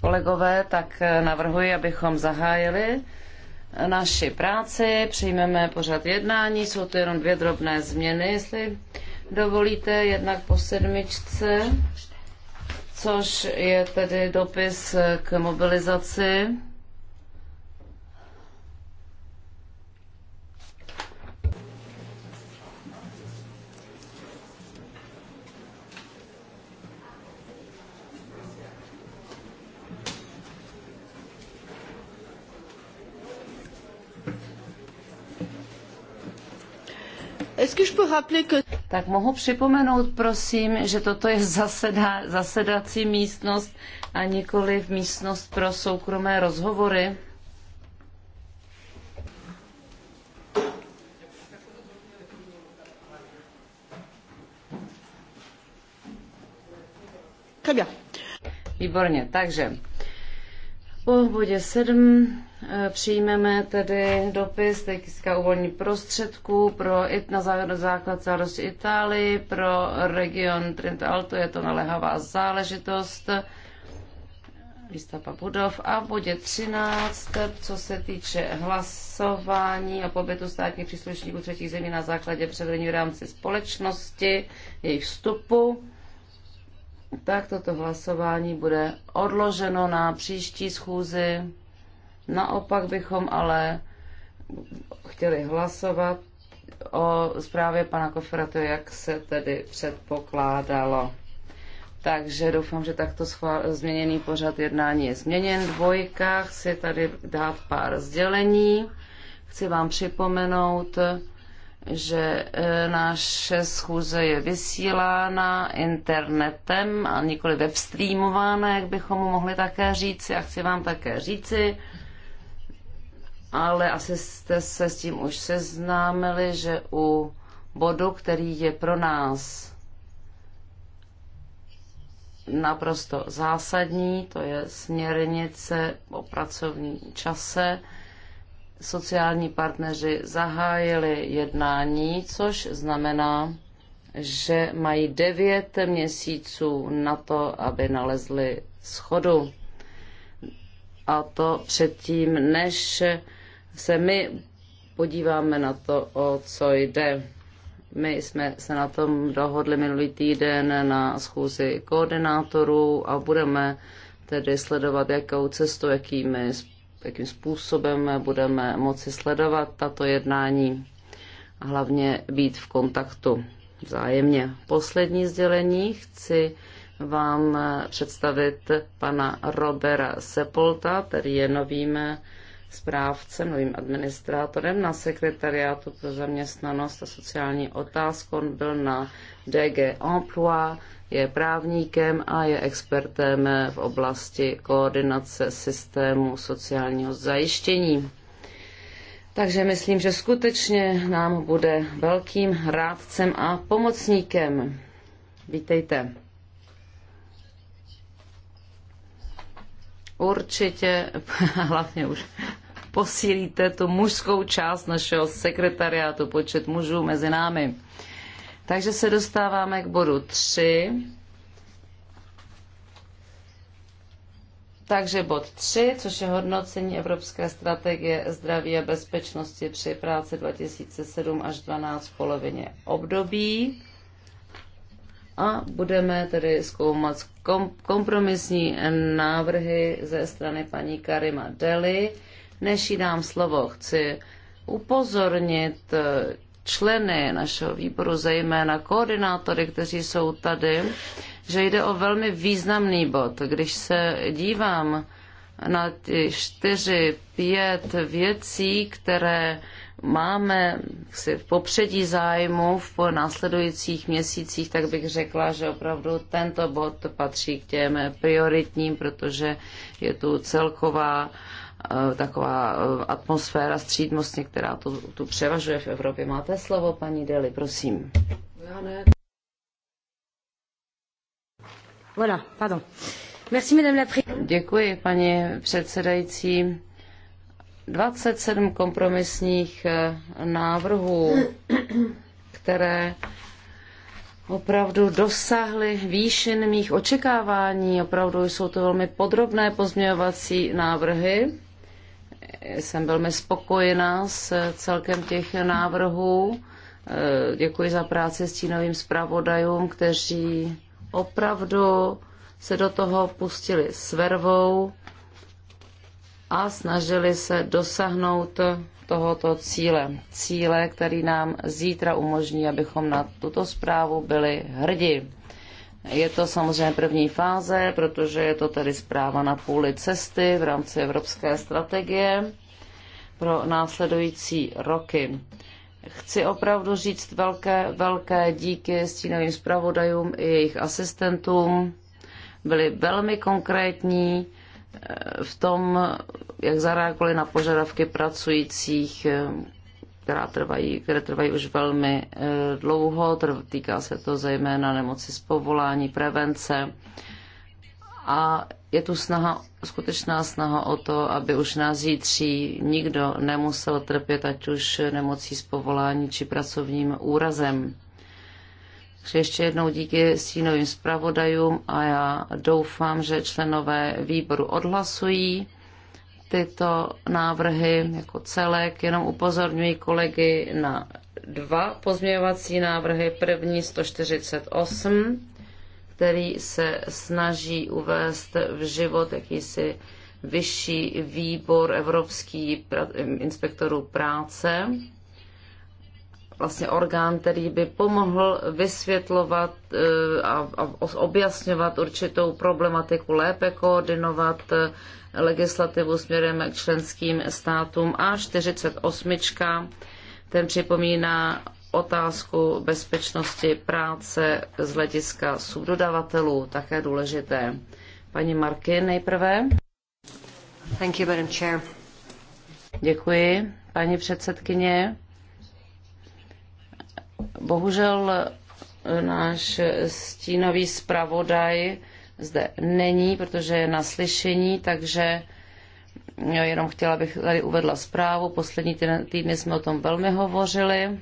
Kolegové, tak eh, navrhuji, abychom zahájili naši práci, přijmeme pořad jednání, jsou to jenom dvě drobné změny, jestli dovolíte, jednak po sedmičce, což je tedy dopis k mobilizaci Tak mohu připomenout, prosím, že toto je zasedá, zasedací místnost a nikoli v místnost pro soukromé rozhovory. Výborně, takže po bodě 7 Eh, přijmeme tedy dopis Tekiska uvolní prostředků pro IT na základ starosti Itálii, pro region Trento Alto je to naléhavá záležitost, výstavba budov a v bodě 13, co se týče hlasování a pobytu státních příslušníků třetích zemí na základě převedení v rámci společnosti, jejich vstupu tak toto hlasování bude odloženo na příští schůzi Naopak bychom ale chtěli hlasovat o zprávě pana to jak se tedy předpokládalo. Takže doufám, že takto schvál, změněný pořad jednání je změněn. Dvojka, chci tady dát pár sdělení. Chci vám připomenout, že e, naše schůze je vysílána internetem a nikoli webstreamována, jak bychom mohli také říci. A chci vám také říci, ale asi jste se s tím už seznámili, že u bodu, který je pro nás naprosto zásadní, to je směrnice o pracovním čase, sociální partneři zahájili jednání, což znamená, že mají devět měsíců na to, aby nalezli schodu. A to předtím, než se my podíváme na to, o co jde. My jsme se na tom dohodli minulý týden na schůzi koordinátorů a budeme tedy sledovat, jakou cestu, jakými, jakým způsobem budeme moci sledovat tato jednání a hlavně být v kontaktu vzájemně. Poslední sdělení chci vám představit pana Robera Sepolta, který je novým správcem, novým administrátorem na sekretariátu pro zaměstnanost a sociální otázku. On byl na DG Emploi, je právníkem a je expertem v oblasti koordinace systému sociálního zajištění. Takže myslím, že skutečně nám bude velkým rádcem a pomocníkem. Vítejte. Určitě, hlavně už posílíte tu mužskou část našeho sekretariátu, počet mužů mezi námi. Takže se dostáváme k bodu 3. Takže bod 3, což je hodnocení Evropské strategie zdraví a bezpečnosti při práci 2007 až 2012 v polovině období. A budeme tedy zkoumat kompromisní návrhy ze strany paní Karima Deli než jí dám slovo, chci upozornit eh, členy našeho výboru, zejména koordinátory, kteří jsou tady, že jde o velmi významný bod. Když se dívám na ty čtyři, pět věcí, které máme si v popředí zájmu v po následujících měsících, tak bych řekla, že opravdu tento bod patří k těm prioritním, protože je tu celková Eh, taková eh, atmosféra střídmostně, která tu, tu převažuje v Evropě. Máte slovo, paní Deli, prosím. Já ne. Voilà, pardon. Merci, madame la Děkuji, paní předsedající. 27 kompromisních eh, návrhů, které opravdu dosáhly výšin mých očekávání. Opravdu jsou to velmi podrobné pozměňovací návrhy jsem velmi spokojená s celkem těch návrhů. Eh, děkuji za práci s tínovým zpravodajům, kteří opravdu se do toho pustili s vervou a snažili se dosáhnout tohoto cíle. Cíle, který nám zítra umožní, abychom na tuto zprávu byli hrdí. Je to samozřejmě první fáze, protože je to tedy zpráva na půli cesty v rámci evropské strategie pro následující roky. Chci opravdu říct velké, velké díky stínovým zpravodajům i jejich asistentům. Byli velmi konkrétní eh, v tom, jak zareagovali na požadavky pracujících eh, která trvají, které trvají už velmi eh, dlouho. Týká se to zejména nemoci z povolání, prevence. A je tu snaha, skutečná snaha o to, aby už na zítří nikdo nemusel trpět, ať už nemocí z povolání či pracovním úrazem. Takže ještě jednou díky stínovým zpravodajům a já doufám, že členové výboru odhlasují tyto návrhy jako celek. Jenom upozorňuji kolegy na dva pozměňovací návrhy. První 148, který se snaží uvést v život jakýsi vyšší výbor Evropský inspektorů práce vlastně orgán, který by pomohl vysvětlovat eh, a objasňovat určitou problematiku, lépe koordinovat eh, legislativu směrem k členským státům a 48. Ten připomíná otázku bezpečnosti práce z hlediska subdodavatelů, také důležité. Paní Marky nejprve. Thank you, Madam Chair. Děkuji, paní předsedkyně. Bohužel eh, náš stínový zpravodaj zde není, protože je na slyšení, takže eh, jenom chtěla bych tady uvedla zprávu. Poslední týdny jsme o tom velmi hovořili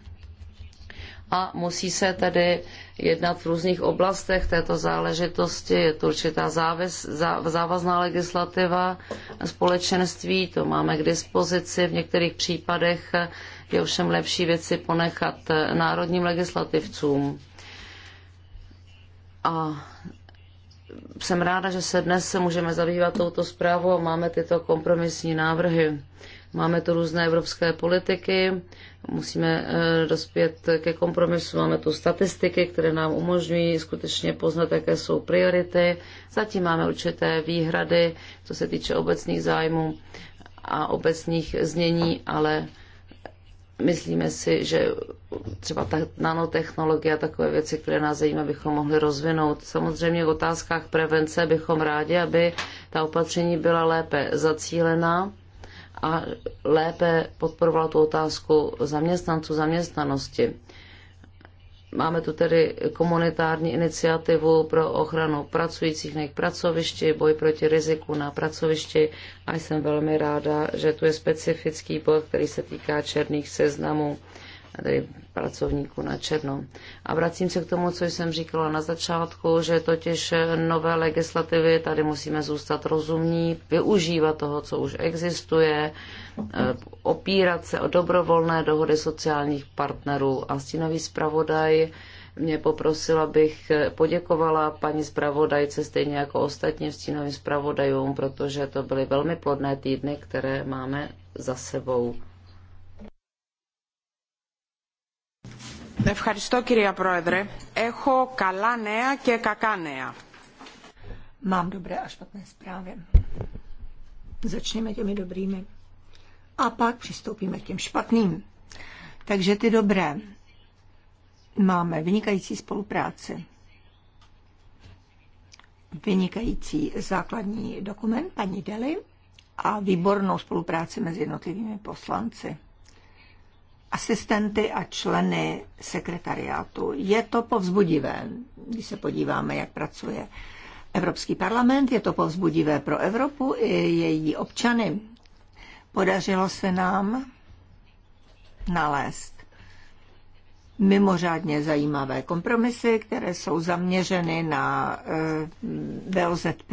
a musí se tedy jednat v různých oblastech této záležitosti. Je to určitá závěs, zá, závazná legislativa společenství, to máme k dispozici v některých případech je ovšem lepší věci ponechat eh, národním legislativcům. A jsem ráda, že se dnes můžeme zabývat touto zprávou a máme tyto kompromisní návrhy. Máme tu různé evropské politiky, musíme eh, dospět ke kompromisu, máme tu statistiky, které nám umožňují skutečně poznat, jaké jsou priority. Zatím máme určité výhrady, co se týče obecných zájmů a obecných znění, ale Myslíme si, že třeba ta nanotechnologie a takové věci, které nás zajímají, bychom mohli rozvinout. Samozřejmě v otázkách prevence bychom rádi, aby ta opatření byla lépe zacílená a lépe podporovala tu otázku zaměstnanců zaměstnanosti. Máme tu tedy komunitární iniciativu pro ochranu pracujících na jejich pracovišti, boj proti riziku na pracovišti a jsem velmi ráda, že tu je specifický bod, který se týká černých seznamů, tedy pracovníků na černo. A vracím se k tomu, co jsem říkala na začátku, že totiž nové legislativy, tady musíme zůstat rozumní, využívat toho, co už existuje, Eh, opírat se o dobrovolné dohody sociálních partnerů. A stínový zpravodaj mě poprosil, abych eh, poděkovala paní zpravodajce stejně jako ostatním stínovým zpravodajům, protože to byly velmi plodné týdny, které máme za sebou. Ευχαριστώ κυρία Πρόεδρε. Έχω καλά νέα και κακά νέα. Mám dobré a špatné zprávy. Začněme těmi dobrými a pak přistoupíme k těm špatným. Takže ty dobré. Máme vynikající spolupráci, vynikající základní dokument paní Deli a výbornou spolupráci mezi jednotlivými poslanci asistenty a členy sekretariátu. Je to povzbudivé, když se podíváme, jak pracuje Evropský parlament, je to povzbudivé pro Evropu i její občany. Podařilo se nám nalézt mimořádně zajímavé kompromisy, které jsou zaměřeny na eh, VOZP.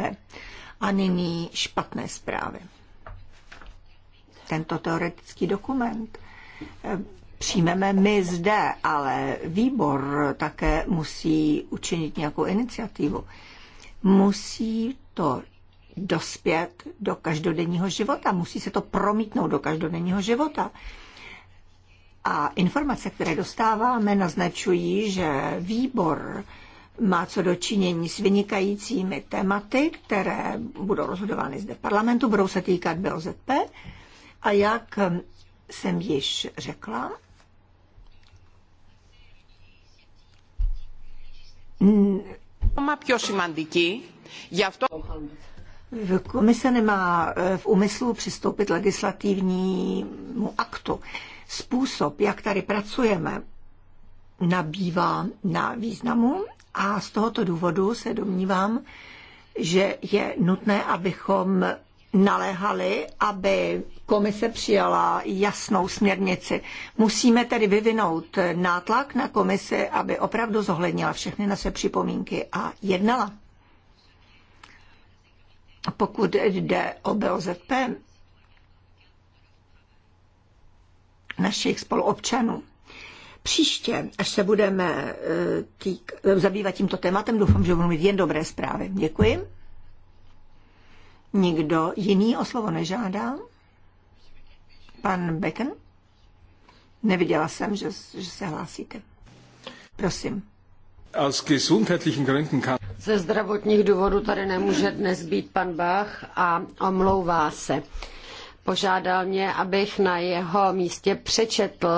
A nyní špatné zprávy. Tento teoretický dokument eh, přijmeme my zde, ale výbor také musí učinit nějakou iniciativu. Musí to dospět do každodenního života. Musí se to promítnout do každodenního života. A informace, které dostáváme, naznačují, že výbor má co dočinění s vynikajícími tématy, které budou rozhodovány zde v parlamentu, budou se týkat BOZP. A jak jsem již řekla, má πιο σημαντική. Γι' αυτό... Komise nemá eh, v úmyslu přistoupit legislativnímu aktu. Způsob, jak tady pracujeme, nabývá na významu a z tohoto důvodu se domnívám, že je nutné, abychom naléhali, aby komise přijala jasnou směrnici. Musíme tedy vyvinout nátlak na komisi, aby opravdu zohlednila všechny naše připomínky a jednala. A pokud jde o BOZP našich spoluobčanů. Příště, až se budeme eh, týk, eh, zabývat tímto tématem, doufám, že budu mít jen dobré zprávy. Děkuji. Nikdo jiný o slovo nežádá? Pan Becken? Neviděla jsem, že, že se hlásíte. Prosím. Aus gesundheitlichen Gründen kann ze zdravotních důvodů tady nemůže dnes být pan Bach a omlouvá se. Požádal mě, abych na jeho místě přečetl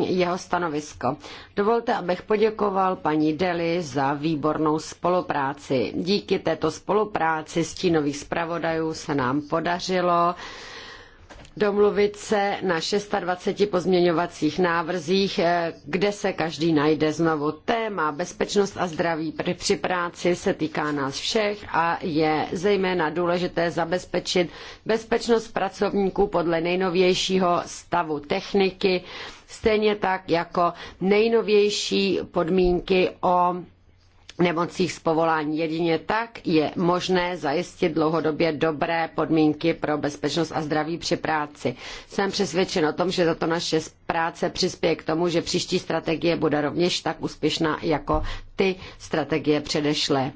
jeho stanovisko. Dovolte, abych poděkoval paní Deli za výbornou spolupráci. Díky této spolupráci stínových zpravodajů se nám podařilo uh, domluvit se na 26 pozměňovacích návrzích, eh, kde se každý najde znovu. Téma bezpečnost a zdraví při práci se týká nás všech a je zejména důležité zabezpečit bezpečnost pracovníků podle nejnovějšího stavu techniky, stejně tak jako nejnovější podmínky o nemocích z povolání. Jedině tak je možné zajistit dlouhodobě dobré podmínky pro bezpečnost a zdraví při práci. Jsem přesvědčen o tom, že tato naše práce přispěje k tomu, že příští strategie bude rovněž tak úspěšná jako ty strategie předešlé.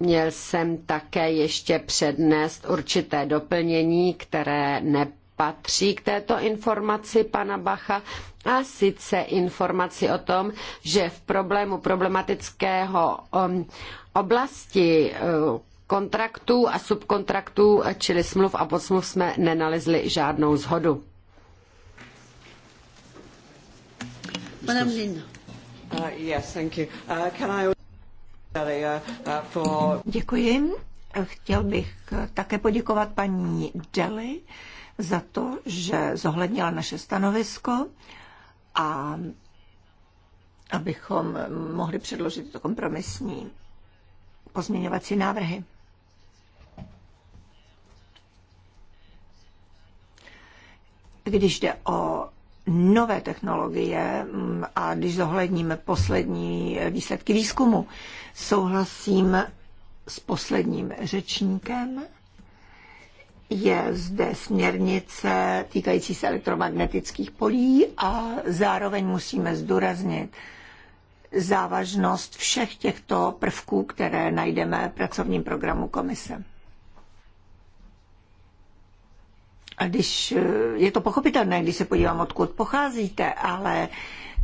Měl jsem také ještě přednést určité doplnění, které ne patří k této informaci pana Bacha a sice informaci o tom, že v problému problematického um, oblasti uh, kontraktů a subkontraktů, čili smluv a podsmluv, jsme nenalezli žádnou zhodu. Madame uh, yes, thank you. Uh, can I... Děkuji. Chtěl bych také poděkovat paní Deli za to, že zohlednila naše stanovisko a abychom mohli předložit to kompromisní pozměňovací návrhy. Když jde o nové technologie mm, a když zohledníme poslední výsledky výzkumu, souhlasím s posledním řečníkem je zde směrnice týkající se elektromagnetických polí a zároveň musíme zdůraznit závažnost všech těchto prvků, které najdeme v pracovním programu komise. A když je to pochopitelné, když se podívám, odkud pocházíte, ale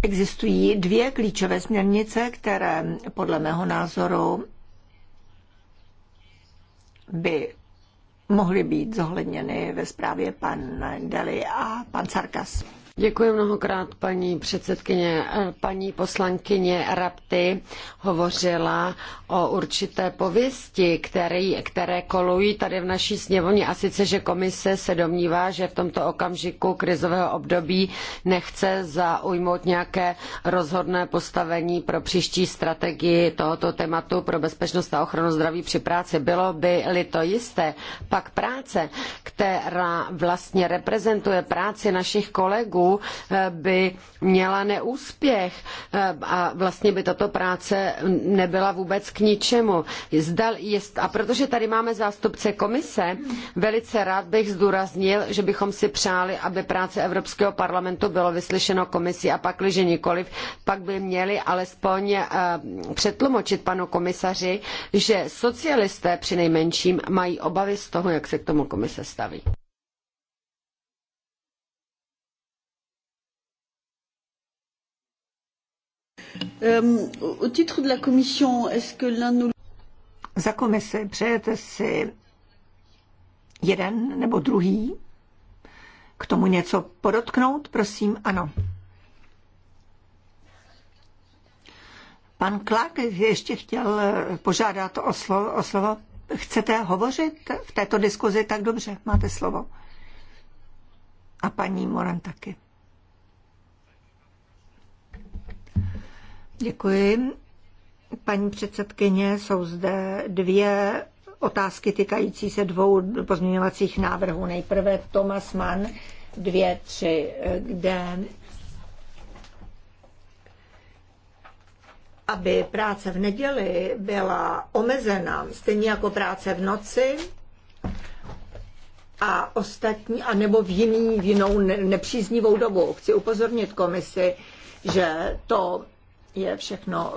existují dvě klíčové směrnice, které podle mého názoru by mohly být zohledněny ve zprávě pan Deli a pan Sarkas. Děkuji mnohokrát paní předsedkyně. Paní poslankyně Rapty hovořila o určité pověsti, který, které kolují tady v naší sněmovně a sice, že komise se domnívá, že v tomto okamžiku krizového období nechce zaujmout nějaké rozhodné postavení pro příští strategii tohoto tématu pro bezpečnost a ochranu zdraví při práci. Bylo by-li to jisté, pak práce, která vlastně reprezentuje práci našich kolegů, roku eh, by měla neúspěch eh, a vlastně by tato práce nebyla vůbec k ničemu. A protože tady máme zástupce komise, velice rád bych zdůraznil, že bychom si přáli, aby práce Evropského parlamentu bylo vyslyšeno komisí a pakliže nikoliv, pak by měli alespoň eh, přetlumočit panu komisaři, že socialisté přinejmenším mají obavy z toho, jak se k tomu komise staví. Ehm, au titre de la Commission, est-ce que l'un nous... Za komise přejete si jeden nebo druhý? K tomu něco podotknout, prosím? Ano. Pan Klak ještě chtěl požádat o slovo, o slovo. Chcete hovořit v této diskuzi? Tak dobře, máte slovo. A paní Moran taky. Děkuji. Paní předsedkyně, jsou zde dvě otázky týkající se dvou pozměňovacích návrhů. Nejprve Thomas Mann dvě, tři, kde aby práce v neděli byla omezena, stejně jako práce v noci a ostatní, nebo v jiný, v jinou nepříznivou dobu. Chci upozornit komisi, že to je všechno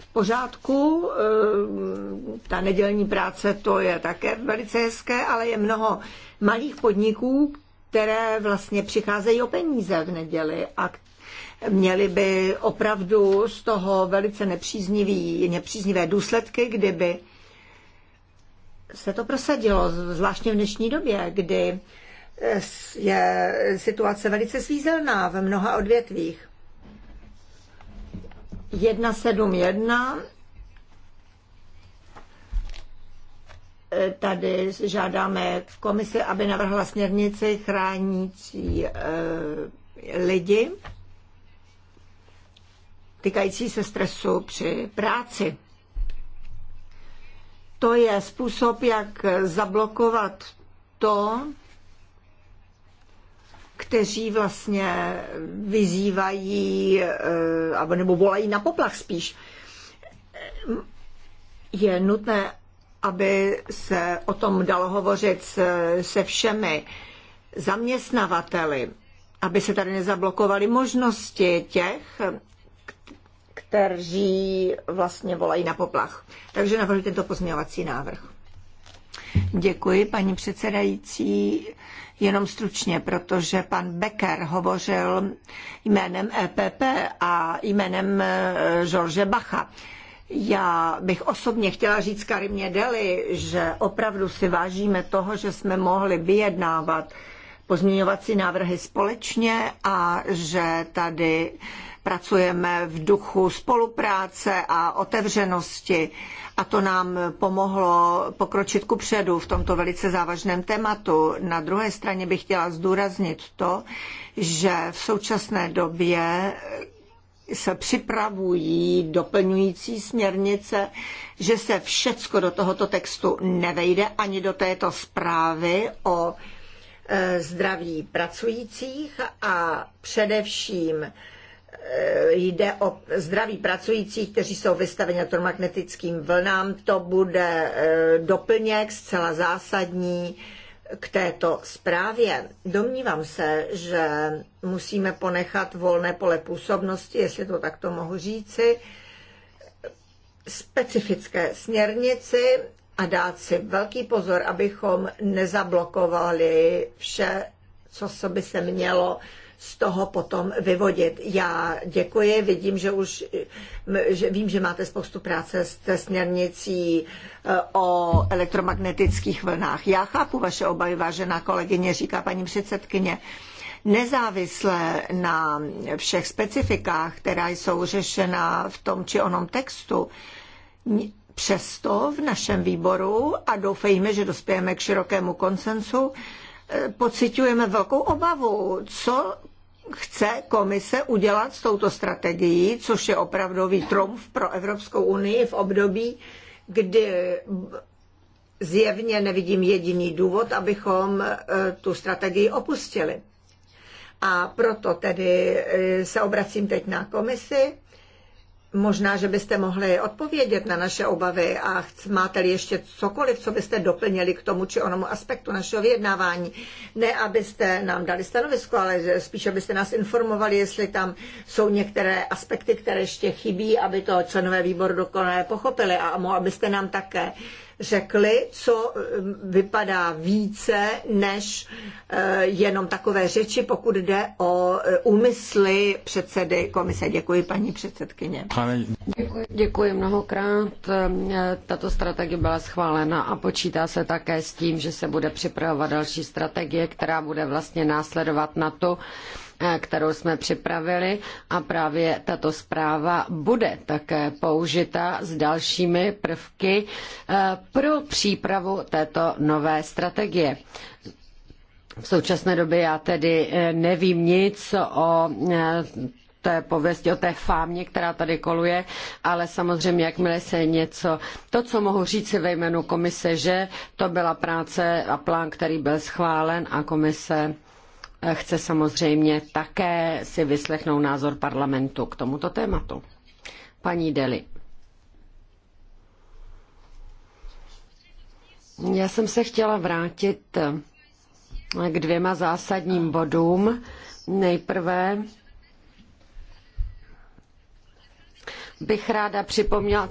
v pořádku. Eh, ta nedělní práce to je také velice hezké, ale je mnoho malých podniků, které vlastně přicházejí o peníze v neděli a měly by opravdu z toho velice nepříznivý, nepříznivé důsledky, kdyby se to prosadilo, zvláště v dnešní době, kdy je situace velice svízelná v mnoha odvětvích. 171. E, tady žádáme komisi, aby navrhla směrnici chránící e, lidi týkající se stresu při práci. To je způsob, jak zablokovat to, kteří vlastně vyzývají eh, nebo volají na poplach spíš. Je nutné, aby se o tom dalo hovořit se všemi zaměstnavateli, aby se tady nezablokovaly možnosti těch, kteří vlastně volají na poplach. Takže navrhuji tento pozměňovací návrh. Děkuji, paní předsedající. Jenom stručně, protože pan Becker hovořil jménem EPP a jménem e, George Bacha. Já bych osobně chtěla říct Karimě Deli, že opravdu si vážíme toho, že jsme mohli vyjednávat pozměňovací návrhy společně a že tady Pracujeme v duchu spolupráce a otevřenosti a to nám pomohlo pokročit ku předu v tomto velice závažném tématu. Na druhé straně bych chtěla zdůraznit to, že v současné době se připravují doplňující směrnice, že se všecko do tohoto textu nevejde ani do této zprávy o e, zdraví pracujících a především Eh, jde o zdraví pracujících, kteří jsou vystaveni elektromagnetickým vlnám. To bude eh, doplněk zcela zásadní k této zprávě. Domnívám se, že musíme ponechat volné pole působnosti, jestli to takto mohu říci, specifické směrnici a dát si velký pozor, abychom nezablokovali vše, co by se mělo z toho potom vyvodit. Já děkuji, vidím, že už že vím, že máte spoustu práce s směrnicí eh, o elektromagnetických vlnách. Já chápu vaše obavy, vážená kolegyně, říká paní předsedkyně nezávisle na všech specifikách, která jsou řešena v tom či onom textu, přesto v našem výboru a doufejme, že dospějeme k širokému konsensu, eh, Pocitujeme velkou obavu, co chce komise udělat s touto strategií, což je opravdový trumf pro Evropskou unii v období, kdy zjevně nevidím jediný důvod, abychom e, tu strategii opustili. A proto tedy e, se obracím teď na komisi Možná, že byste mohli odpovědět na naše obavy a máte-li ještě cokoliv, co byste doplnili k tomu či onomu aspektu našeho vyjednávání. Ne, abyste nám dali stanovisko, ale spíše abyste nás informovali, jestli tam jsou některé aspekty, které ještě chybí, aby to členové výboru dokonale pochopili a abyste nám také řekli, co eh, vypadá více než eh, jenom takové řeči, pokud jde o eh, úmysly předsedy komise. Děkuji, paní předsedkyně. Děkuji, děkuji mnohokrát. Tato strategie byla schválena a počítá se také s tím, že se bude připravovat další strategie, která bude vlastně následovat na to, Eh, kterou jsme připravili a právě tato zpráva bude také použita s dalšími prvky eh, pro přípravu této nové strategie. V současné době já tedy eh, nevím nic o té pověsti, o té fámě, která tady koluje, ale samozřejmě, jakmile se něco, to, co mohu říci ve jménu komise, že to byla práce a plán, který byl schválen a komise chce samozřejmě také si vyslechnout názor parlamentu k tomuto tématu. Paní Deli. Já jsem se chtěla vrátit k dvěma zásadním bodům. Nejprve bych ráda připomněla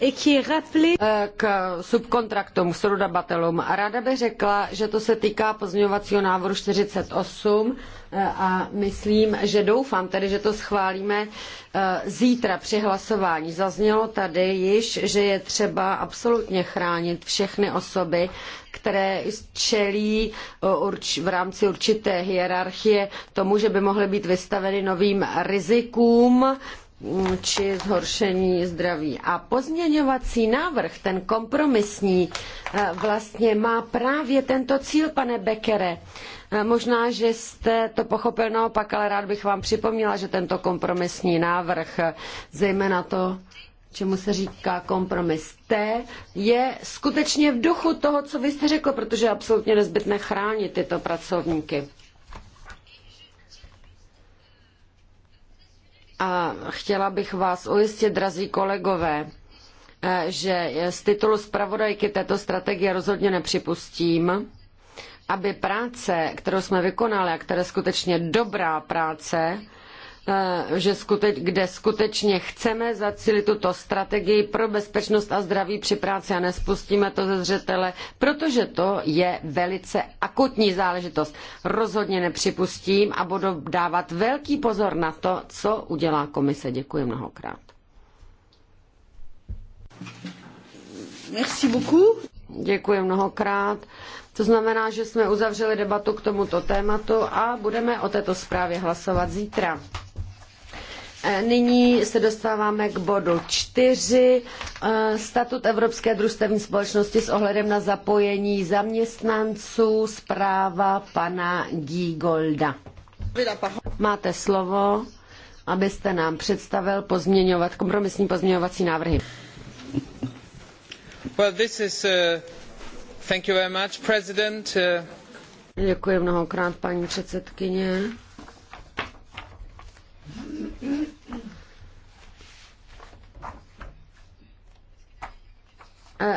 eh, k subkontraktům, k A Ráda bych řekla, že to se týká pozměňovacího návrhu 48 eh, a myslím, že doufám tedy, že to schválíme eh, zítra při hlasování. Zaznělo tady již, že je třeba absolutně chránit všechny osoby, které čelí v rámci určité hierarchie tomu, že by mohly být vystaveny novým rizikům, či zhoršení zdraví. A pozměňovací návrh, ten kompromisní, eh, vlastně má právě tento cíl, pane Bekere. Eh, možná, že jste to pochopil naopak, ale rád bych vám připomněla, že tento kompromisní návrh, eh, zejména to, čemu se říká kompromis T, je skutečně v duchu toho, co vy jste řekl, protože je absolutně nezbytné chránit tyto pracovníky. A chtěla bych vás ujistit, drazí kolegové, eh, že z titulu zpravodajky této strategie rozhodně nepřipustím, aby práce, kterou jsme vykonali a která je skutečně dobrá práce, Eh, že skuteč, kde skutečně chceme zacílit tuto strategii pro bezpečnost a zdraví při práci a nespustíme to ze zřetele, protože to je velice akutní záležitost. Rozhodně nepřipustím a budu dávat velký pozor na to, co udělá komise. Děkuji mnohokrát. Merci beaucoup. Děkuji mnohokrát. To znamená, že jsme uzavřeli debatu k tomuto tématu a budeme o této zprávě hlasovat zítra. E, nyní se dostáváme k bodu 4. E, statut Evropské družstevní společnosti s ohledem na zapojení zaměstnanců. Zpráva pana Gigolda. Máte slovo, abyste nám představil pozměňovat, kompromisní pozměňovací návrhy. Well, this is, uh, thank you very much, President. Uh... Děkuji mnohokrát, paní předsedkyně.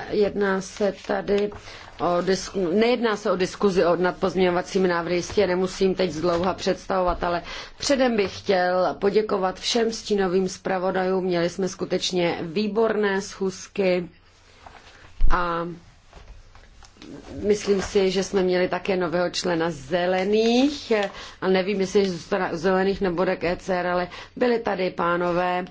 Jedná se tady o disku, nejedná se o diskuzi o nad pozměňovacími návrhy, jistě nemusím teď zdlouha představovat, ale předem bych chtěl poděkovat všem stínovým zpravodajům. Měli jsme skutečně výborné schůzky a Myslím si, že jsme měli také nového člena zelených, a nevím, jestli zůstane zelených nebo k ECR, ale byli tady pánové,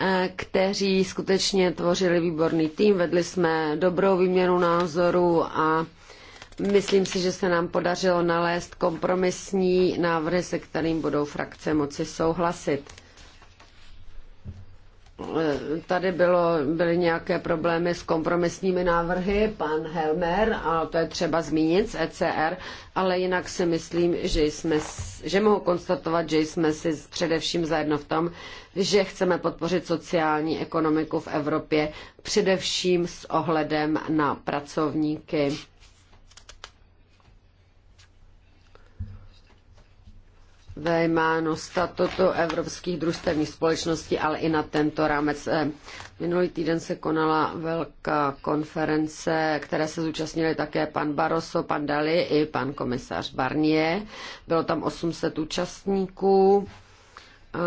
eh, kteří skutečně tvořili výborný tým, vedli jsme dobrou výměnu názorů a myslím si, že se nám podařilo nalézt kompromisní návrhy, se kterým budou frakce moci souhlasit tady bylo, byly nějaké problémy s kompromisními návrhy, pan Helmer, a to je třeba zmínit z ECR, ale jinak si myslím, že, jsme, že mohu konstatovat, že jsme si především zajedno v tom, že chceme podpořit sociální ekonomiku v Evropě, především s ohledem na pracovníky ve jménu statutu evropských družstevních společností, ale i na tento rámec. Eh, minulý týden se konala velká konference, které se zúčastnili také pan Barroso, pan Dali i pan komisař Barnier. Bylo tam 800 účastníků eh,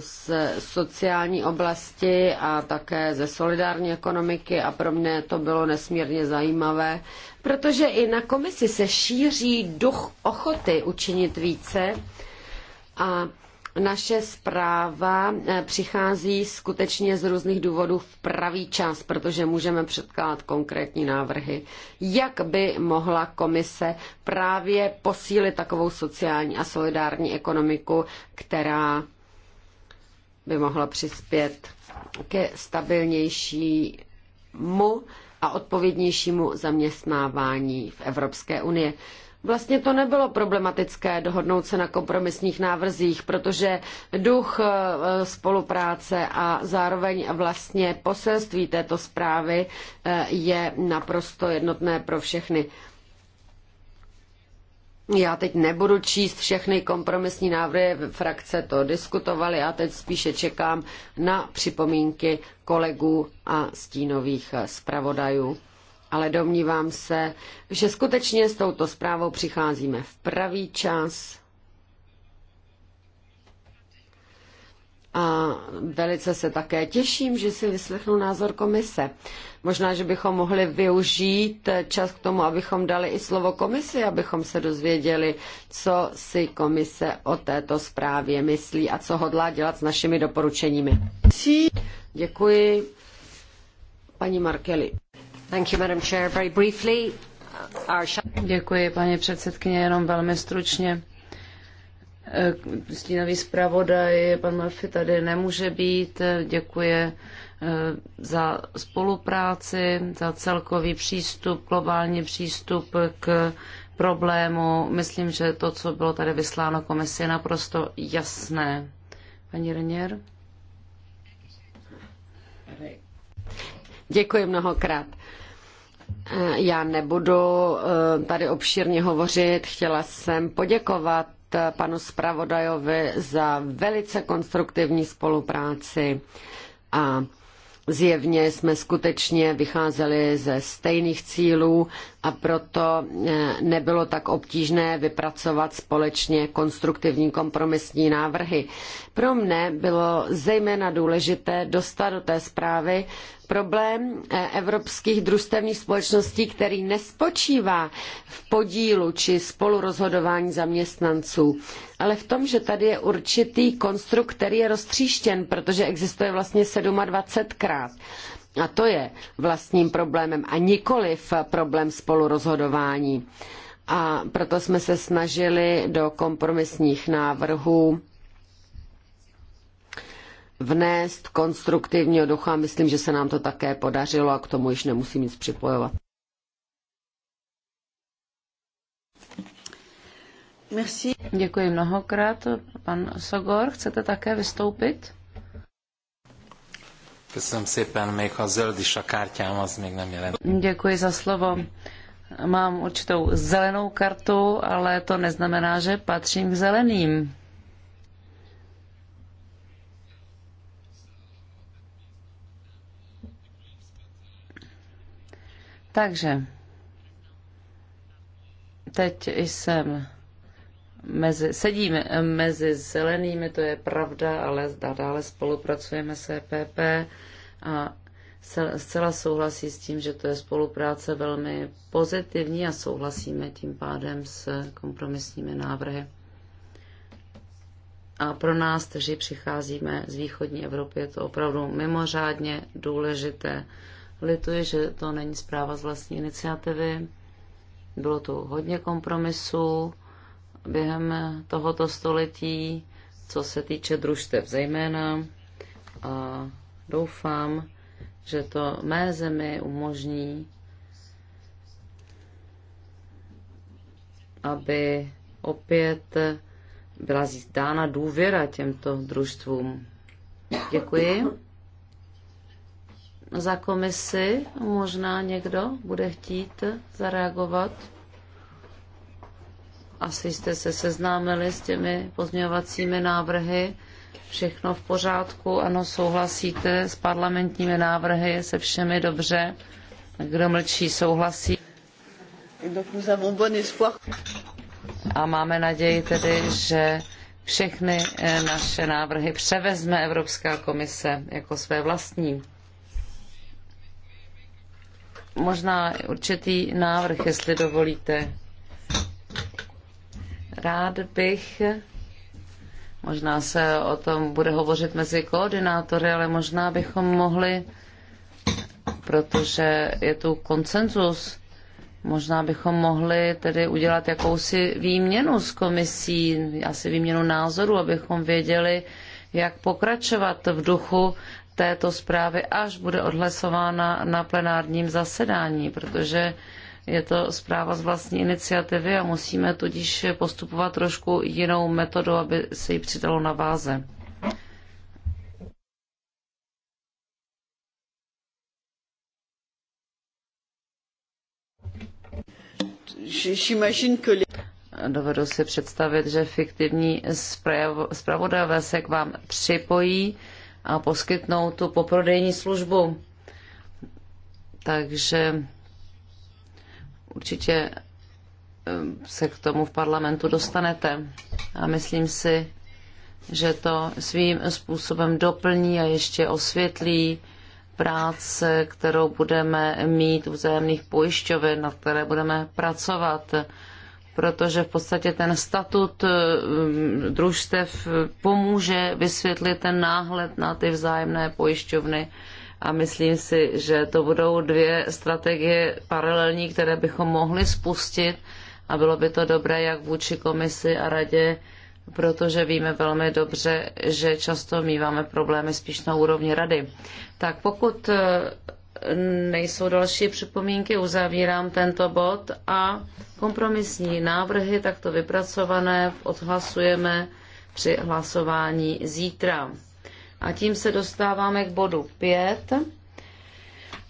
z sociální oblasti a také ze solidární ekonomiky a pro mě to bylo nesmírně zajímavé, protože i na komisi se šíří duch ochoty učinit více a naše zpráva eh, přichází skutečně z různých důvodů v pravý čas, protože můžeme předkládat konkrétní návrhy, jak by mohla komise právě posílit takovou sociální a solidární ekonomiku, která by mohla přispět ke stabilnějšímu a odpovědnějšímu zaměstnávání v Evropské unii. Vlastně to nebylo problematické dohodnout se na kompromisních návrzích, protože duch e, spolupráce a zároveň vlastně poselství této zprávy e, je naprosto jednotné pro všechny. Já teď nebudu číst všechny kompromisní návrhy, frakce to diskutovaly, já teď spíše čekám na připomínky kolegů a stínových zpravodajů. Ale domnívám se, že skutečně s touto zprávou přicházíme v pravý čas a velice se také těším, že si vyslechnu názor komise. Možná, že bychom mohli využít čas k tomu, abychom dali i slovo komisi, abychom se dozvěděli, co si komise o této zprávě myslí a co hodlá dělat s našimi doporučeními. Děkuji. Paní Markeli. Thank you, Madam Chair. Very briefly, uh, Děkuji, paní předsedkyně, jenom velmi stručně. Eh, stínový zpravodaj, pan Murphy tady nemůže být, děkuje eh, za spolupráci, za celkový přístup, globální přístup k problému. Myslím, že to, co bylo tady vysláno komisi, je naprosto jasné. Paní Renier? Děkuji mnohokrát. Eh, já nebudu tady obšírně hovořit, chtěla jsem poděkovat panu zpravodajovi za velice konstruktivní spolupráci a Zjevně jsme skutečně vycházeli ze stejných cílů a proto eh, nebylo tak obtížné vypracovat společně konstruktivní kompromisní návrhy. Pro mne bylo zejména důležité dostat do té zprávy Problém eh, evropských družstevních společností, který nespočívá v podílu či spolurozhodování zaměstnanců, ale v tom, že tady je určitý konstrukt, který je roztříštěn, protože existuje vlastně 27krát. A to je vlastním problémem a nikoliv problém spolurozhodování. A proto jsme se snažili do kompromisních návrhů vnést konstruktivního ducha. Myslím, že se nám to také podařilo a k tomu již nemusím nic připojovat. Merci. Děkuji mnohokrát. Pan Sogor, chcete také vystoupit? a Děkuji za slovo. Mám určitou zelenou kartu, ale to neznamená, že patřím k zeleným. Takže teď jsem mezi, sedím mezi zelenými, to je pravda, ale dále spolupracujeme s EPP a zcela souhlasí s tím, že to je spolupráce velmi pozitivní a souhlasíme tím pádem s kompromisními návrhy. A pro nás, kteří přicházíme z východní Evropy, je to opravdu mimořádně důležité. Lituji, že to není zpráva z vlastní iniciativy. Bylo tu hodně kompromisů během tohoto století, co se týče družstev zejména. A doufám, že to mé zemi umožní, aby opět byla dána důvěra těmto družstvům. Děkuji za komisi možná někdo bude chtít zareagovat. Asi jste se seznámili s těmi pozměňovacími návrhy. Všechno v pořádku, ano, souhlasíte s parlamentními návrhy, se všemi dobře. Kdo mlčí, souhlasí. A máme naději tedy, že všechny eh, naše návrhy převezme Evropská komise jako své vlastní možná určitý návrh, jestli dovolíte. Rád bych, možná se o tom bude hovořit mezi koordinátory, ale možná bychom mohli, protože je tu konsenzus, možná bychom mohli tedy udělat jakousi výměnu s komisí, asi výměnu názoru, abychom věděli, jak pokračovat v duchu této zprávy, až bude odhlasována na plenárním zasedání, protože je to zpráva z vlastní iniciativy a musíme tudíž postupovat trošku jinou metodou, aby se jí přidalo na váze. Dovedu si představit, že fiktivní zpravodajové se k vám připojí a poskytnout tu poprodejní službu. Takže určitě eh, se k tomu v parlamentu dostanete. A myslím si, že to svým způsobem doplní a ještě osvětlí práce, kterou budeme mít u vzájemných pojišťoven, na které budeme pracovat protože v podstatě ten statut eh, družstev pomůže vysvětlit ten náhled na ty vzájemné pojišťovny a myslím si, že to budou dvě strategie paralelní, které bychom mohli spustit a bylo by to dobré jak vůči komisi a radě, protože víme velmi dobře, že často míváme problémy spíš na úrovni rady. Tak pokud eh, nejsou další připomínky, uzavírám tento bod a kompromisní návrhy takto vypracované odhlasujeme při hlasování zítra. A tím se dostáváme k bodu 5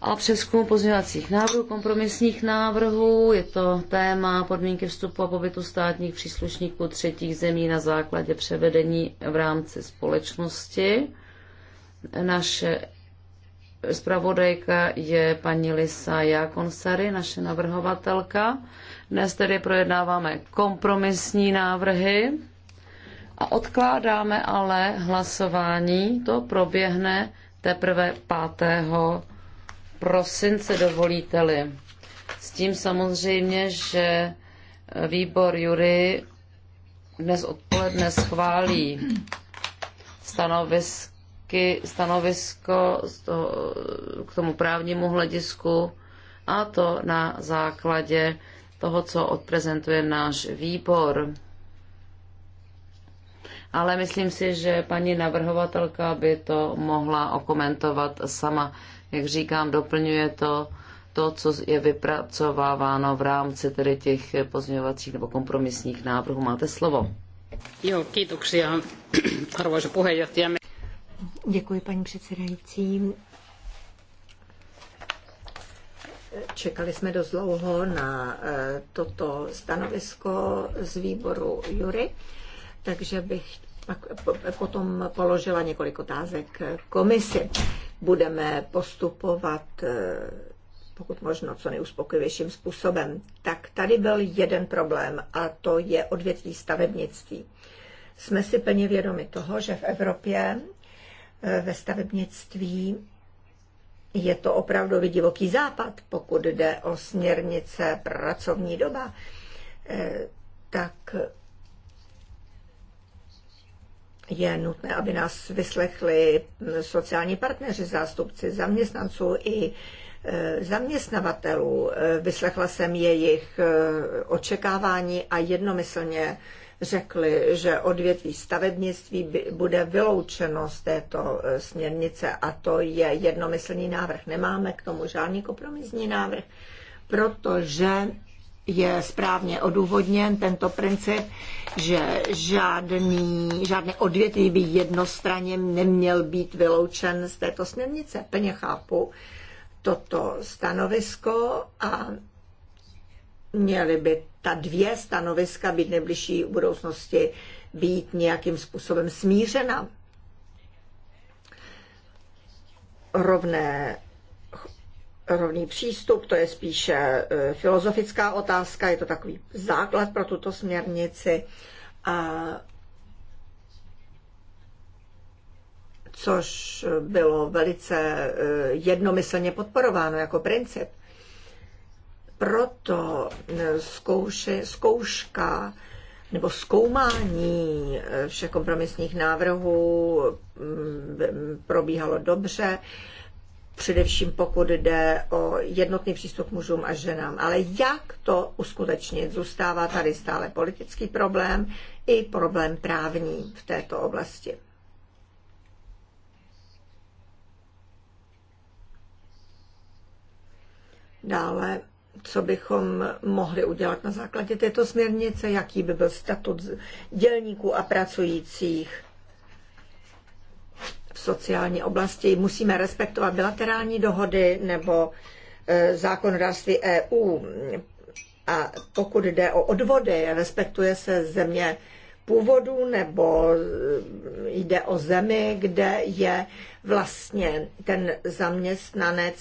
a přeskumu pozměňovacích návrhů, kompromisních návrhů. Je to téma podmínky vstupu a pobytu státních příslušníků třetích zemí na základě převedení v rámci společnosti. Naše Spravodajka je paní Lisa Jakonsary, naše navrhovatelka. Dnes tedy projednáváme kompromisní návrhy a odkládáme ale hlasování. To proběhne teprve 5. prosince, dovolíte-li. S tím samozřejmě, že výbor jury dnes odpoledne schválí stanovisko taky stanovisko k tomu právnímu hledisku a to na základě toho, co odprezentuje náš výbor. Ale myslím si, že paní navrhovatelka by to mohla okomentovat sama. Jak říkám, doplňuje to to, co je vypracováváno v rámci tedy těch pozměňovacích nebo kompromisních návrhů. Máte slovo. Jo, kiitoksia, arvoisa puheenjohtaja. Děkuji, paní předsedající. Čekali jsme dost dlouho na eh, toto stanovisko z výboru Jury, takže bych potom položila několik otázek komisi. Budeme postupovat eh, pokud možno co neuspokojivějším způsobem. Tak tady byl jeden problém a to je odvětví stavebnictví. Jsme si plně vědomi toho, že v Evropě Eh, ve stavebnictví je to opravdu divoký západ, pokud jde o směrnice pracovní doba, eh, tak je nutné, aby nás vyslechli sociální partneři, zástupci zaměstnanců i eh, zaměstnavatelů. Vyslechla jsem jejich očekávání a jednomyslně řekli, že odvětví stavebnictví bude vyloučeno z této e, směrnice a to je jednomyslný návrh. Nemáme k tomu žádný kompromisní návrh, protože je správně odůvodněn tento princip, že žádný, žádný odvětví by jednostranně neměl být vyloučen z této směrnice. Plně chápu toto stanovisko a měli by ta dvě stanoviska být nejbližší budoucnosti být nějakým způsobem smířena. Rovné rovný přístup, to je spíše e, filozofická otázka, je to takový základ pro tuto směrnici. A což bylo velice e, jednomyslně podporováno jako princip proto eh, zkouše, zkouška nebo zkoumání eh, všech kompromisních návrhů mm, eh, probíhalo dobře, především pokud jde o jednotný přístup mužům a ženám. Ale jak to uskutečnit? Zůstává tady stále politický problém i problém právní v této oblasti. Dále co bychom mohli udělat na základě této směrnice, jaký by byl statut dělníků a pracujících v sociální oblasti. Musíme respektovat bilaterální dohody nebo e, zákonodárství EU. A pokud jde o odvody, respektuje se země původu nebo e, jde o zemi, kde je vlastně ten zaměstnanec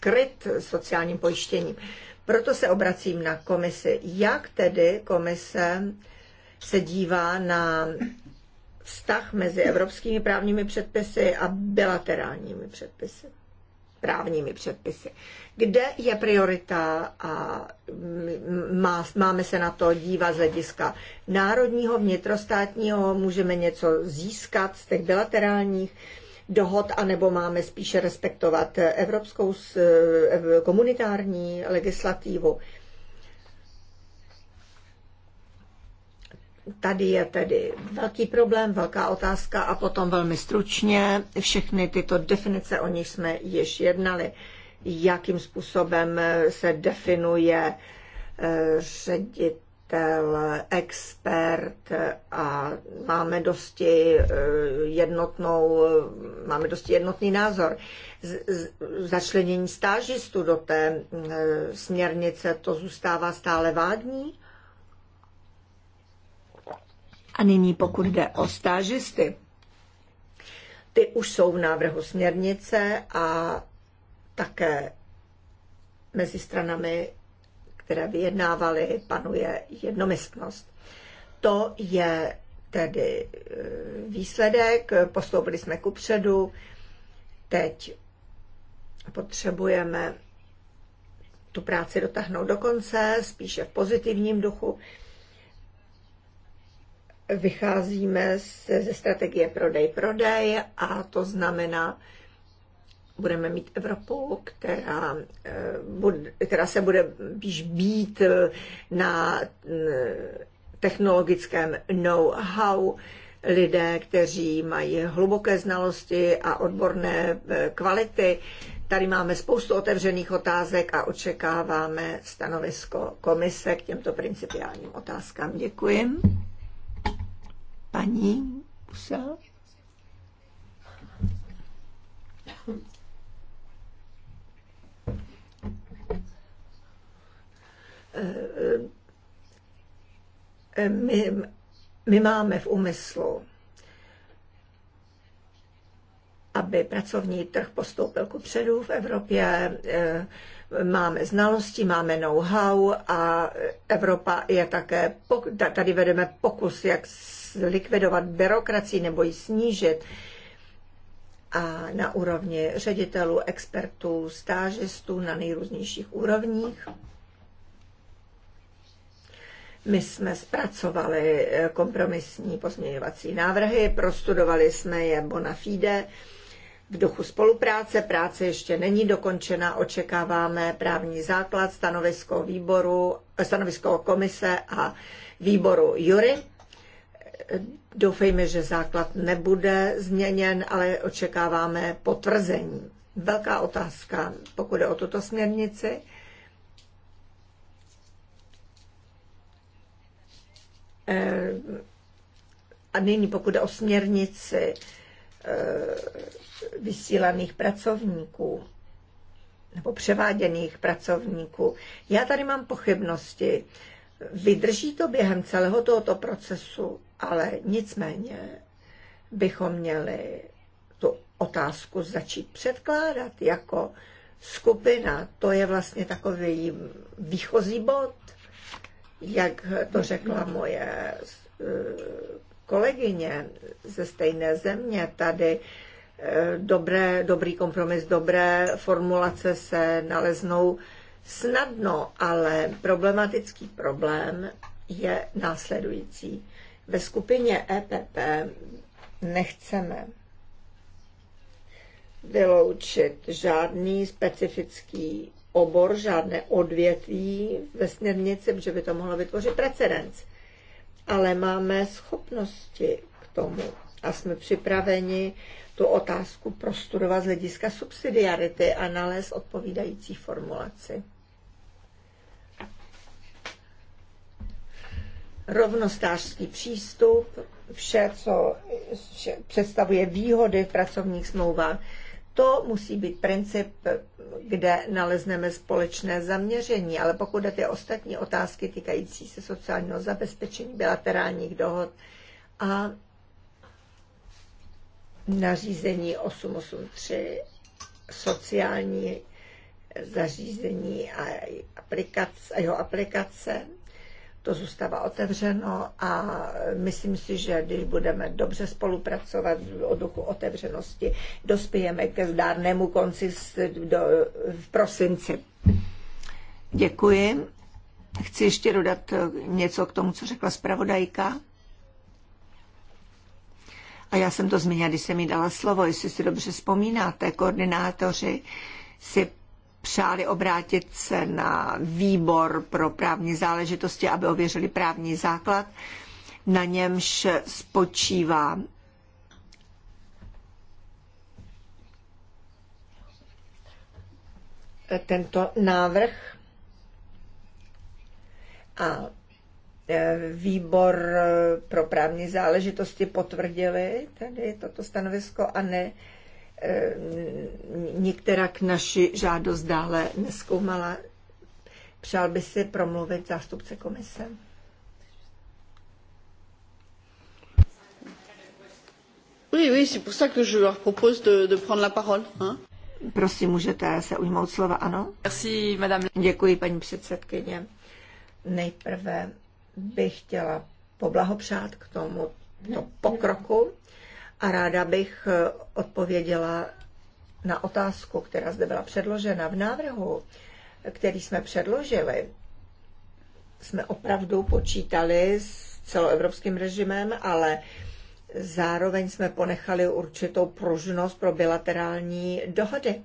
kryt sociálním pojištěním. Proto se obracím na komisi. Jak tedy komise se dívá na vztah mezi evropskými právními předpisy a bilaterálními předpisy? právními předpisy. Kde je priorita a má, máme se na to dívat z hlediska národního, vnitrostátního, můžeme něco získat z těch bilaterálních dohod, anebo máme spíše respektovat evropskou eh, komunitární legislativu. Tady je tedy velký problém, velká otázka a potom velmi stručně všechny tyto definice, o nich jsme již jednali, jakým způsobem se definuje eh, ředit učitel, expert a máme dosti eh, jednotnou, eh, máme dosti jednotný názor. začlenění stážistů do té eh, směrnice, to zůstává stále vágní? A nyní pokud jde o stážisty, ty už jsou v návrhu směrnice a také mezi stranami které vyjednávali, panuje jednomyslnost. To je tedy e, výsledek, postoupili jsme ku předu, teď potřebujeme tu práci dotáhnout do konce, spíše v pozitivním duchu. Vycházíme ze strategie prodej-prodej a to znamená, budeme mít Evropu, která, eh, která se bude spíš být eh, na eh, technologickém know-how, lidé, kteří mají hluboké znalosti a odborné kvality. Tady máme spoustu otevřených otázek a očekáváme stanovisko komise k těmto principiálním otázkám. Děkuji. Paní Pusel? my, my máme v úmyslu, aby pracovní trh postoupil ku předu v Evropě. Máme znalosti, máme know-how a Evropa je také, tady vedeme pokus, jak likvidovat byrokracii nebo ji snížit a na úrovni ředitelů, expertů, stážistů na nejrůznějších úrovních. My jsme zpracovali eh, kompromisní pozměňovací návrhy, prostudovali jsme je bona fide v duchu spolupráce. Práce ještě není dokončena, očekáváme právní základ, stanovisko výboru, eh, stanovisko komise a výboru jury. Eh, doufejme, že základ nebude změněn, ale očekáváme potvrzení. Velká otázka, pokud je o tuto směrnici Eh, a nyní pokud jde o směrnici eh, vysílaných pracovníků nebo převáděných pracovníků, já tady mám pochybnosti. Vydrží to během celého tohoto procesu, ale nicméně bychom měli tu otázku začít předkládat jako skupina. To je vlastně takový výchozí bod jak to řekla moje eh, kolegyně ze stejné země tady, eh, dobré, dobrý kompromis, dobré formulace se naleznou snadno, ale problematický problém je následující. Ve skupině EPP nechceme vyloučit žádný specifický obor, žádné odvětví ve směrnici, protože by to mohlo vytvořit precedens. Ale máme schopnosti k tomu a jsme připraveni tu otázku prostudovat z hlediska subsidiarity a nalézt odpovídající formulaci. Rovnostářský přístup, vše, co představuje výhody v pracovních smlouvách, to musí být princip, kde nalezneme společné zaměření, ale pokud jde ty ostatní otázky týkající se sociálního zabezpečení, bilaterálních dohod a nařízení 883, sociální zařízení a, aplikace, a jeho aplikace, to zůstává otevřeno a myslím si, že když budeme dobře spolupracovat o duchu otevřenosti, dospějeme ke zdárnému konci do, v prosinci. Děkuji. Chci ještě dodat eh, něco k tomu, co řekla zpravodajka. A já jsem to zmínila, když jsem jí dala slovo, jestli si dobře vzpomínáte, koordinátoři si přáli obrátit se na výbor pro právní záležitosti, aby ověřili právní základ, na němž spočívá tento návrh. A e, výbor pro právní záležitosti potvrdili tedy toto stanovisko a ne, Eh, některak naši žádost dále neskoumala. Přál by si promluvit zástupce komise. Oui, oui, c'est pour ça que je leur propose de, de prendre la parole. Hein? Prosím, můžete se ujmout slova, ano? Merci, madame. Děkuji, paní předsedkyně. Nejprve bych chtěla poblahopřát k tomu to pokroku, a ráda bych eh, odpověděla na otázku, která zde byla předložena. V návrhu, který jsme předložili, jsme opravdu počítali s celoevropským režimem, ale zároveň jsme ponechali určitou pružnost pro bilaterální dohody.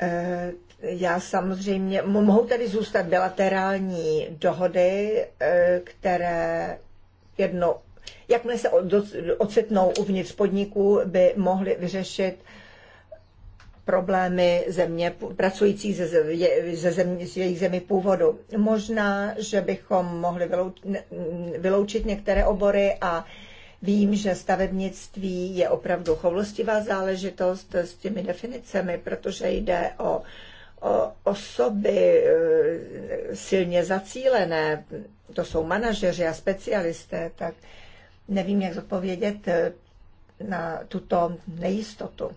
E, já samozřejmě, mohou tady zůstat bilaterální dohody, eh, které jedno, jakmile se ocitnou uvnitř podniků, by mohly vyřešit problémy země, pracující ze, ze země, z jejich zemi původu. Možná, že bychom mohli vyloučit některé obory a Vím, že stavebnictví je opravdu choulostivá záležitost s těmi definicemi, protože jde o osoby e, silně zacílené, to jsou manažeři a specialisté, tak nevím, jak odpovědět e, na tuto nejistotu.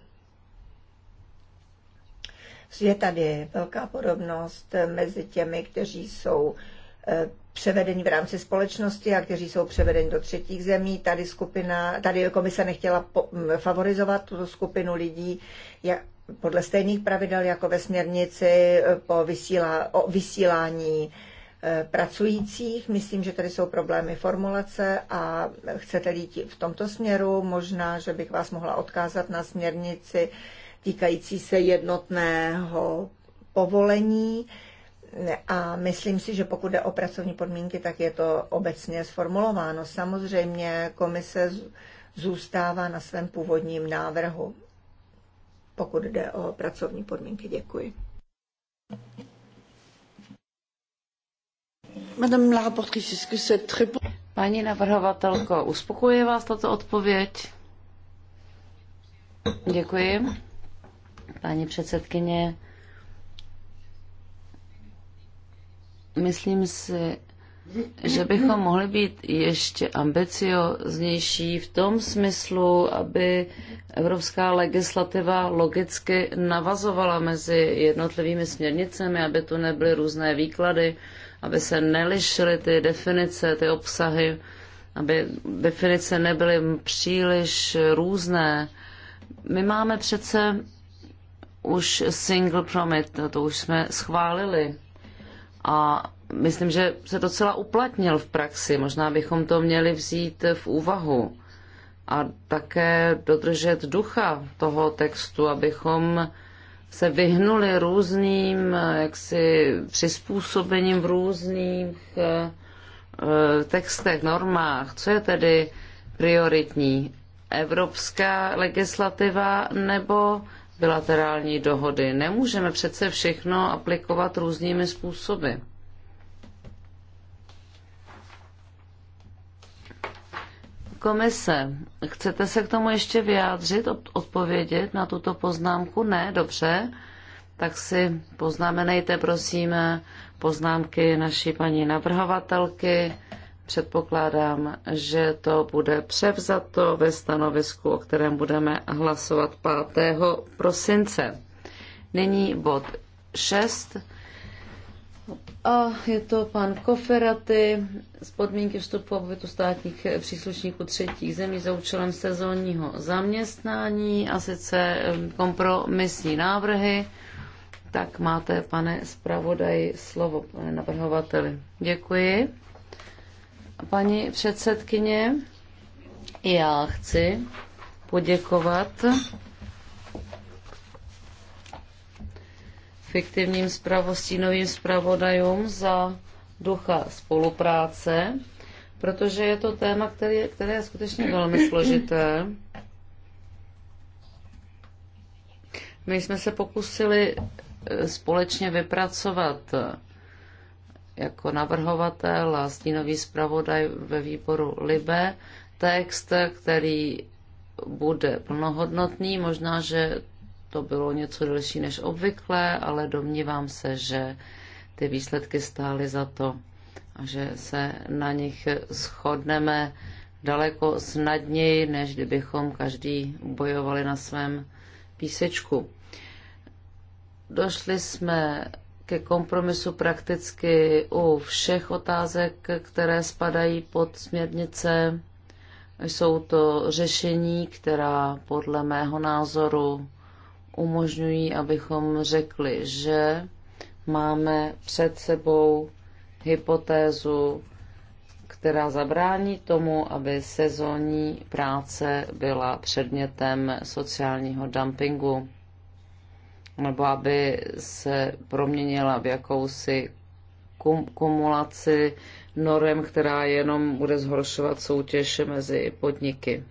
Je tady velká podobnost mezi těmi, kteří jsou e, převedení v rámci společnosti a kteří jsou převedeni do třetích zemí. Tady skupina, tady komise nechtěla favorizovat tuto skupinu lidí, podle stejných pravidel jako ve směrnici eh, po vysílá, o vysílání eh, pracujících. Myslím, že tady jsou problémy formulace a chcete jít v tomto směru, možná, že bych vás mohla odkázat na směrnici týkající se jednotného povolení. A myslím si, že pokud jde o pracovní podmínky, tak je to obecně sformulováno. Samozřejmě komise zůstává na svém původním návrhu pokud jde o pracovní podmínky. Děkuji. Madame la Paní navrhovatelko, uspokojuje vás tato odpověď? Děkuji. Paní předsedkyně, myslím si, že bychom mohli být ještě ambicioznější v tom smyslu, aby evropská legislativa logicky navazovala mezi jednotlivými směrnicemi, aby tu nebyly různé výklady, aby se nelišily ty definice, ty obsahy, aby definice nebyly příliš různé. My máme přece už single promit, to už jsme schválili. A myslím, že se to docela uplatnil v praxi. Možná bychom to měli vzít v úvahu a také dodržet ducha toho textu, abychom se vyhnuli různým jaksi přizpůsobením v různých eh, eh, textech, normách. Co je tedy prioritní? Evropská legislativa nebo bilaterální dohody? Nemůžeme přece všechno aplikovat různými způsoby. Komise, chcete se k tomu ještě vyjádřit, odpovědět na tuto poznámku? Ne, dobře. Tak si poznamenejte, prosím, poznámky naší paní navrhovatelky. Předpokládám, že to bude převzato ve stanovisku, o kterém budeme hlasovat 5. prosince. Nyní bod 6 a je to pan Koferaty z podmínky vstupu a pobytu státních příslušníků třetích zemí za účelem sezónního zaměstnání a sice kompromisní návrhy. Tak máte, pane zpravodaji, slovo, pane navrhovateli. Děkuji. Paní předsedkyně, já chci poděkovat fiktivním zpravostínovým zpravodajům za ducha spolupráce, protože je to téma, které, které je skutečně velmi složité. My jsme se pokusili eh, společně vypracovat eh, jako navrhovatel a stínový zpravodaj ve výboru Libe text, který bude plnohodnotný. Možná, že to bylo něco delší než obvykle, ale domnívám se, že ty výsledky stály za to a že se na nich shodneme daleko snadněji, než kdybychom každý bojovali na svém písečku. Došli jsme ke kompromisu prakticky u všech otázek, které spadají pod směrnice. Jsou to řešení, která podle mého názoru umožňují, abychom řekli, že máme před sebou hypotézu, která zabrání tomu, aby sezónní práce byla předmětem sociálního dumpingu nebo aby se proměnila v jakousi kum, kumulaci norem, která jenom bude zhoršovat soutěž mezi podniky.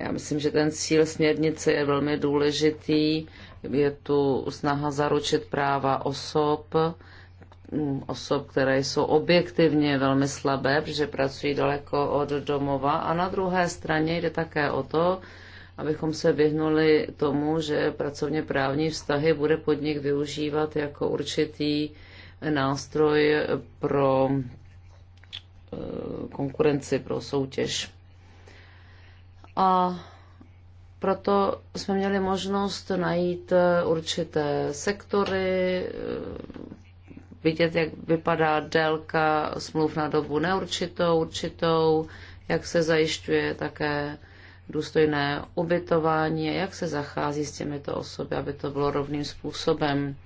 Já myslím, že ten cíl směrnice je velmi důležitý. Je tu snaha zaručit práva osob, mm, osob, které jsou objektivně velmi slabé, protože pracují daleko od domova. A na druhé straně jde také o to, abychom se vyhnuli tomu, že pracovně právní vztahy bude podnik využívat jako určitý nástroj pro eh, konkurenci, pro soutěž. A proto jsme měli možnost najít eh, určité sektory, eh, vidět, jak vypadá délka smluv na dobu neurčitou, určitou, jak se zajišťuje také důstojné ubytování jak se zachází s těmito osoby, aby to bylo rovným způsobem,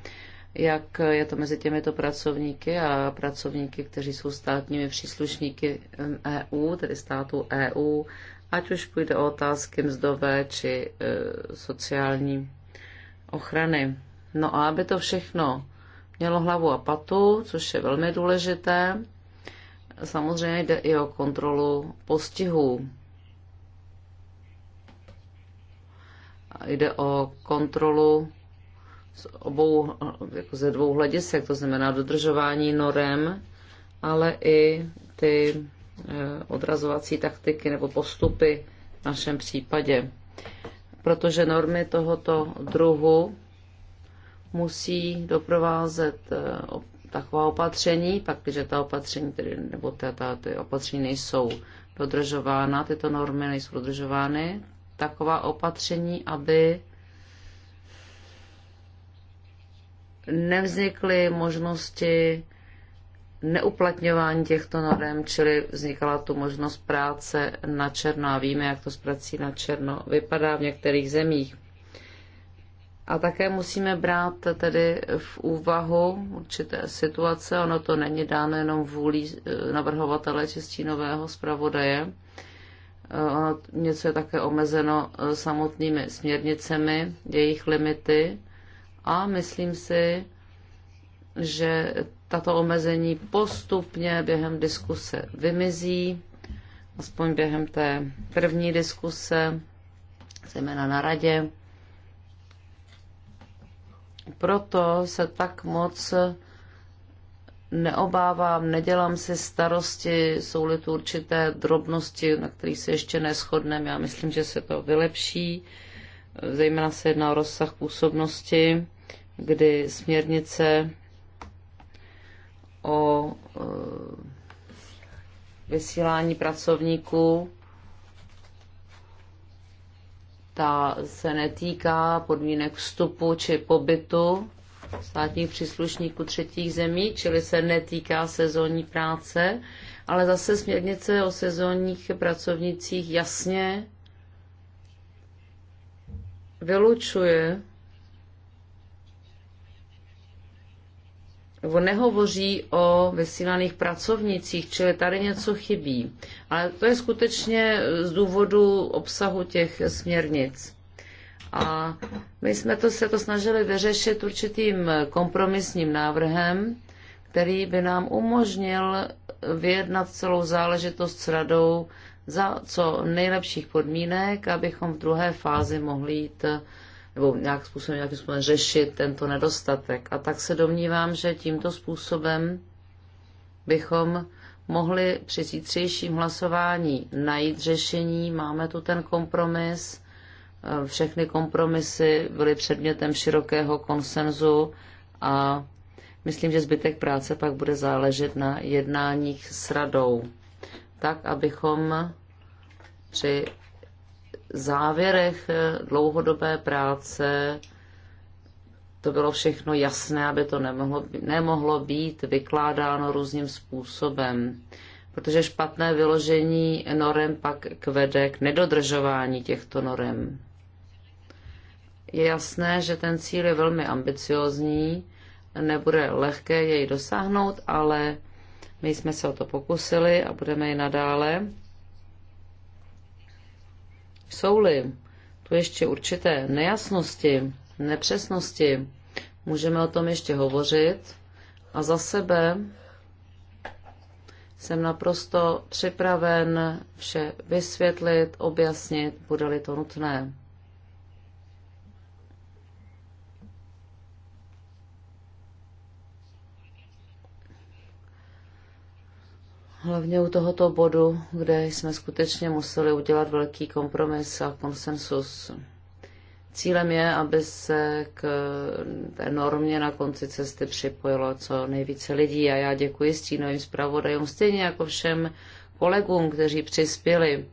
jak je to mezi těmito pracovníky a pracovníky, kteří jsou státními příslušníky EU, e tedy států EU ať už půjde o otázky mzdové či e, sociální ochrany. No a aby to všechno mělo hlavu a patu, což je velmi důležité, samozřejmě jde i o kontrolu postihů. Jde o kontrolu z obou, jako ze dvou hledisek, to znamená dodržování norem, ale i ty Eh, odrazovací taktiky nebo postupy v našem případě. Protože normy tohoto druhu musí doprovázet eh, taková opatření, pak, když ta opatření, tedy, nebo ta, ta, ty opatření nejsou dodržována, tyto normy nejsou dodržovány, taková opatření, aby nevznikly možnosti neuplatňování těchto norm, čili vznikala tu možnost práce na černo a víme, jak to s prací na černo vypadá v některých zemích. A také musíme brát tedy v úvahu určité situace, ono to není dáno jenom vůlí eh, navrhovatele či stínového zpravodaje, eh, ono něco je také omezeno eh, samotnými směrnicemi, jejich limity a myslím si, že tato omezení postupně během diskuse vymizí, aspoň během té první diskuse, zejména na radě. Proto se tak moc neobávám, nedělám si starosti, jsou-li tu určité drobnosti, na kterých se ještě neschodneme. Já myslím, že se to vylepší, zejména se jedná o rozsah působnosti, kdy směrnice o e, vysílání pracovníků. Ta se netýká podmínek vstupu či pobytu státních příslušníků třetích zemí, čili se netýká sezónní práce, ale zase směrnice o sezónních pracovnicích jasně vylučuje nehovoří o vysílaných pracovnicích, čili tady něco chybí. Ale to je skutečně z důvodu obsahu těch směrnic. A my jsme to, se to snažili vyřešit určitým kompromisním návrhem, který by nám umožnil vyjednat celou záležitost s radou za co nejlepších podmínek, abychom v druhé fázi mohli jít nebo nějak způsobem, nějakým způsobem řešit tento nedostatek. A tak se domnívám, že tímto způsobem bychom mohli při zítřejším hlasování najít řešení. Máme tu ten kompromis. Všechny kompromisy byly předmětem širokého konsenzu a myslím, že zbytek práce pak bude záležet na jednáních s radou. Tak, abychom při závěrech eh, dlouhodobé práce to bylo všechno jasné, aby to nemohlo, nemohlo být vykládáno různým způsobem, protože špatné vyložení norem pak vede k nedodržování těchto norem. Je jasné, že ten cíl je velmi ambiciozní, nebude lehké jej dosáhnout, ale my jsme se o to pokusili a budeme i nadále. Jsou-li tu ještě určité nejasnosti, nepřesnosti, můžeme o tom ještě hovořit. A za sebe jsem naprosto připraven vše vysvětlit, objasnit, bude-li to nutné. hlavně u tohoto bodu, kde jsme skutečně museli udělat velký kompromis a konsensus. Cílem je, aby se k té normě na konci cesty připojilo co nejvíce lidí a já děkuji stínovým zpravodajům, stejně jako všem kolegům, kteří přispěli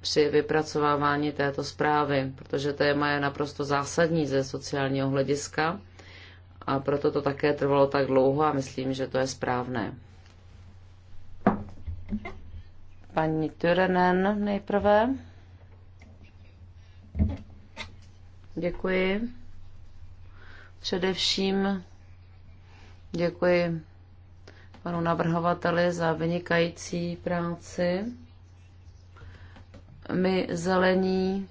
při vypracovávání této zprávy, protože téma je naprosto zásadní ze sociálního hlediska a proto to také trvalo tak dlouho a myslím, že to je správné. Paní Tyrenen nejprve. Děkuji. Především děkuji panu navrhovateli za vynikající práci. My zelení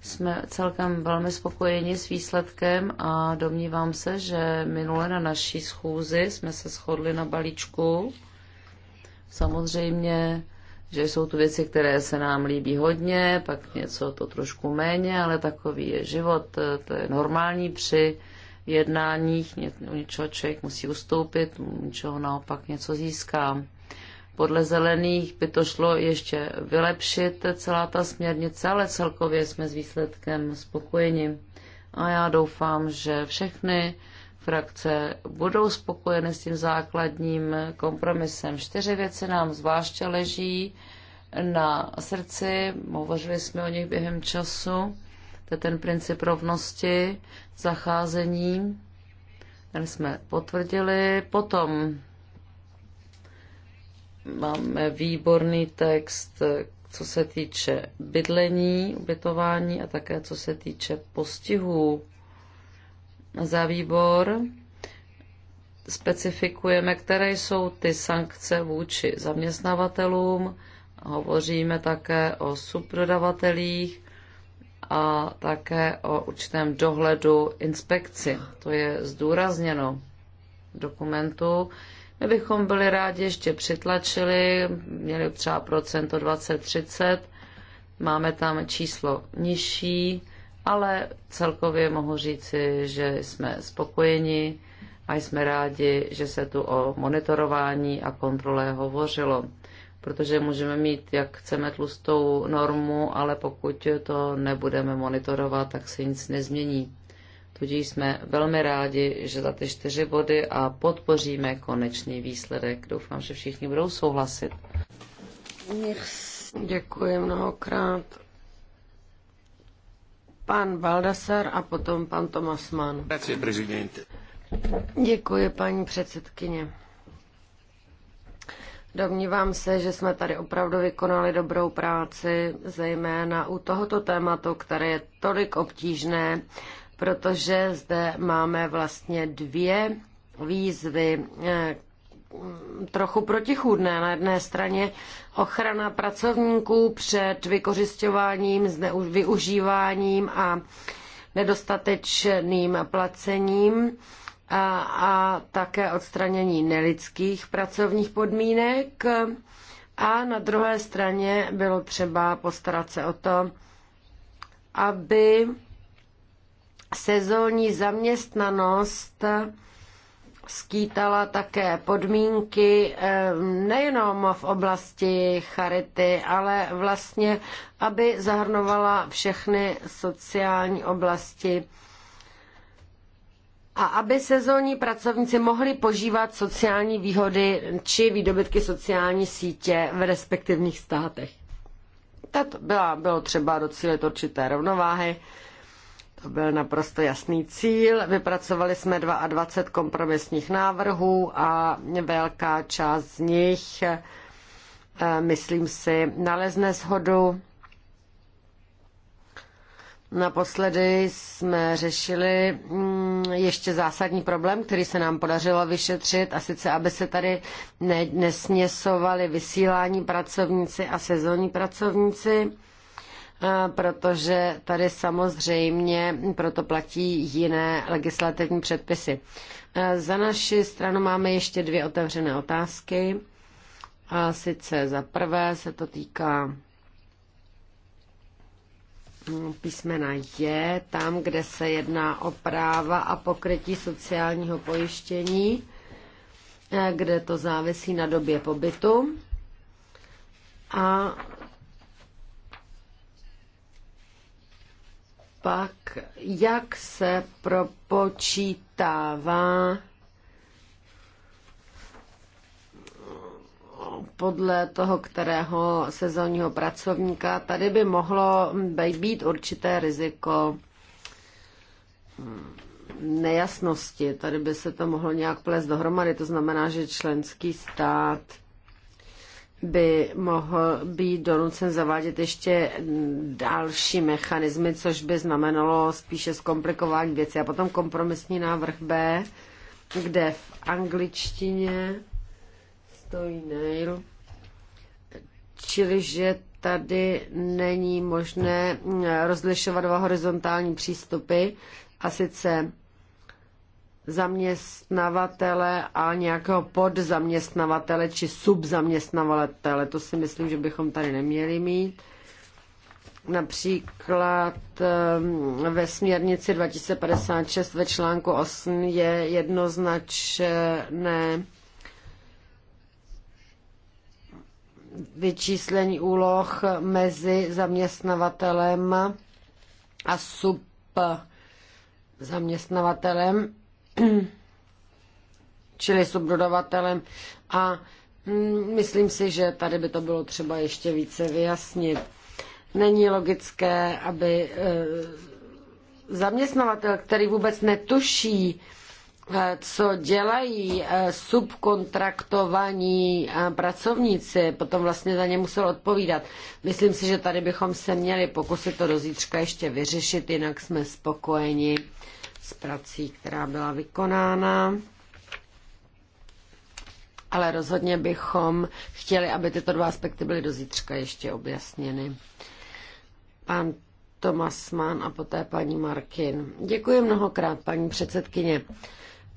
jsme celkem velmi spokojeni s výsledkem a domnívám se, že minule na naší schůzi jsme se shodli na balíčku Samozřejmě, že jsou tu věci, které se nám líbí hodně, pak něco to trošku méně, ale takový je život, to je normální při jednáních, u něčeho člověk musí ustoupit, u něčeho naopak něco získá. Podle zelených by to šlo ještě vylepšit celá ta směrnice, ale celkově jsme s výsledkem spokojeni. A já doufám, že všechny frakce budou spokojeny s tím základním kompromisem. Čtyři věci nám zvláště leží na srdci, hovořili jsme o nich během času, to je ten princip rovnosti, zacházení, ten jsme potvrdili. Potom máme výborný text, co se týče bydlení, ubytování a také co se týče postihů za výbor specifikujeme, které jsou ty sankce vůči zaměstnavatelům. Hovoříme také o subprodavatelích a také o určitém dohledu inspekci. To je zdůrazněno v dokumentu. My bychom byli rádi ještě přitlačili, měli třeba procento 20-30, máme tam číslo nižší, ale celkově mohu říci, že jsme spokojeni a jsme rádi, že se tu o monitorování a kontrole hovořilo. Protože můžeme mít, jak chceme, tlustou normu, ale pokud to nebudeme monitorovat, tak se nic nezmění. Tudíž jsme velmi rádi, že za ty čtyři body a podpoříme konečný výsledek. Doufám, že všichni budou souhlasit. Děkuji mnohokrát. Pan Valdasar a potom pan Tomas Mann. Děkuji, paní předsedkyně. Domnívám se, že jsme tady opravdu vykonali dobrou práci, zejména u tohoto tématu, které je tolik obtížné, protože zde máme vlastně dvě výzvy, eh, trochu protichůdné. Na jedné straně ochrana pracovníků před vykořišťováním, využíváním a nedostatečným placením a, a také odstranění nelidských pracovních podmínek. A na druhé straně bylo třeba postarat se o to, aby sezónní zaměstnanost skýtala také podmínky eh, nejenom v oblasti charity, ale vlastně, aby zahrnovala všechny sociální oblasti a aby sezónní pracovníci mohli požívat sociální výhody či výdobytky sociální sítě v respektivních státech. Tato byla, bylo třeba docílit určité rovnováhy to byl naprosto jasný cíl. Vypracovali jsme 22 kompromisních návrhů a velká část z nich, eh, myslím si, nalezne shodu. Naposledy jsme řešili mm, ještě zásadní problém, který se nám podařilo vyšetřit, a sice, aby se tady nesměsovali vysílání pracovníci a sezónní pracovníci protože tady samozřejmě proto platí jiné legislativní předpisy. Za naši stranu máme ještě dvě otevřené otázky. A sice za prvé se to týká no, písmena je tam, kde se jedná o práva a pokrytí sociálního pojištění, eh, kde to závisí na době pobytu. A pak, jak se propočítává podle toho, kterého sezónního pracovníka. Tady by mohlo být určité riziko nejasnosti. Tady by se to mohlo nějak plést dohromady. To znamená, že členský stát by mohl být donucen zavádět ještě další mechanismy, což by znamenalo spíše zkomplikování věci. A potom kompromisní návrh B, kde v angličtině stojí nail, čili že tady není možné rozlišovat dva horizontální přístupy, a sice zaměstnavatele a nějakého podzaměstnavatele či subzaměstnavatele. To si myslím, že bychom tady neměli mít. Například ehm, ve směrnici 2056 ve článku 8 je jednoznačné vyčíslení úloh mezi zaměstnavatelem a sub zaměstnavatelem čili subdodavatelem a mm, myslím si, že tady by to bylo třeba ještě více vyjasnit. Není logické, aby e, zaměstnavatel, který vůbec netuší, e, co dělají e, subkontraktovaní pracovníci, potom vlastně za ně musel odpovídat. Myslím si, že tady bychom se měli pokusit to do zítřka ještě vyřešit, jinak jsme spokojeni s prací, která byla vykonána. Ale rozhodně bychom chtěli, aby tyto dva aspekty byly do zítřka ještě objasněny. Pan Tomas Mann a poté paní Markin. Děkuji mnohokrát, paní předsedkyně.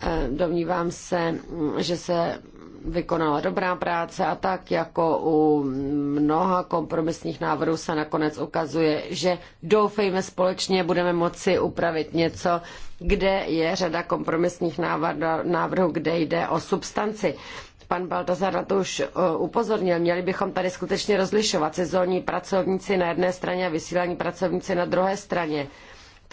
Eh, domnívám se, že se vykonala dobrá práce a tak jako u mnoha kompromisních návrhů se nakonec ukazuje, že doufejme společně budeme moci upravit něco, kde je řada kompromisních návrhů, kde jde o substanci pan Baltazar na to už e, upozornil, měli bychom tady skutečně rozlišovat sezónní pracovníci na jedné straně a vysílaní pracovníci na druhé straně.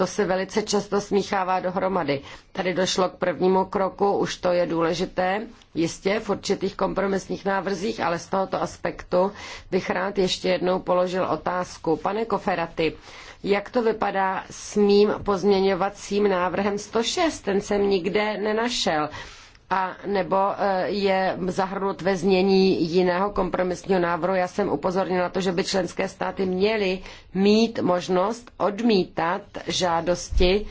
To se velice často smíchává dohromady. Tady došlo k prvnímu kroku, už to je důležité, jistě v určitých kompromisních návrzích, ale z tohoto aspektu bych rád ještě jednou položil otázku. Pane Koferaty, jak to vypadá s mým pozměňovacím návrhem 106? Ten jsem nikde nenašel a nebo e, je zahrnut ve znění jiného kompromisního návrhu. Já jsem upozornila na to, že by členské státy měly mít možnost odmítat žádosti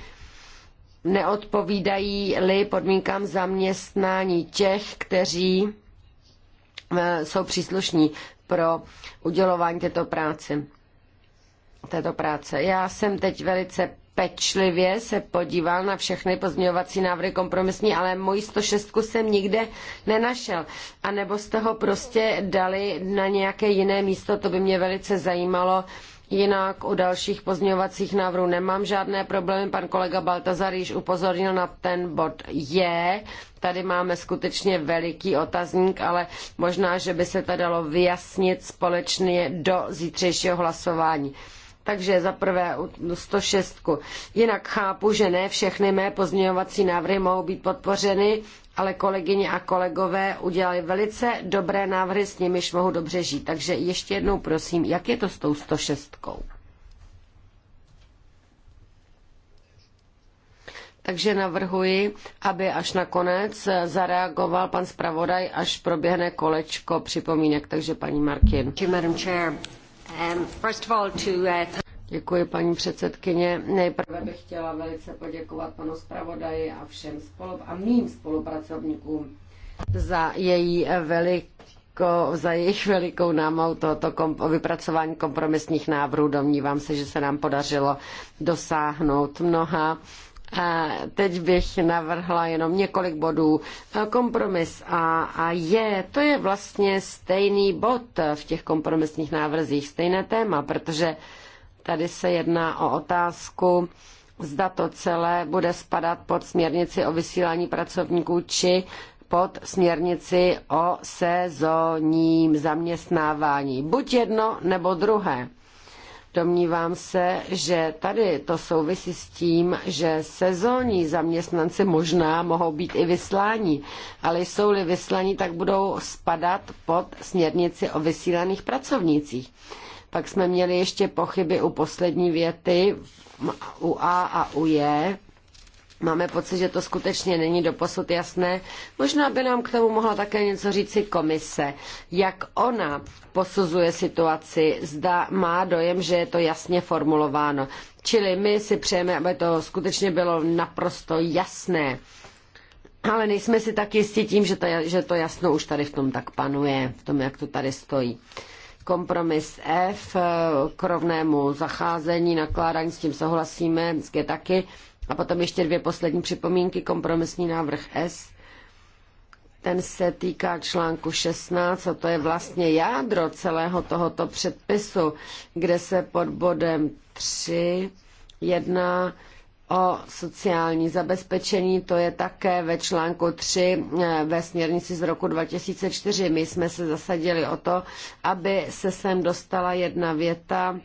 neodpovídají-li podmínkám zaměstnání těch, kteří e, jsou příslušní pro udělování této práce. Této práce. Já jsem teď velice pečlivě se podíval na všechny pozměňovací návrhy kompromisní, ale moji 106 jsem nikde nenašel. A nebo jste ho prostě dali na nějaké jiné místo, to by mě velice zajímalo. Jinak u dalších pozměňovacích návrhů nemám žádné problémy. Pan kolega Baltazar již upozornil na ten bod je. Tady máme skutečně veliký otazník, ale možná, že by se to dalo vyjasnit společně do zítřejšího hlasování. Takže za prvé 106. Jinak chápu, že ne všechny mé pozměňovací návrhy mohou být podpořeny, ale kolegyně a kolegové udělali velice dobré návrhy, s nimiž mohu dobře žít. Takže ještě jednou prosím, jak je to s tou 106? Takže navrhuji, aby až nakonec zareagoval pan zpravodaj, až proběhne kolečko připomínek. Takže paní Markin. Um, uh, Děkuji, paní předsedkyně. Nejprve bych chtěla velice poděkovat panu zpravodaji a všem a mým spolupracovníkům za její eh, veliko, za jejich velikou námou tohoto kom, vypracování kompromisních návrhů. Domnívám se, že se nám podařilo dosáhnout mnoha Teď bych navrhla jenom několik bodů. Kompromis A a je, to je vlastně stejný bod v těch kompromisních návrzích, stejné téma, protože tady se jedná o otázku, zda to celé bude spadat pod směrnici o vysílání pracovníků či pod směrnici o sezónním zaměstnávání. Buď jedno nebo druhé. Domnívám se, že tady to souvisí s tím, že sezónní zaměstnanci možná mohou být i vysláni, ale jsou-li vysláni, tak budou spadat pod směrnici o vysílaných pracovnících. Pak jsme měli ještě pochyby u poslední věty u A a u J Máme pocit, že to skutečně není doposud jasné. Možná by nám k tomu mohla také něco říci komise. Jak ona posuzuje situaci, zda má dojem, že je to jasně formulováno. Čili my si přejeme, aby to skutečně bylo naprosto jasné. Ale nejsme si tak jistí tím, že to, že to jasno už tady v tom tak panuje, v tom, jak to tady stojí kompromis F eh, k rovnému zacházení, nakládání, s tím souhlasíme, vždycky taky. A potom ještě dvě poslední připomínky. Kompromisní návrh S. Ten se týká článku 16 a to je vlastně jádro celého tohoto předpisu, kde se pod bodem 3 jedná o sociální zabezpečení, to je také ve článku 3 eh, ve směrnici z roku 2004. My jsme se zasadili o to, aby se sem dostala jedna věta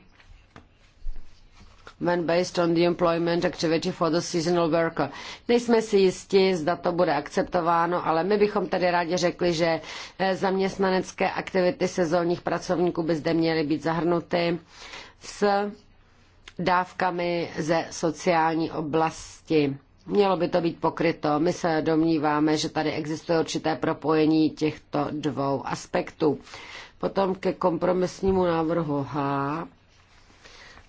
when based on the employment activity for the seasonal worker. Nejsme si jisti, zda to bude akceptováno, ale my bychom tady rádi řekli, že eh, zaměstnanecké aktivity sezónních pracovníků by zde měly být zahrnuty s dávkami ze sociální oblasti. Mělo by to být pokryto. My se domníváme, že tady existuje určité propojení těchto dvou aspektů. Potom ke kompromisnímu návrhu H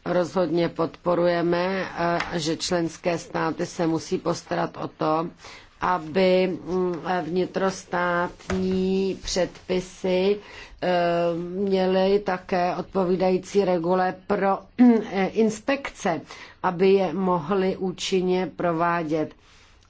rozhodně podporujeme, že členské státy se musí postarat o to, aby mm, vnitrostátní předpisy e, měly také odpovídající regule pro e, inspekce, aby je mohly účinně provádět.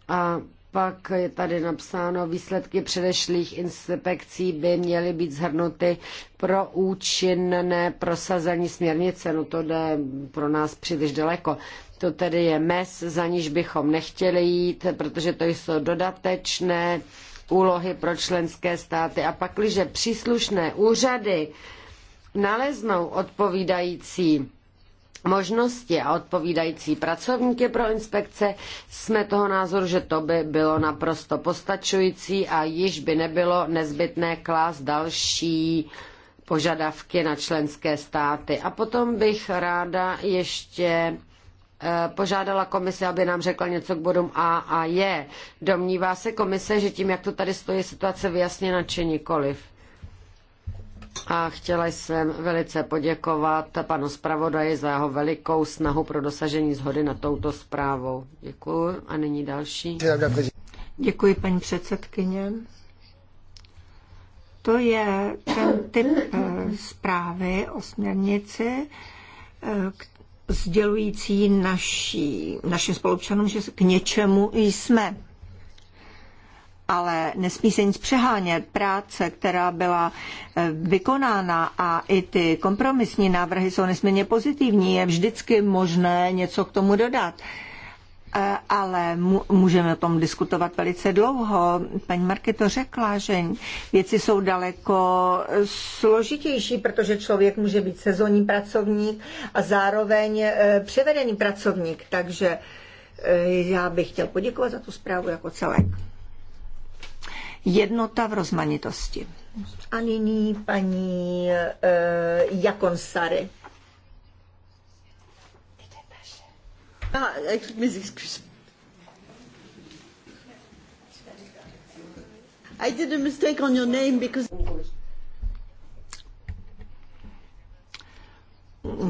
A pak je tady napsáno, výsledky předešlých inspekcí by měly být zhrnuty pro účinné prosazení směrnice. No to jde pro nás příliš daleko. To tedy je mes, za níž bychom nechtěli jít, protože to jsou dodatečné úlohy pro členské státy. A pak, když příslušné úřady naleznou odpovídající možnosti a odpovídající pracovníky pro inspekce, jsme toho názoru, že to by bylo naprosto postačující a již by nebylo nezbytné klást další požadavky na členské státy. A potom bych ráda ještě eh, požádala komise, aby nám řekla něco k bodům A a J. Domnívá se komise, že tím, jak to tady stojí, situace vyjasněna či nikoliv? a chtěla jsem velice poděkovat panu zpravodaji za jeho velikou snahu pro dosažení zhody na touto zprávou. Děkuji a nyní další. Děkuji, paní předsedkyně. To je ten typ eh, zprávy o směrnici, eh, sdělující naší, našim spolupčanům, že k něčemu jsme ale nesmí se nic přehánět. Práce, která byla eh, vykonána a i ty kompromisní návrhy jsou nesmírně pozitivní, je vždycky možné něco k tomu dodat. Eh, ale můžeme o tom diskutovat velice dlouho. Paní Marky to řekla, že věci jsou daleko eh, složitější, protože člověk může být sezónní pracovník a zároveň převedený pracovník. Takže já bych chtěl poděkovat za tu zprávu jako celek. Jednota v rozmanitosti. A nyní paní uh, e, Jakonsary. Eh, I did a mistake on your name because...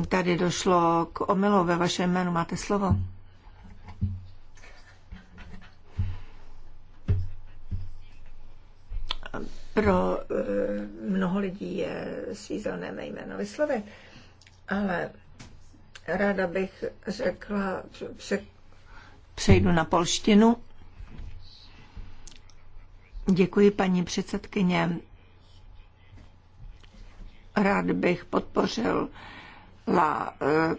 Tady došlo k omylu ve vašem jménu. Máte slovo. pro eh, mnoho lidí je svízelné jméno vyslovit, ale ráda bych řekla, pře, přejdu na polštinu. Děkuji, paní předsedkyně. Rád bych podpořil la eh,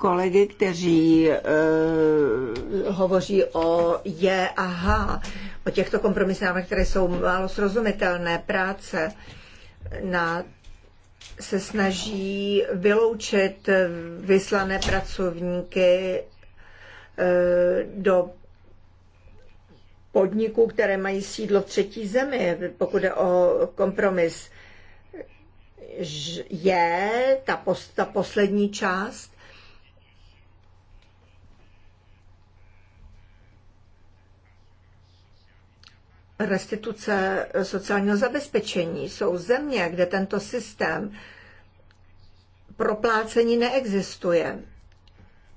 kolegy, kteří uh, hovoří o je a H, o těchto kompromisách, které jsou málo srozumitelné práce na se snaží vyloučit vyslané pracovníky eh, do podniků, které mají sídlo v třetí zemi, pokud je o kompromis. Je ta, pos, ta poslední část restituce sociálního zabezpečení. Jsou země, kde tento systém proplácení neexistuje.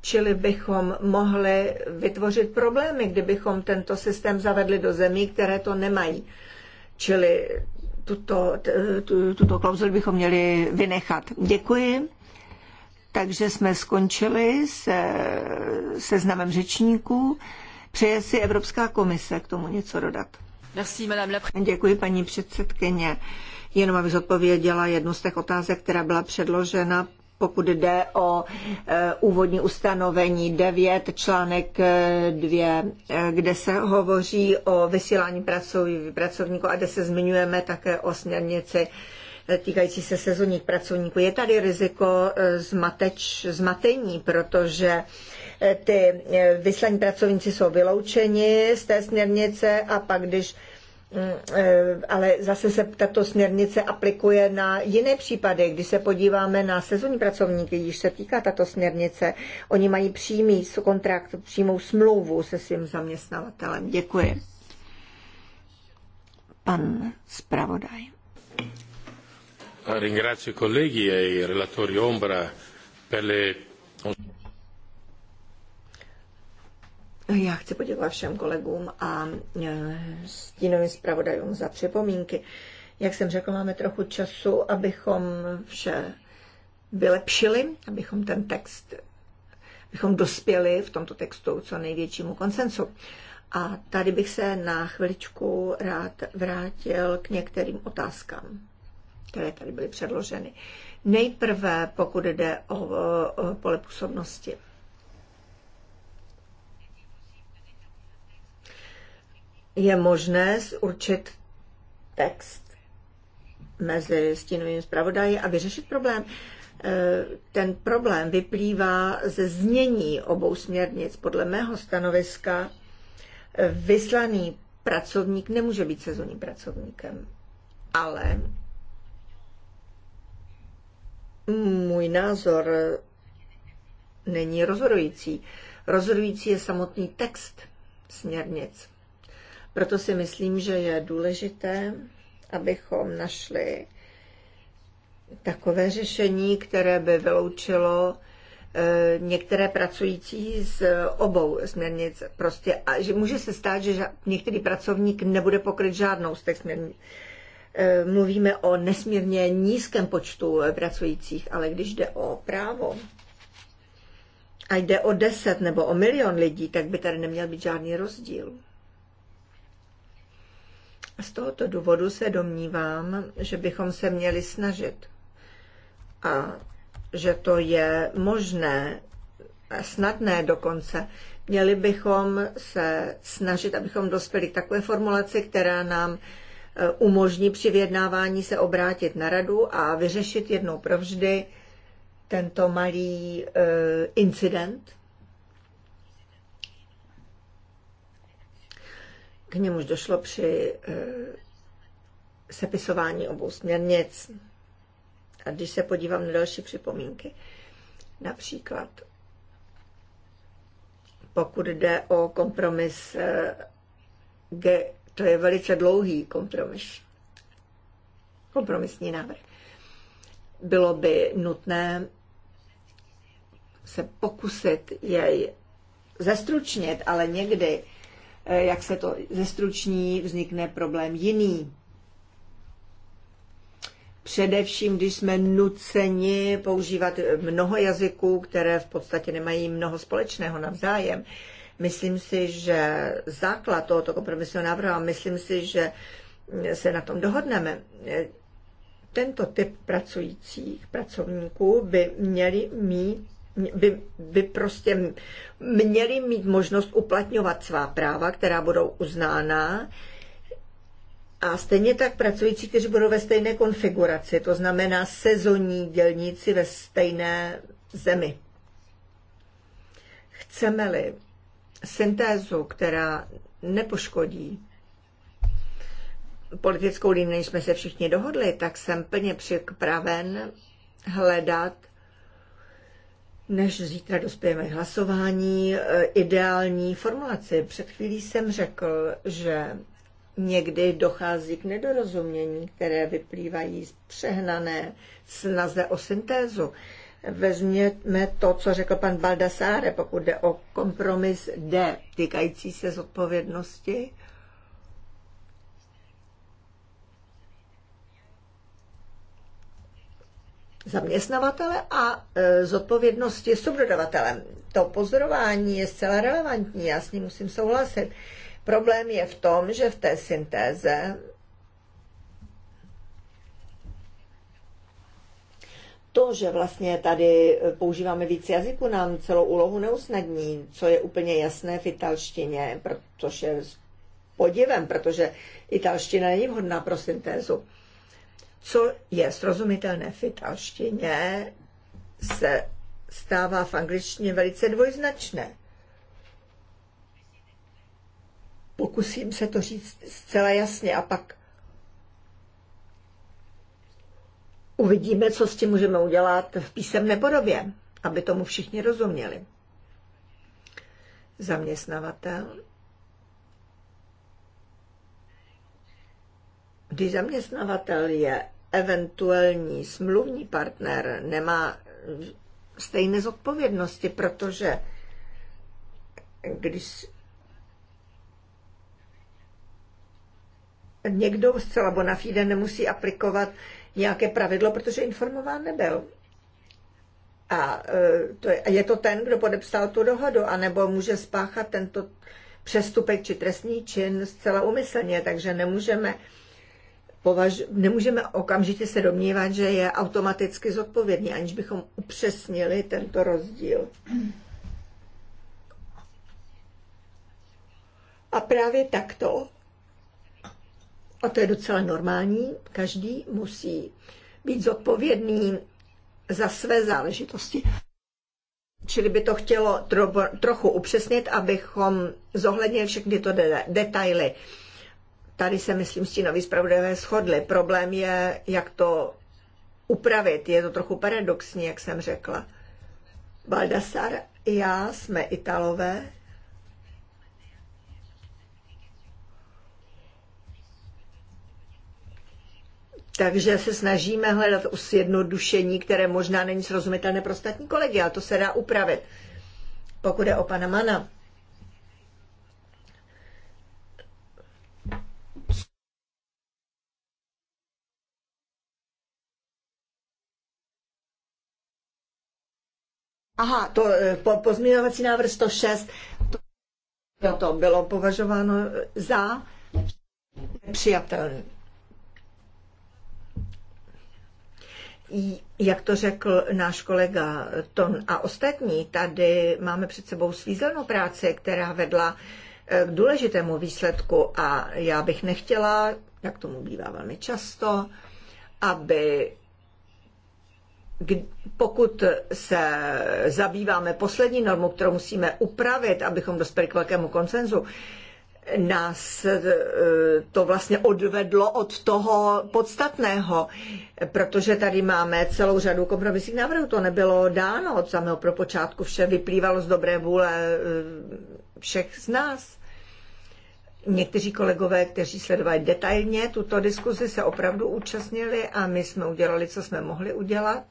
Čili bychom mohli vytvořit problémy, kdybychom tento systém zavedli do zemí, které to nemají. Čili tuto, tuto klauzuli bychom měli vynechat. Děkuji. Takže jsme skončili se seznamem řečníků. Přeje si Evropská komise k tomu něco dodat. Děkuji, paní předsedkyně. Jenom abych zodpověděla jednu z těch otázek, která byla předložena pokud jde o e, úvodní ustanovení 9, článek 2, e, e, kde se hovoří o vysílání pracovníků a kde se zmiňujeme také o směrnici týkající se sezónních pracovníků. Je tady riziko zmateč, zmatení, protože Eh, ty eh, vyslaní pracovníci jsou vyloučeni z té směrnice a pak když mm, eh, ale zase se tato směrnice aplikuje na jiné případy. Když se podíváme na sezónní pracovníky, když se týká tato směrnice, oni mají přímý kontrakt, přímou smlouvu se svým zaměstnavatelem. Děkuji. Pan zpravodaj. Ringrazio e relatori ombra per le já chci poděkovat všem kolegům a e, stínovým zpravodajům za připomínky. Jak jsem řekl, máme trochu času, abychom vše vylepšili, abychom ten text, abychom dospěli v tomto textu co největšímu konsensu. A tady bych se na chviličku rád vrátil k některým otázkám, které tady byly předloženy. Nejprve, pokud jde o, o pole působnosti. je možné určit text mezi stínovým zpravodají a vyřešit problém. E, ten problém vyplývá ze znění obou směrnic. Podle mého stanoviska e, vyslaný pracovník nemůže být sezónním pracovníkem, ale můj názor není rozhodující. Rozhodující je samotný text směrnic. Proto si myslím, že je důležité, abychom našli takové řešení, které by vyloučilo eh, některé pracující z obou směrnic. Prostě, a že může se stát, že některý pracovník nebude pokryt žádnou z těch směrnic. Eh, mluvíme o nesmírně nízkém počtu eh, pracujících, ale když jde o právo a jde o deset nebo o milion lidí, tak by tady neměl být žádný rozdíl. Z tohoto důvodu se domnívám, že bychom se měli snažit a že to je možné, snadné dokonce. Měli bychom se snažit, abychom dospěli k takové formulaci, která nám e, umožní při vyjednávání se obrátit na radu a vyřešit jednou provždy tento malý e, incident, K němuž došlo při eh, sepisování obou směrnic. A když se podívám na další připomínky, například pokud jde o kompromis eh, G, to je velice dlouhý kompromis, kompromisní návrh. Bylo by nutné se pokusit jej zestručnit, ale někdy Eh, jak se to zestruční, vznikne problém jiný. Především, když jsme nuceni používat mnoho jazyků, které v podstatě nemají mnoho společného navzájem. Myslím si, že základ tohoto kompromisu návrhu, a myslím si, že se na tom dohodneme, eh, tento typ pracujících pracovníků by měli mít by, by prostě měli mít možnost uplatňovat svá práva, která budou uznána. A stejně tak pracující, kteří budou ve stejné konfiguraci, to znamená sezonní dělníci ve stejné zemi. Chceme-li syntézu, která nepoškodí politickou linii, jsme se všichni dohodli, tak jsem plně připraven hledat než zítra dospějeme hlasování, eh, ideální formulaci. Před chvílí jsem řekl, že někdy dochází k nedorozumění, které vyplývají z přehnané snaze o syntézu. Vezměme to, co řekl pan Baldasáre, pokud jde o kompromis D, týkající se zodpovědnosti zaměstnavatele a e, zodpovědnosti subdodavatele. To pozorování je zcela relevantní, já s ním musím souhlasit. Problém je v tom, že v té syntéze to, že vlastně tady používáme víc jazyků, nám celou úlohu neusnadní, co je úplně jasné v italštině, protože podivem, protože italština není vhodná pro syntézu co je srozumitelné v italštině, se stává v angličtině velice dvojznačné. Pokusím se to říct zcela jasně a pak uvidíme, co s tím můžeme udělat v písemné podobě, aby tomu všichni rozuměli. Zaměstnavatel Když zaměstnavatel je eventuální smluvní partner, nemá stejné zodpovědnosti, protože když někdo zcela bona fide nemusí aplikovat nějaké pravidlo, protože informován nebyl. A e, to je, je to ten, kdo podepsal tu dohodu, anebo může spáchat tento přestupek či trestný čin zcela umyslně, takže nemůžeme považ... nemůžeme okamžitě se domnívat, že je automaticky zodpovědný, aniž bychom upřesnili tento rozdíl. A právě takto, a to je docela normální, každý musí být zodpovědný za své záležitosti. Čili by to chtělo trochu upřesnit, abychom zohlednili všechny tyto detaily tady se, myslím, stínoví zpravodajové shodli. Problém je, jak to upravit. Je to trochu paradoxní, jak jsem řekla. Baldassar i já jsme Italové. Takže se snažíme hledat usjednodušení, které možná není srozumitelné pro ostatní kolegy, ale to se dá upravit. Pokud je o pana Mana, Aha, to eh, po, pozměňovací návrh 106, to, to bylo považováno za nepřijatelné. Jak to řekl náš kolega Ton a ostatní, tady máme před sebou svízelnou práci, která vedla eh, k důležitému výsledku a já bych nechtěla, jak tomu bývá velmi často, aby pokud se zabýváme poslední normou, kterou musíme upravit, abychom dospěli k velkému konsenzu, nás eh, to vlastně odvedlo od toho podstatného, protože tady máme celou řadu kompromisních návrhů. To nebylo dáno od samého pro počátku, vše vyplývalo z dobré vůle eh, všech z nás. Někteří kolegové, kteří sledovali detailně tuto diskuzi, se opravdu účastnili a my jsme udělali, co jsme mohli udělat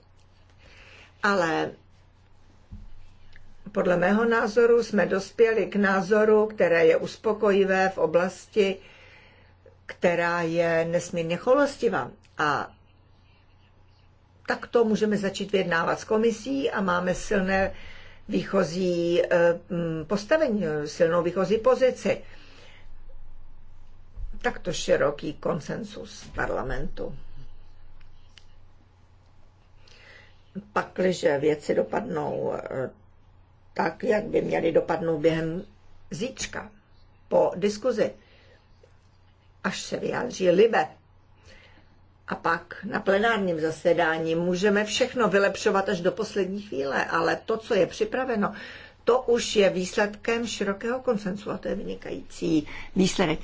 ale podle mého názoru jsme dospěli k názoru, které je uspokojivé v oblasti, která je nesmírně cholostivá. A takto můžeme začít vyjednávat s komisí a máme silné výchozí eh, mm, postavení, silnou výchozí pozici. Takto široký konsensus parlamentu. pakliže věci dopadnou eh, tak, jak by měly dopadnout během zítřka, po diskuzi, až se vyjádří libe. A pak na plenárním zasedání můžeme všechno vylepšovat až do poslední chvíle, ale to, co je připraveno, to už je výsledkem širokého konsensu a to je vynikající výsledek.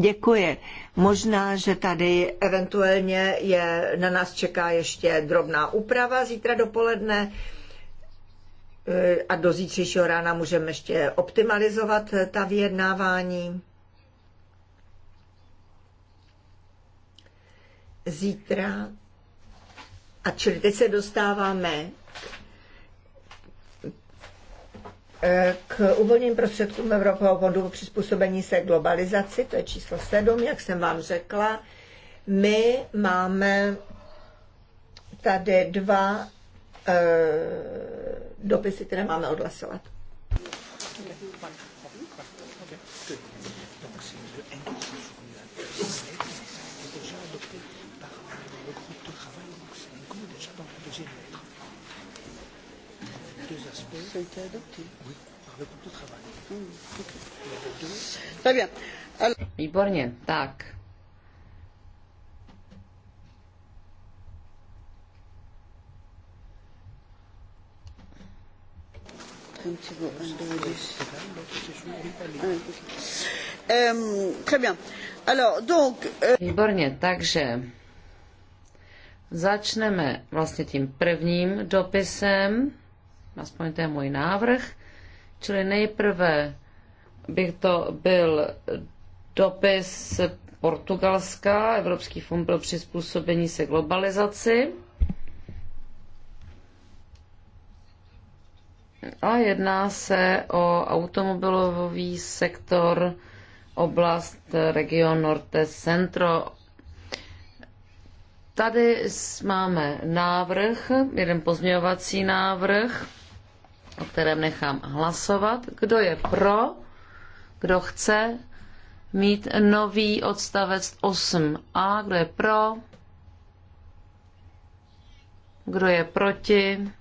Děkuji. Možná, že tady eventuálně je, na nás čeká ještě drobná úprava zítra dopoledne e, a do zítřejšího rána můžeme ještě optimalizovat ta vyjednávání. Zítra. A čili teď se dostáváme Eh, k uvolněným prostředkům Evropského fondu přizpůsobení se globalizaci, to je číslo 7, jak jsem vám řekla, my máme tady dva e, dopisy, které máme odhlasovat. a été adopté. Oui, par le groupe de travail. Très bien. Výborně, tak. Euh, euh- Výborně, takže začneme vlastně tím prvním dopisem. Aspoň to je můj návrh. Čili nejprve bych to byl dopis Portugalska, Evropský fond pro přizpůsobení se globalizaci. A jedná se o automobilový sektor, oblast region Norte Centro. Tady máme návrh, jeden pozměňovací návrh o kterém nechám hlasovat. Kdo je pro, kdo chce mít nový odstavec 8a, kdo je pro, kdo je proti,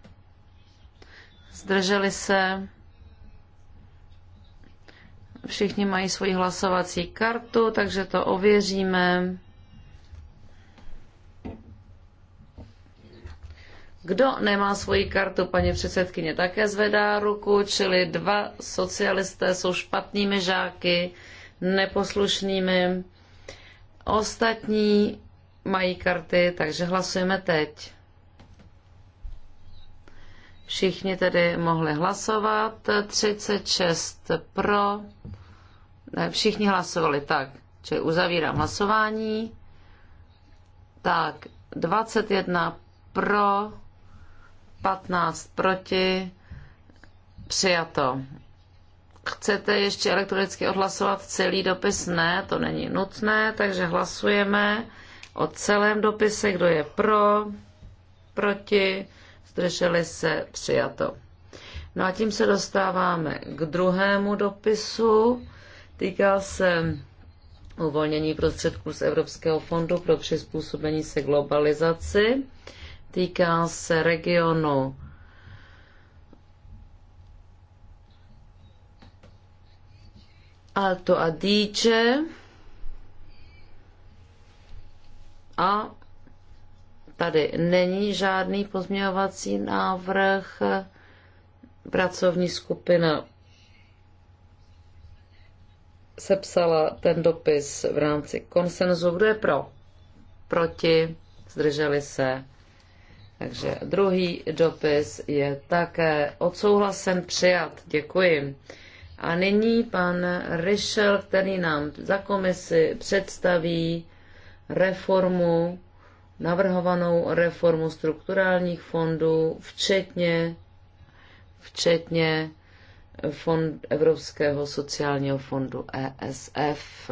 zdrželi se, všichni mají svoji hlasovací kartu, takže to ověříme. Kdo nemá svoji kartu, paní předsedkyně také zvedá ruku, čili dva socialisté jsou špatnými žáky, neposlušnými. Ostatní mají karty, takže hlasujeme teď. Všichni tedy mohli hlasovat, 36 pro, ne, všichni hlasovali tak, čili uzavírám hlasování. Tak, 21 pro, 15 proti, přijato. Chcete ještě elektronicky odhlasovat celý dopis? Ne, to není nutné, takže hlasujeme o celém dopise, kdo je pro, proti, zdrželi se, přijato. No a tím se dostáváme k druhému dopisu. Týká se uvolnění prostředků z Evropského fondu pro přizpůsobení se globalizaci. Týká se regionu Alto Adige a tady není žádný pozměňovací návrh. Pracovní skupina sepsala ten dopis v rámci konsenzu. Kdo je pro? Proti? Zdrželi se? Takže druhý dopis je také odsouhlasen přijat. Děkuji. A nyní pan Ryšel, který nám za komisi představí reformu, navrhovanou reformu strukturálních fondů, včetně, včetně fond Evropského sociálního fondu ESF.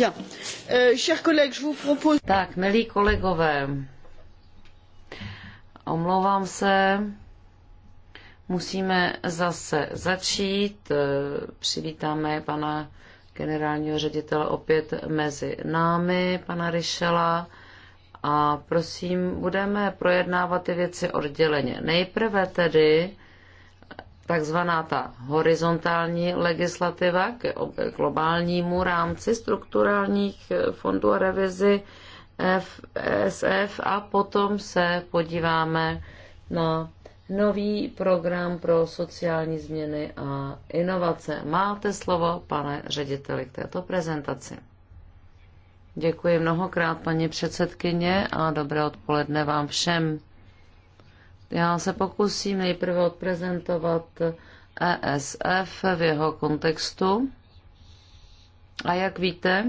Euh, tak, milí kolegové, omlouvám se, musíme zase začít. Eh, přivítáme pana generálního ředitele opět mezi námi, pana Ryšela. A prosím, budeme projednávat ty věci odděleně. Nejprve tedy takzvaná ta horizontální legislativa k globálnímu rámci strukturálních eh, fondů a revizi FSF a potom se podíváme na nový program pro sociální změny a inovace. Máte slovo, pane řediteli, k této prezentaci. Děkuji mnohokrát, paní předsedkyně, a dobré odpoledne vám všem. Já se pokusím nejprve odprezentovat ESF v jeho kontextu. A jak víte,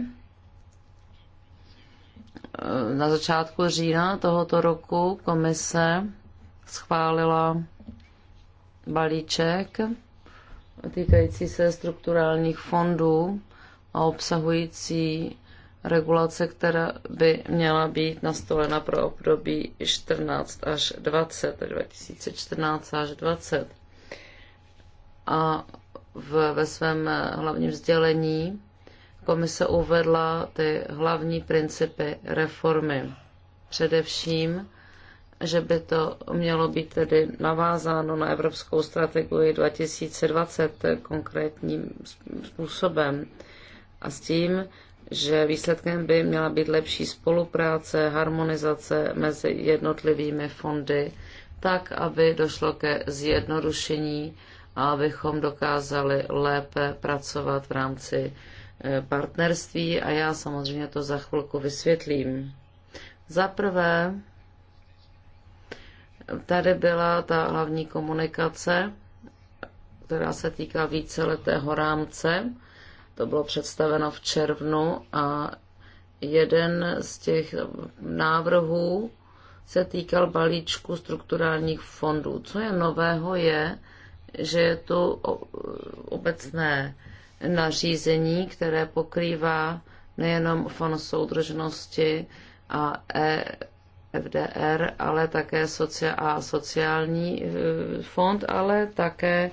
na začátku října tohoto roku komise schválila balíček týkající se strukturálních fondů a obsahující regulace, která by měla být nastolena pro období 14 až 20, 2014 až 20. A v, ve svém hlavním sdělení komise uvedla ty hlavní principy reformy. Především, že by to mělo být tedy navázáno na Evropskou strategii 2020 konkrétním způsobem a s tím, že výsledkem by měla být lepší spolupráce, harmonizace mezi jednotlivými fondy, tak, aby došlo ke zjednodušení a abychom dokázali lépe pracovat v rámci e, partnerství a já samozřejmě to za chvilku vysvětlím. Za prvé, tady byla ta hlavní komunikace, která se týká víceletého rámce to bylo představeno v červnu a jeden z těch návrhů se týkal balíčku strukturálních fondů. Co je nového je, že je tu obecné nařízení, které pokrývá nejenom fond soudržnosti a EFDR, ale také a sociální e, fond, ale také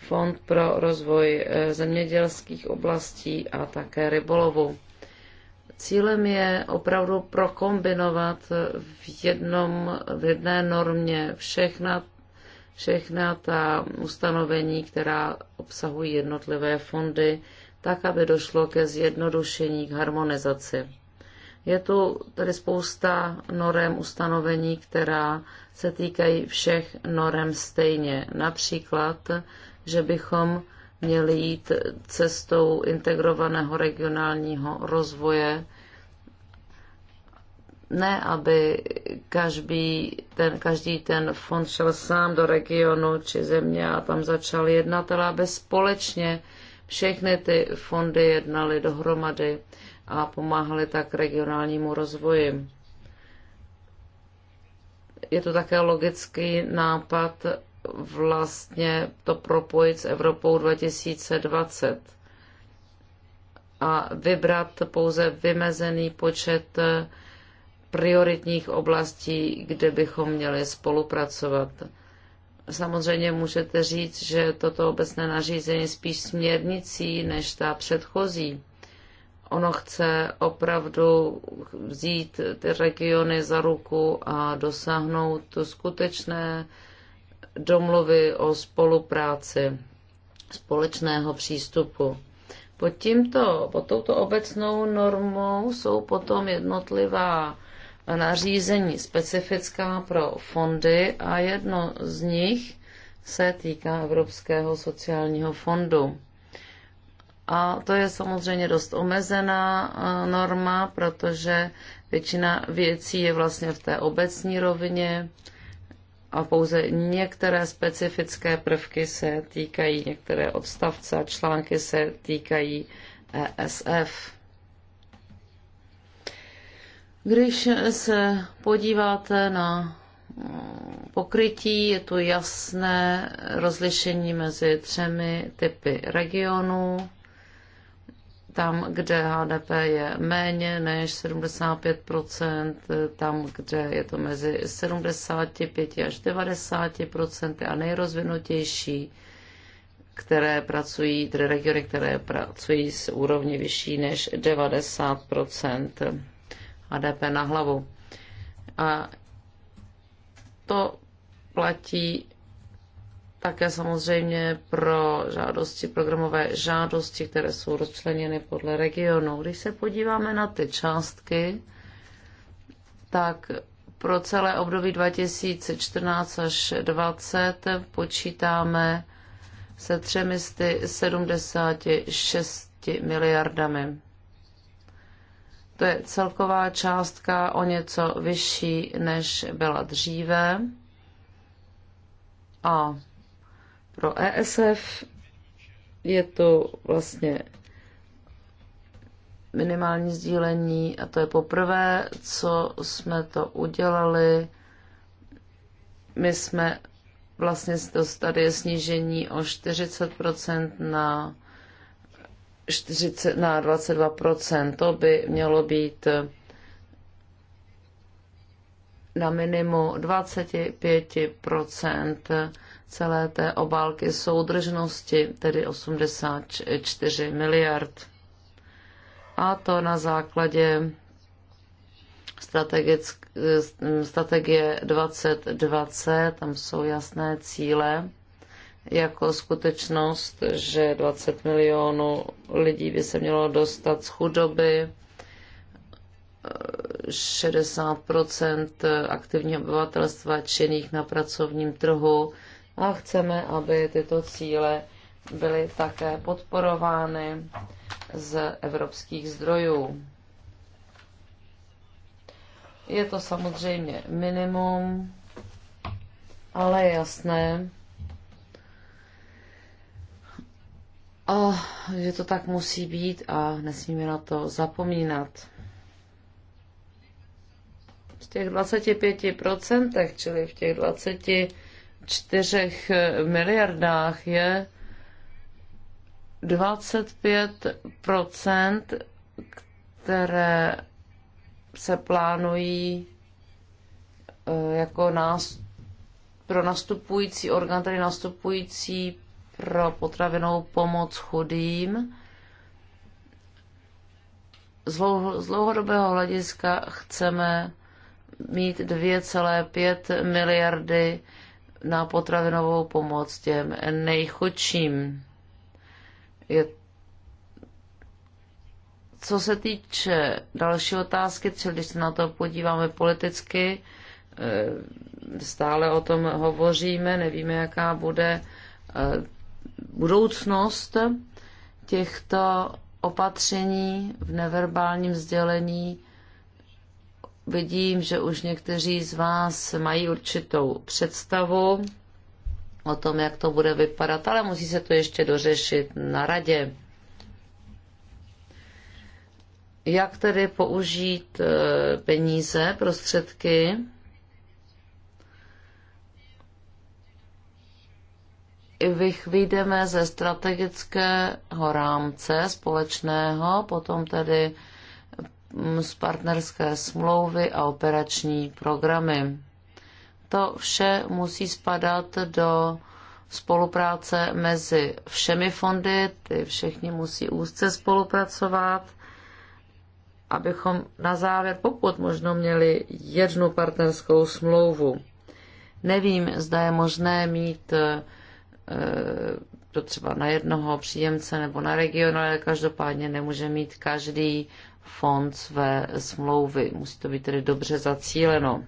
Fond pro rozvoj eh, zemědělských oblastí a také rybolovu. Cílem je opravdu prokombinovat v, jednom, v jedné normě všechna, všechna ta ustanovení, která obsahují jednotlivé fondy, tak, aby došlo ke zjednodušení, k harmonizaci. Je tu tedy spousta norem ustanovení, která se týkají všech norem stejně. Například že bychom měli jít cestou integrovaného regionálního rozvoje, ne aby každý ten, každý ten fond šel sám do regionu či země a tam začal jednat, ale aby společně všechny ty fondy jednaly dohromady a pomáhaly tak regionálnímu rozvoji. Je to také logický nápad vlastně to propojit s Evropou 2020 a vybrat pouze vymezený počet eh, prioritních oblastí, kde bychom měli spolupracovat. Samozřejmě můžete říct, že toto obecné nařízení je spíš směrnicí než ta předchozí. Ono chce opravdu vzít ty regiony za ruku a dosáhnout skutečné domluvy o spolupráci společného přístupu. Pod, tímto, pod touto obecnou normou jsou potom jednotlivá nařízení specifická pro fondy a jedno z nich se týká Evropského sociálního fondu. A to je samozřejmě dost omezená e, norma, protože většina věcí je vlastně v té obecní rovině a pouze některé specifické prvky se týkají, některé odstavce a články se týkají ESF. Když se podíváte na mm, pokrytí, je tu jasné rozlišení mezi třemi typy regionů tam, kde HDP je méně než 75 tam, kde je to mezi 75 až 90 a nejrozvinutější, které pracují, tedy regiony, které pracují s úrovni vyšší než 90 HDP na hlavu. A to platí také samozřejmě pro žádosti, programové žádosti, které jsou rozčleněny podle regionu. Když se podíváme na ty částky, tak pro celé období 2014 až 2020 počítáme se 376 miliardami. To je celková částka o něco vyšší, než byla dříve. A pro ESF. Je to vlastně minimální sdílení a to je poprvé, co jsme to udělali. My jsme vlastně dostali snížení o 40% na 40, na 22%. To by mělo být na minimum 25% celé té obálky soudržnosti, tedy 84 miliard. A to na základě strategie 2020, tam jsou jasné cíle, jako skutečnost, že 20 milionů lidí by se mělo dostat z chudoby, 60 aktivního obyvatelstva činných na pracovním trhu a chceme, aby tyto cíle byly také podporovány z evropských zdrojů. Je to samozřejmě minimum, ale jasné. A že to tak musí být a nesmíme na to zapomínat. V těch 25%, čili v těch 20 čtyřech eh, miliardách je 25 které se plánují eh, jako nás, pro nastupující orgán, tedy nastupující pro potravinou pomoc chudým. Z, dlouho, z dlouhodobého hlediska chceme mít 2,5 miliardy na potravinovou pomoc těm nejchudším. Je co se týče další otázky, třeba když se na to podíváme politicky, eh, stále o tom hovoříme, nevíme, jaká bude eh, budoucnost těchto opatření v neverbálním sdělení Vidím, že už někteří z vás mají určitou představu o tom, jak to bude vypadat, ale musí se to ještě dořešit na radě. Jak tedy použít eh, peníze, prostředky? Vychvídeme ze strategického rámce společného, potom tedy z partnerské smlouvy a operační programy. To vše musí spadat do spolupráce mezi všemi fondy, ty všichni musí úzce spolupracovat, abychom na závěr pokud možno měli jednu partnerskou smlouvu. Nevím, zda je možné mít eh, to třeba na jednoho příjemce nebo na region, ale každopádně nemůže mít každý fond své smlouvy. Musí to být tedy dobře zacíleno.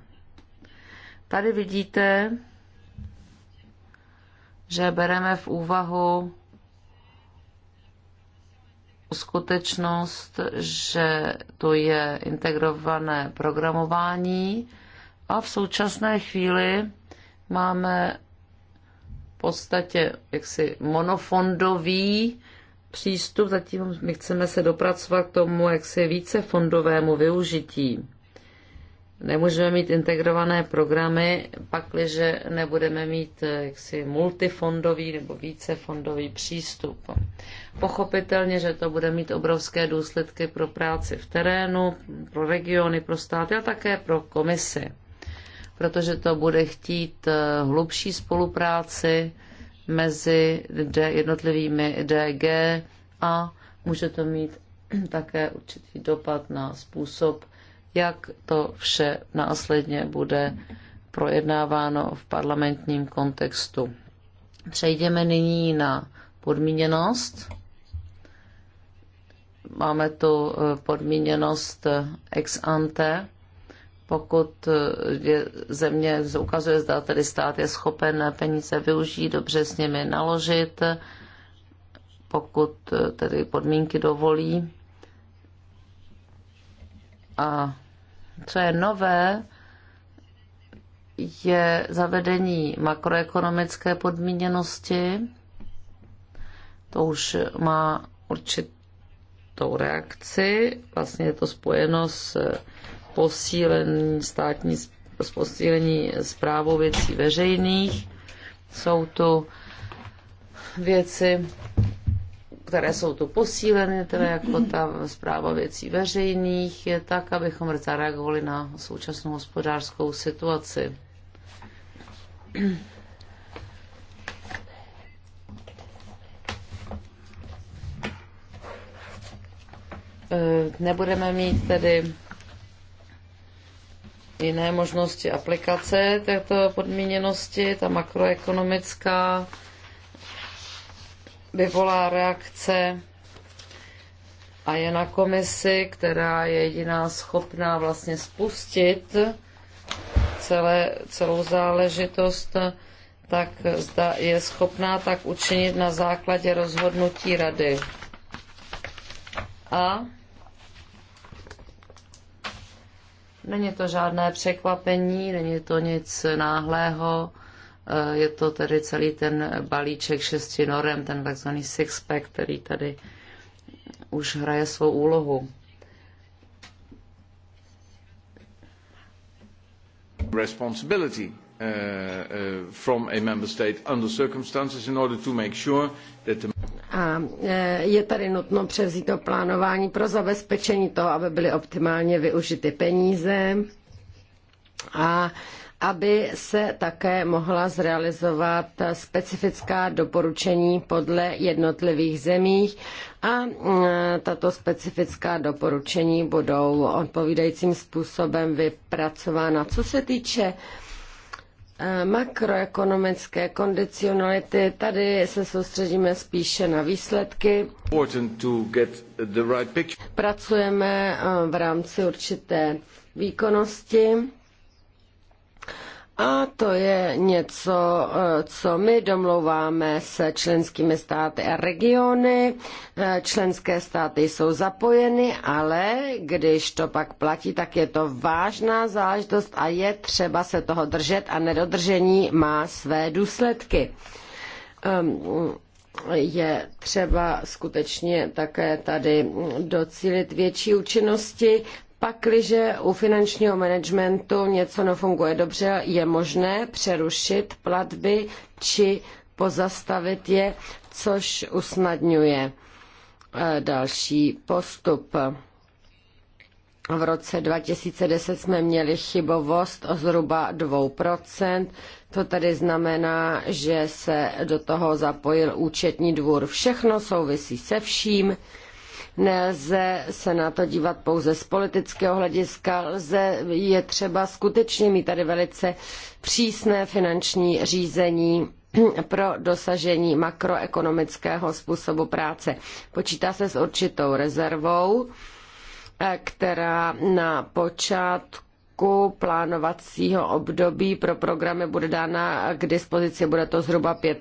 Tady vidíte, že bereme v úvahu skutečnost, že to je integrované programování a v současné chvíli máme v podstatě jaksi monofondový přístup, zatím my chceme se dopracovat k tomu, jak se více fondovému využití. Nemůžeme mít integrované programy, pakliže nebudeme mít eh, jaksi multifondový nebo vícefondový přístup. Pochopitelně, že to bude mít obrovské důsledky pro práci v terénu, pro regiony, pro státy a také pro komisi, protože to bude chtít eh, hlubší spolupráci, mezi jednotlivými DG a může to mít také určitý dopad na způsob, jak to vše následně bude projednáváno v parlamentním kontextu. Přejdeme nyní na podmíněnost. Máme tu eh, podmíněnost eh, ex ante pokud eh, je země ukazuje, zda tedy stát je schopen peníze využít, dobře s nimi naložit, pokud eh, tedy podmínky dovolí. A co je nové, je zavedení makroekonomické podmíněnosti. To už má určitou reakci. Vlastně je to spojeno s posílení státní posílení zprávou věcí veřejných. Jsou tu věci, které jsou tu posíleny, teda jako ta zpráva věcí veřejných, je tak, abychom zareagovali na současnou hospodářskou situaci. Eh, nebudeme mít tedy jiné možnosti aplikace této podmíněnosti. Ta makroekonomická vyvolá reakce a je na komisi, která je jediná schopná vlastně spustit celé, celou záležitost, tak zda je schopná tak učinit na základě rozhodnutí rady. A Není to žádné překvapení, není to nic náhlého, eh, je to tedy celý ten balíček šesti norem, ten takzvaný sixpack, který tady už hraje svou úlohu. Responsibility. Uh, uh, from a member state under circumstances in order to make sure that the a e, je tady nutno převzít to plánování pro zabezpečení toho, aby byly optimálně využity peníze a aby se také mohla zrealizovat specifická doporučení podle jednotlivých zemích a e, tato specifická doporučení budou odpovídajícím způsobem vypracována. Co se týče Eh, makroekonomické kondicionality. Tady se soustředíme spíše na výsledky. Pracujeme eh, v rámci určité výkonnosti a to je něco, eh, co my domlouváme s členskými státy a regiony. Eh, členské státy jsou zapojeny, ale když to pak platí, tak je to vážná záležitost a je třeba se toho držet a nedodržení má své důsledky. Ehm, je třeba skutečně také tady docílit větší účinnosti Pakliže u finančního managementu něco nefunguje dobře, je možné přerušit platby či pozastavit je, což usnadňuje eh, další postup. V roce 2010 jsme měli chybovost o zhruba 2%. To tedy znamená, že se do toho zapojil účetní dvůr. Všechno souvisí se vším. Nelze se na to dívat pouze z politického hlediska, lze, je třeba skutečně mít tady velice přísné finanční řízení pro dosažení makroekonomického způsobu práce. Počítá se s určitou rezervou, eh, která na počátku plánovacího období pro programy bude dána k dispozici, bude to zhruba 5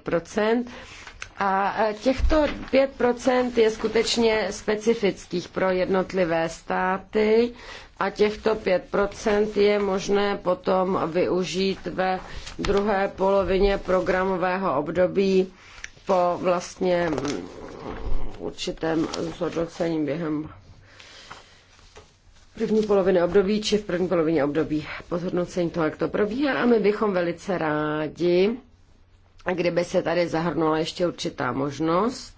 a e, těchto 5% je skutečně specifických pro jednotlivé státy a těchto 5% je možné potom využít ve druhé polovině programového období po vlastně mm, určitém zhodnocení během první poloviny období či v první polovině období po zhodnocení toho, jak to probíhá a my bychom velice rádi a kdyby se tady zahrnula ještě určitá možnost.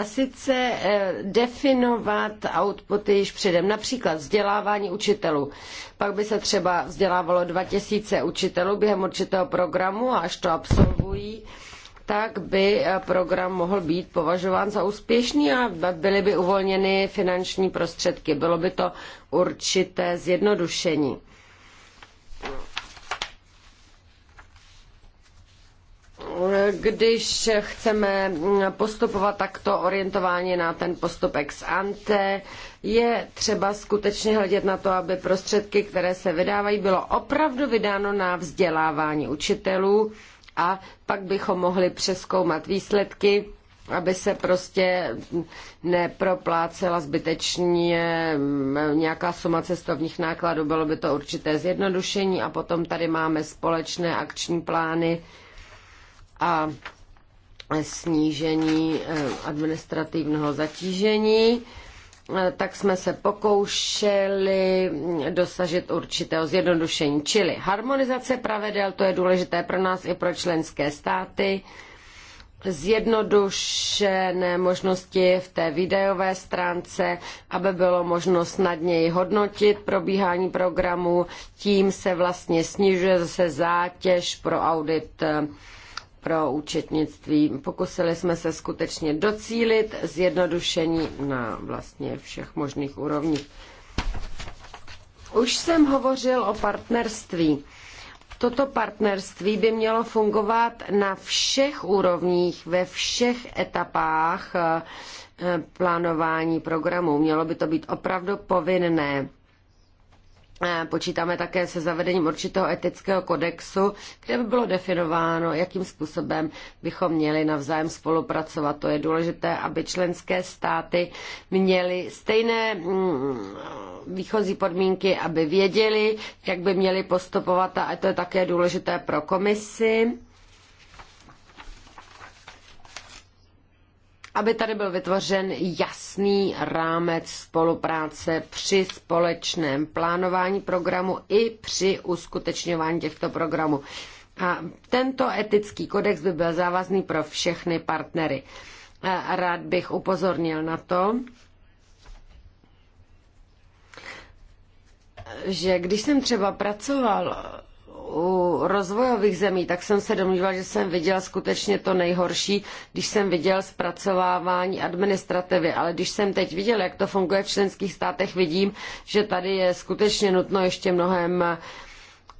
A sice eh, definovat outputy již předem, například vzdělávání učitelů. Pak by se třeba vzdělávalo 2000 učitelů během určitého programu a až to absolvují, tak by eh, program mohl být považován za úspěšný a byly by uvolněny finanční prostředky. Bylo by to určité zjednodušení. když chceme postupovat takto orientováně na ten postup ex ante, je třeba skutečně hledět na to, aby prostředky, které se vydávají, bylo opravdu vydáno na vzdělávání učitelů a pak bychom mohli přeskoumat výsledky aby se prostě neproplácela zbytečně mm, nějaká suma cestovních nákladů, bylo by to určité zjednodušení a potom tady máme společné akční plány a snížení eh, administrativního zatížení, eh, tak jsme se pokoušeli dosažit určitého zjednodušení. Čili harmonizace pravidel, to je důležité pro nás i pro členské státy, zjednodušené možnosti v té videové stránce, aby bylo možno snadněji hodnotit probíhání programu. Tím se vlastně snižuje zase zátěž pro audit eh, pro účetnictví. Pokusili jsme se skutečně docílit zjednodušení na vlastně všech možných úrovních. Už jsem hovořil o partnerství. Toto partnerství by mělo fungovat na všech úrovních, ve všech etapách eh, plánování programu. Mělo by to být opravdu povinné. Eh, počítáme také se zavedením určitého etického kodexu, kde by bylo definováno, jakým způsobem bychom měli navzájem spolupracovat. To je důležité, aby členské státy měly stejné mm, výchozí podmínky, aby věděli, jak by měli postupovat a to je také důležité pro komisi aby tady byl vytvořen jasný rámec spolupráce při společném plánování programu i při uskutečňování těchto programů. A tento etický kodex by byl závazný pro všechny partnery. Rád bych upozornil na to, že když jsem třeba pracoval u rozvojových zemí, tak jsem se domnívala, že jsem viděla skutečně to nejhorší, když jsem viděl zpracovávání administrativy. Ale když jsem teď viděl, jak to funguje v členských státech, vidím, že tady je skutečně nutno ještě mnohem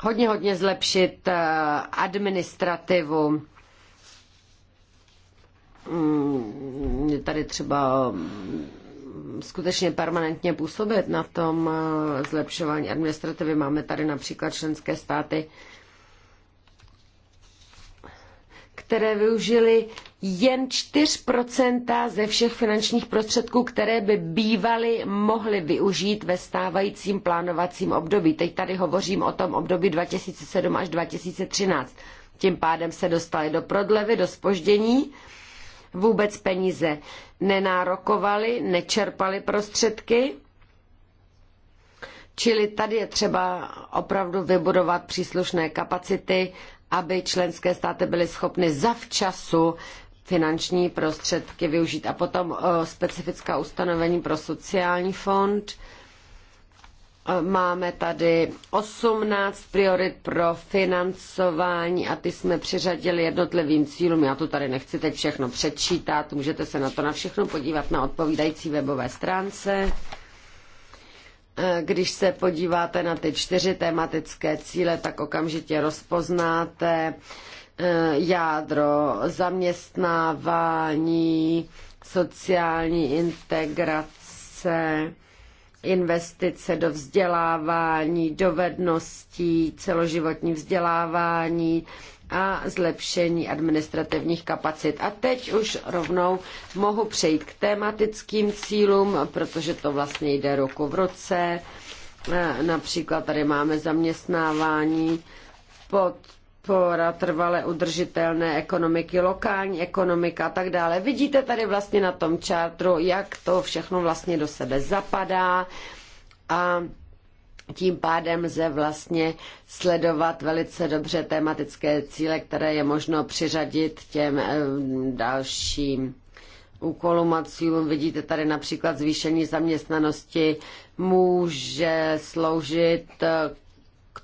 hodně, hodně zlepšit eh, administrativu mm, tady třeba skutečně permanentně působit na tom eh, zlepšování administrativy. Máme tady například členské státy, které využili jen 4% ze všech finančních prostředků, které by bývaly mohly využít ve stávajícím plánovacím období. Teď tady hovořím o tom období 2007 až 2013. Tím pádem se dostali do prodlevy, do spoždění vůbec peníze nenárokovali, nečerpali prostředky. Čili tady je třeba opravdu vybudovat příslušné kapacity, aby členské státy byly schopny zavčasu finanční prostředky využít. A potom eh, specifická ustanovení pro sociální fond. Máme tady 18 priorit pro financování a ty jsme přiřadili jednotlivým cílům. Já to tady nechci teď všechno předčítat, můžete se na to na všechno podívat na odpovídající webové stránce. E, když se podíváte na ty čtyři tematické cíle, tak okamžitě rozpoznáte e, jádro zaměstnávání, sociální integrace, investice do vzdělávání, dovedností, celoživotní vzdělávání a zlepšení administrativních kapacit. A teď už rovnou mohu přejít k tematickým cílům, protože to vlastně jde ruku v roce. E, například tady máme zaměstnávání pod podpora trvale udržitelné ekonomiky, lokální ekonomika a tak dále. Vidíte tady vlastně na tom čártru, jak to všechno vlastně do sebe zapadá a tím pádem lze vlastně sledovat velice dobře tematické cíle, které je možno přiřadit těm eh, dalším úkolům a cílům. Vidíte tady například zvýšení zaměstnanosti může sloužit eh,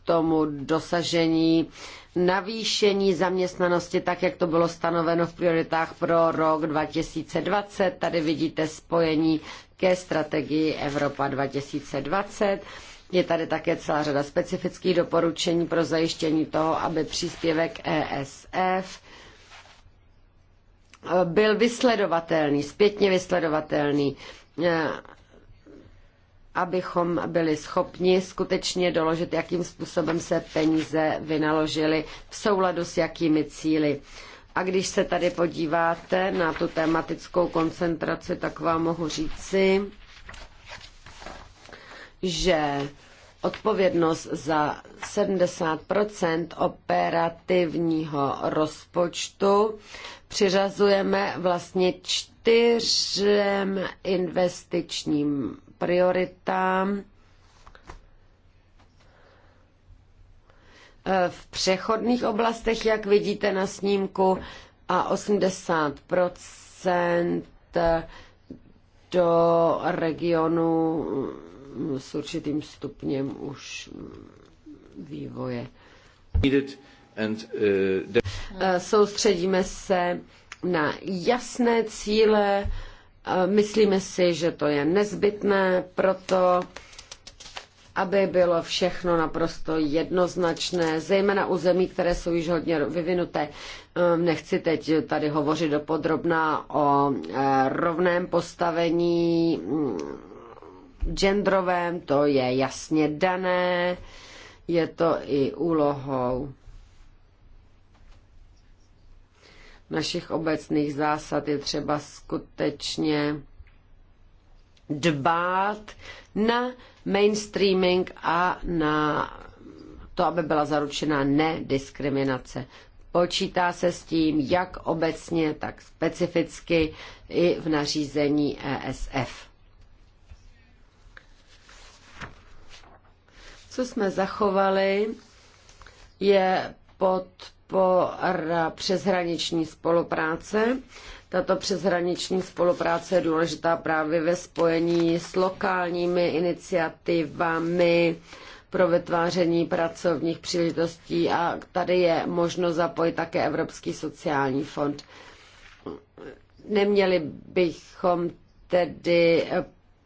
tomu dosažení navýšení zaměstnanosti, tak jak to bylo stanoveno v prioritách pro rok 2020. Tady vidíte spojení ke strategii Evropa 2020. Je tady také celá řada specifických doporučení pro zajištění toho, aby příspěvek ESF byl vysledovatelný, zpětně vysledovatelný abychom byli schopni skutečně doložit, jakým způsobem se peníze vynaložily v souladu s jakými cíly. A když se tady podíváte na tu tematickou koncentraci, tak vám mohu říci, že odpovědnost za 70 operativního rozpočtu přiřazujeme vlastně čtyřem investičním prioritám eh, v přechodných oblastech, jak vidíte na snímku, a 80 eh, do regionu mm, s určitým stupněm už vývoje. Eh, soustředíme se na jasné cíle, Myslíme si, že to je nezbytné proto, aby bylo všechno naprosto jednoznačné, zejména u zemí, které jsou již hodně vyvinuté. Ehm, nechci teď tady hovořit dopodrobna o e, rovném postavení mm, genderovém, to je jasně dané, je to i úlohou našich obecných zásad je třeba skutečně dbát na mainstreaming a na to, aby byla zaručena nediskriminace. Počítá se s tím jak obecně, tak specificky i v nařízení ESF. Co jsme zachovali, je pod po přeshraniční spolupráce. Tato přeshraniční spolupráce je důležitá právě ve spojení s lokálními iniciativami pro vytváření pracovních příležitostí a tady je možno zapojit také Evropský sociální fond. Neměli bychom tedy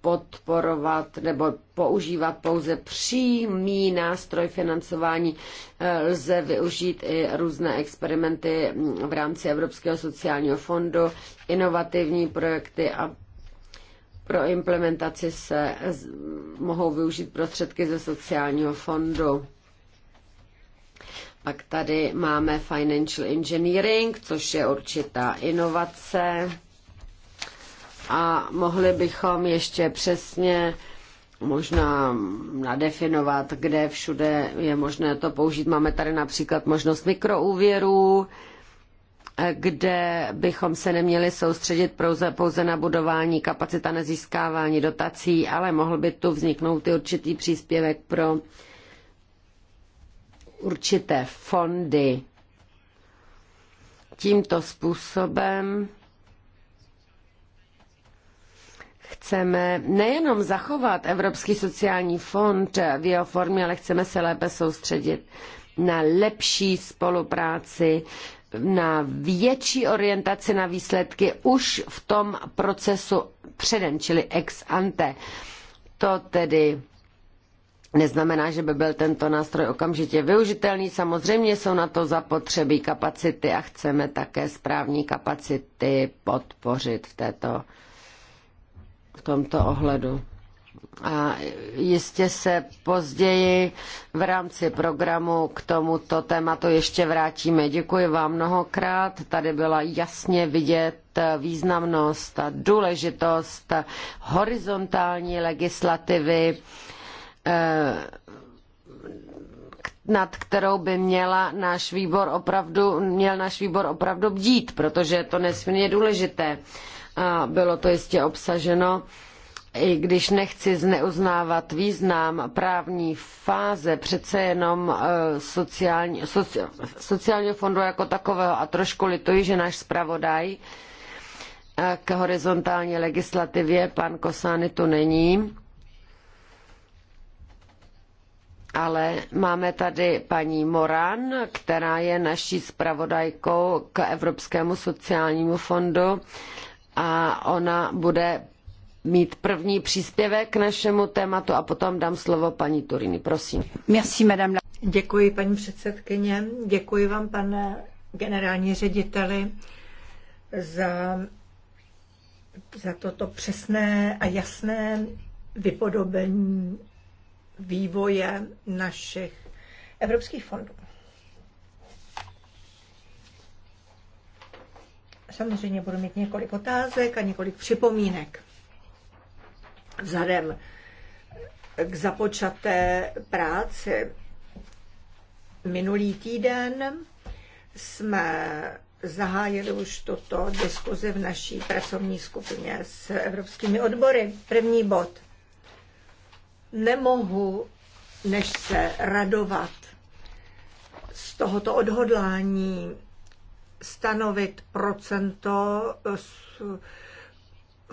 podporovat nebo používat pouze přímý nástroj financování. Eh, Lze využít i různé experimenty v rámci Evropského sociálního fondu, inovativní projekty a pro implementaci se mohou využít prostředky ze sociálního fondu. Pak tady máme financial engineering, což je určitá inovace a mohli bychom ještě přesně možná nadefinovat, kde všude je možné to použít. Máme tady například možnost mikroúvěrů, kde bychom se neměli soustředit pouze na budování kapacita na získávání dotací, ale mohl by tu vzniknout i určitý příspěvek pro určité fondy. Tímto způsobem chceme nejenom zachovat Evropský sociální fond v jeho formě, ale chceme se lépe soustředit na lepší spolupráci, na větší orientaci na výsledky už v tom procesu předem, čili ex ante. To tedy Neznamená, že by byl tento nástroj okamžitě využitelný. Samozřejmě jsou na to zapotřebí kapacity a chceme také správní kapacity podpořit v této tomto ohledu. A jistě se později v rámci programu k tomuto tématu ještě vrátíme. Děkuji vám mnohokrát. Tady byla jasně vidět významnost a důležitost horizontální legislativy, eh, nad kterou by měla náš výbor opravdu, měl náš výbor opravdu bdít, protože je to nesmírně důležité a bylo to jistě obsaženo, i když nechci zneuznávat význam právní fáze, přece jenom eh, sociální, soci, sociálního fondu jako takového a trošku lituji, že náš zpravodaj eh, k horizontální legislativě, pan Kosány tu není, ale máme tady paní Moran, která je naší zpravodajkou k Evropskému sociálnímu fondu a ona bude mít první příspěvek k našemu tématu a potom dám slovo paní Turini. Prosím. Merci, madame. Děkuji, paní předsedkyně. Děkuji vám, pane generální řediteli, za, za toto přesné a jasné vypodobení vývoje našich evropských fondů. Samozřejmě budu mít několik otázek a několik připomínek. Vzhledem k započaté práci minulý týden jsme zahájili už tuto diskuzi v naší pracovní skupině s evropskými odbory. První bod. Nemohu než se radovat z tohoto odhodlání stanovit procento z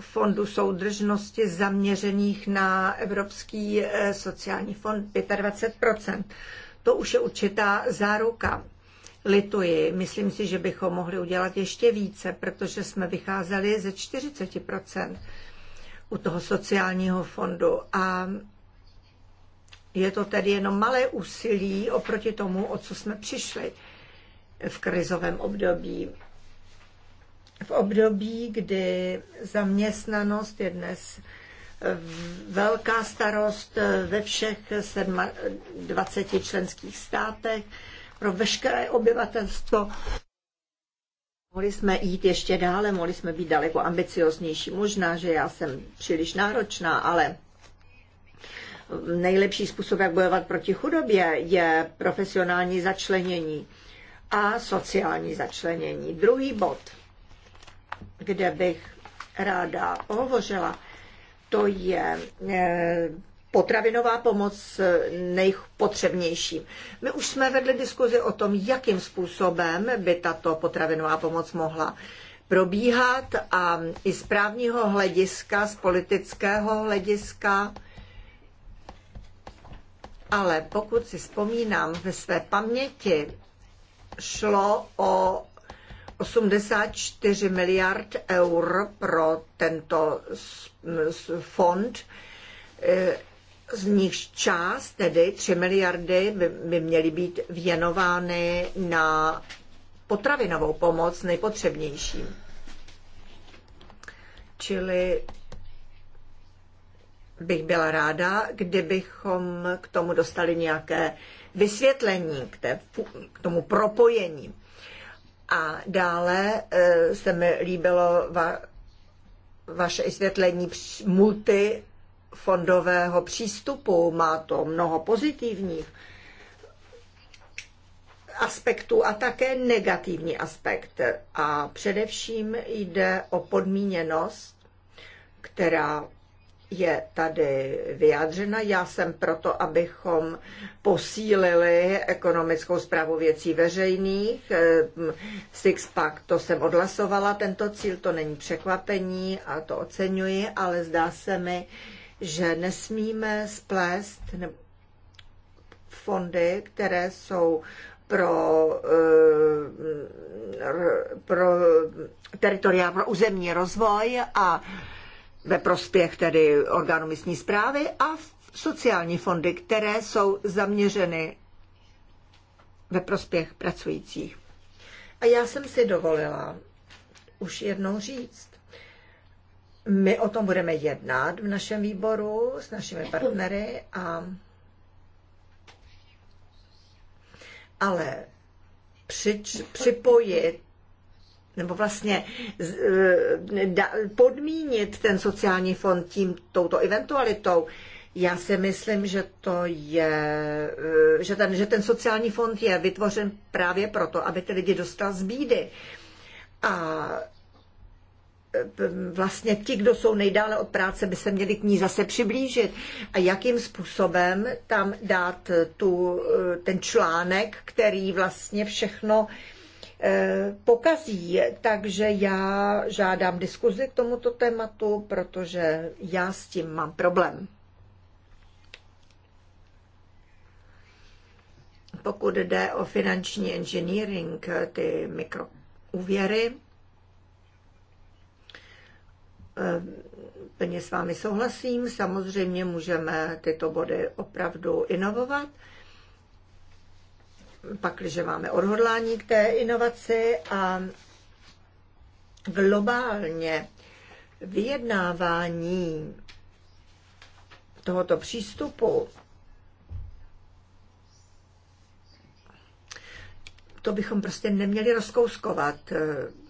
fondu soudržnosti zaměřených na Evropský eh, sociální fond 25 To už je určitá záruka. Lituji, myslím si, že bychom mohli udělat ještě více, protože jsme vycházeli ze 40 u toho sociálního fondu. A je to tedy jenom malé úsilí oproti tomu, o co jsme přišli v krizovém období. V období, kdy zaměstnanost je dnes eh, velká starost eh, ve všech 20 členských státech pro veškeré obyvatelstvo. Mohli jsme jít ještě dále, mohli jsme být daleko ambicioznější. Možná, že já jsem příliš náročná, ale nejlepší způsob, jak bojovat proti chudobě, je profesionální začlenění a sociální začlenění. Druhý bod, kde bych ráda pohovořila, to je eh, potravinová pomoc nejpotřebnějším. My už jsme vedli diskuzi o tom, jakým způsobem by tato potravinová pomoc mohla probíhat a i z právního hlediska, z politického hlediska. Ale pokud si vzpomínám ve své paměti, šlo o 84 miliard eur pro tento fond. E, z nichž část, tedy 3 miliardy, by měly být věnovány na potravinovou pomoc nejpotřebnějším. Čili bych byla ráda, kdybychom k tomu dostali nějaké vysvětlení k, té, k tomu propojení. A dále eh, se mi líbilo va, vaše vysvětlení multifondového přístupu. Má to mnoho pozitivních aspektů a také negativní aspekt. A především jde o podmíněnost, která je tady vyjádřena. Já jsem proto, abychom posílili ekonomickou zprávu věcí veřejných. Sixpack, to jsem odhlasovala, tento cíl, to není překvapení a to oceňuji, ale zdá se mi, že nesmíme splést fondy, které jsou pro, eh, pro teritoria pro územní rozvoj a ve prospěch tedy orgánu místní zprávy a sociální fondy, které jsou zaměřeny ve prospěch pracujících. A já jsem si dovolila už jednou říct, my o tom budeme jednat v našem výboru s našimi partnery a ale při, připojit nebo vlastně eh, podmínit ten sociální fond tím, touto eventualitou, já si myslím, že to je, eh, že ten, že ten sociální fond je vytvořen právě proto, aby ty lidi dostal z bídy. A eh, vlastně ti, kdo jsou nejdále od práce, by se měli k ní zase přiblížit. A jakým způsobem tam dát tu, ten článek, který vlastně všechno uh, Eh, pokazí. Takže já žádám diskuzi k tomuto tématu, protože já s tím mám problém. Pokud jde o finanční engineering, ty mikroúvěry, eh, plně s vámi souhlasím. Samozřejmě můžeme tyto body opravdu inovovat pakliže máme odhodlání k té inovaci a globálně vyjednávání tohoto přístupu, to bychom prostě neměli rozkouskovat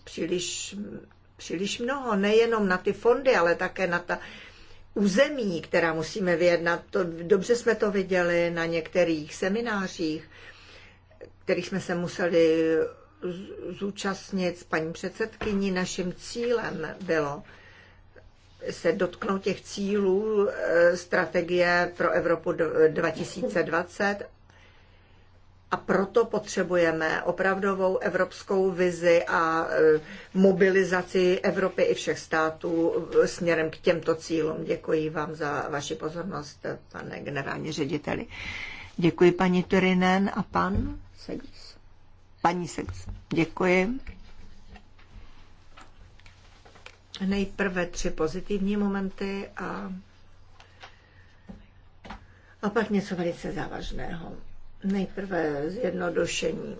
příliš, příliš mnoho, nejenom na ty fondy, ale také na ta území, která musíme vyjednat. To, dobře jsme to viděli na některých seminářích, který jsme se museli zúčastnit s paní předsedkyní. Naším cílem bylo se dotknout těch cílů eh, strategie pro Evropu 2020 eh, a proto potřebujeme opravdovou evropskou vizi a eh, mobilizaci Evropy i všech států směrem k těmto cílům. Děkuji vám za vaši pozornost, pane generální řediteli. Děkuji paní Turinen a pan. Segers. Paní Segers, děkuji. Nejprve tři pozitivní momenty a, a pak něco velice závažného. Nejprve zjednodušení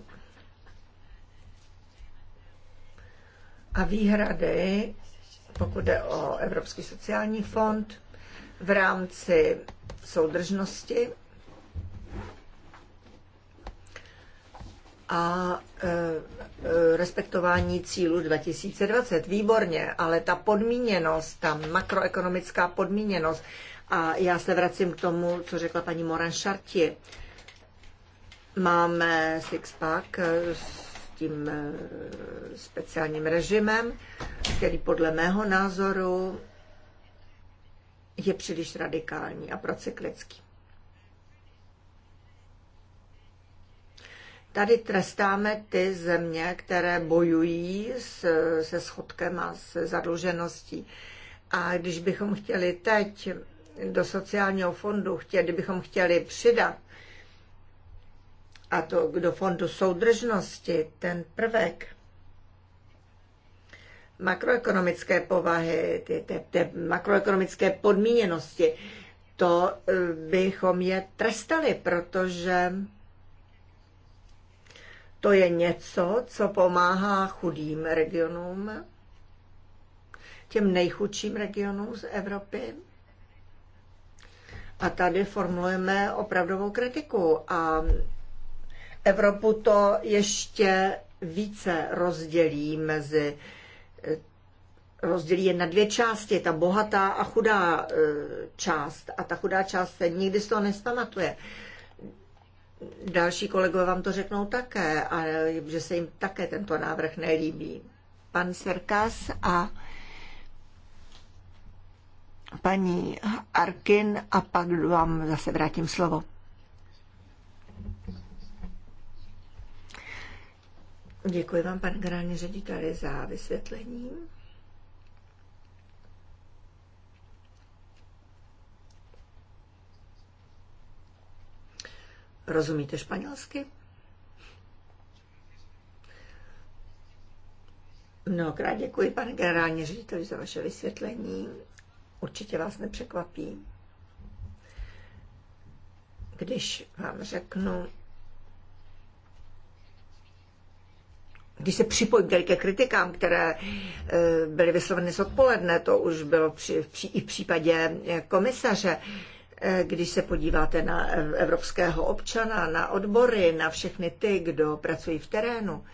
a výhrady, pokud jde o Evropský sociální fond, v rámci soudržnosti a e, e, respektování cílu 2020. Výborně, ale ta podmíněnost, ta makroekonomická podmíněnost, a já se vracím k tomu, co řekla paní Moran Šarti. Máme six-pack e, s tím speciálním režimem, který podle mého názoru je příliš radikální a procyklický. Tady trestáme ty země, které bojují s, se schodkem a s zadlužeností. A když bychom chtěli teď do sociálního fondu, chtěli, kdybychom chtěli přidat, a to do fondu soudržnosti, ten prvek makroekonomické povahy, ty, ty, ty makroekonomické podmíněnosti, to eh, bychom je trestali, protože to je něco, co pomáhá chudým regionům, těm nejchudším regionům z Evropy. A tady formulujeme opravdovou kritiku a Evropu to ještě více rozdělí mezi rozdělí je na dvě části, ta bohatá a chudá e, část. A ta chudá část se nikdy z toho nespamatuje další kolegové vám to řeknou také, a že se jim také tento návrh nelíbí. Pan Serkas a paní Arkin a pak vám zase vrátím slovo. Děkuji vám, pan generální řediteli, za vysvětlení. Rozumíte španělsky? Mnohokrát děkuji, pane generální řediteli, za vaše vysvětlení. Určitě vás nepřekvapí, když vám řeknu, když se připojím ke kritikám, které eh, byly vysloveny z odpoledne, to už bylo při, při, i v případě eh, komisaře, Eh, když se podíváte na evropského občana, na odbory, na všechny ty, kdo pracují v terénu,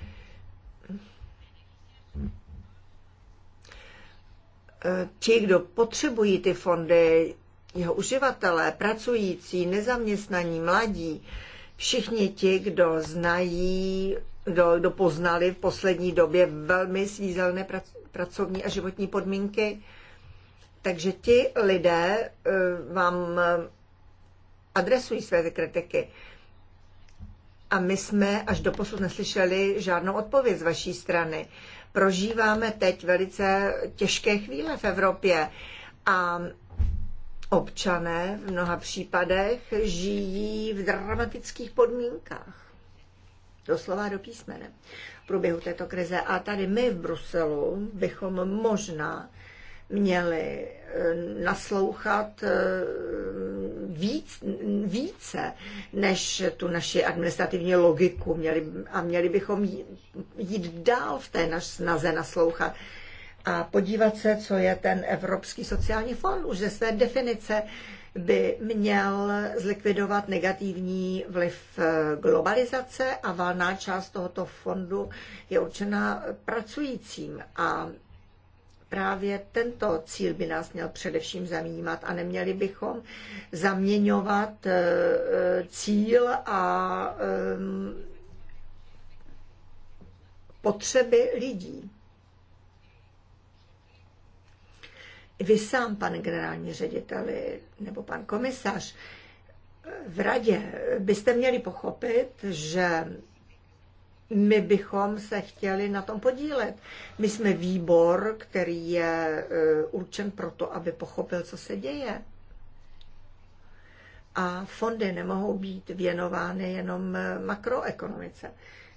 eh, ti, kdo potřebují ty fondy, jeho uživatelé, pracující, nezaměstnaní, mladí, všichni ti, kdo znají, kdo, kdo poznali v poslední době velmi svízelné pracovní a životní podmínky, takže ti lidé eh, vám eh, adresují své kritiky. A my jsme až do posud neslyšeli žádnou odpověď z vaší strany. Prožíváme teď velice těžké chvíle v Evropě a občané v mnoha případech žijí v dramatických podmínkách. Doslova do písmene. V průběhu této krize. A tady my v Bruselu bychom možná měli eh, naslouchat eh, víc, více než tu naši administrativní logiku měli, a měli bychom jít dál v té naš snaze naslouchat a podívat se, co je ten Evropský sociální fond. Už ze své definice by měl zlikvidovat negativní vliv eh, globalizace a valná část tohoto fondu je určena pracujícím a právě tento cíl by nás měl především zajímat a neměli bychom zaměňovat eh, eh, cíl a ehm, potřeby lidí. Vy sám, pan generální řediteli, nebo pan komisař, v radě byste měli pochopit, že my bychom se chtěli na tom podílet. My jsme výbor, který je e, určen proto, aby pochopil, co se děje. A fondy nemohou být věnovány jenom e, makroekonomice.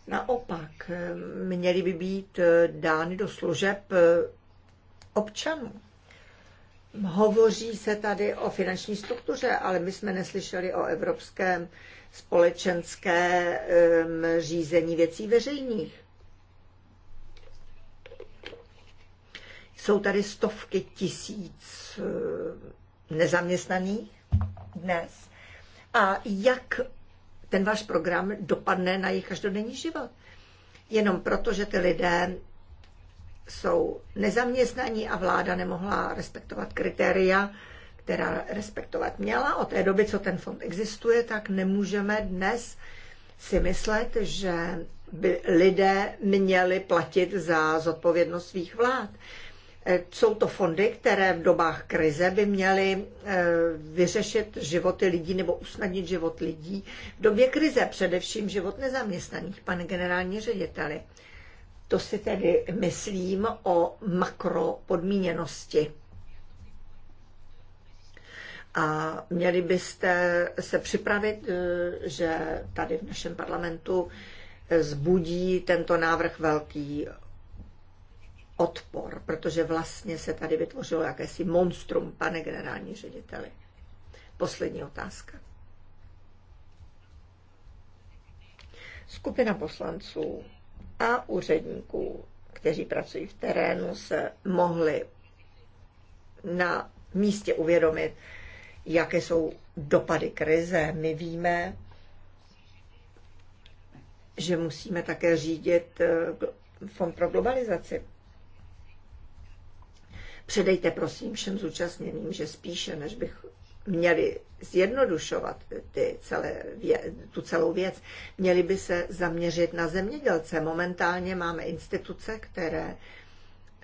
Naopak, e, měly by být dány do služeb občanů. Hovoří se tady o finanční struktuře, ale my jsme neslyšeli o evropském společenské řízení věcí veřejných. Jsou tady stovky tisíc nezaměstnaných dnes. A jak ten váš program dopadne na jejich každodenní život? Jenom proto, že ty lidé jsou nezaměstnaní a vláda nemohla respektovat kritéria která respektovat měla. Od té doby, co ten fond existuje, tak nemůžeme dnes si myslet, že by lidé měli platit za zodpovědnost svých vlád. Eh, jsou to fondy, které v dobách krize by měly eh, vyřešit životy lidí nebo usnadnit život lidí. V době krize především život nezaměstnaných, pane generální řediteli. To si tedy myslím o makropodmíněnosti. A měli byste se připravit, eh, že tady v našem parlamentu eh, zbudí tento návrh velký odpor, protože vlastně se tady vytvořilo jakési monstrum, pane generální řediteli. Poslední otázka. Skupina poslanců a úředníků, kteří pracují v terénu, se mohli na místě uvědomit, jaké jsou dopady krize. My víme, že musíme také řídit eh, fond pro globalizaci. Předejte prosím všem zúčastněným, že spíše, než bych měli zjednodušovat ty celé, tu celou věc, měli by se zaměřit na zemědělce. Momentálně máme instituce, které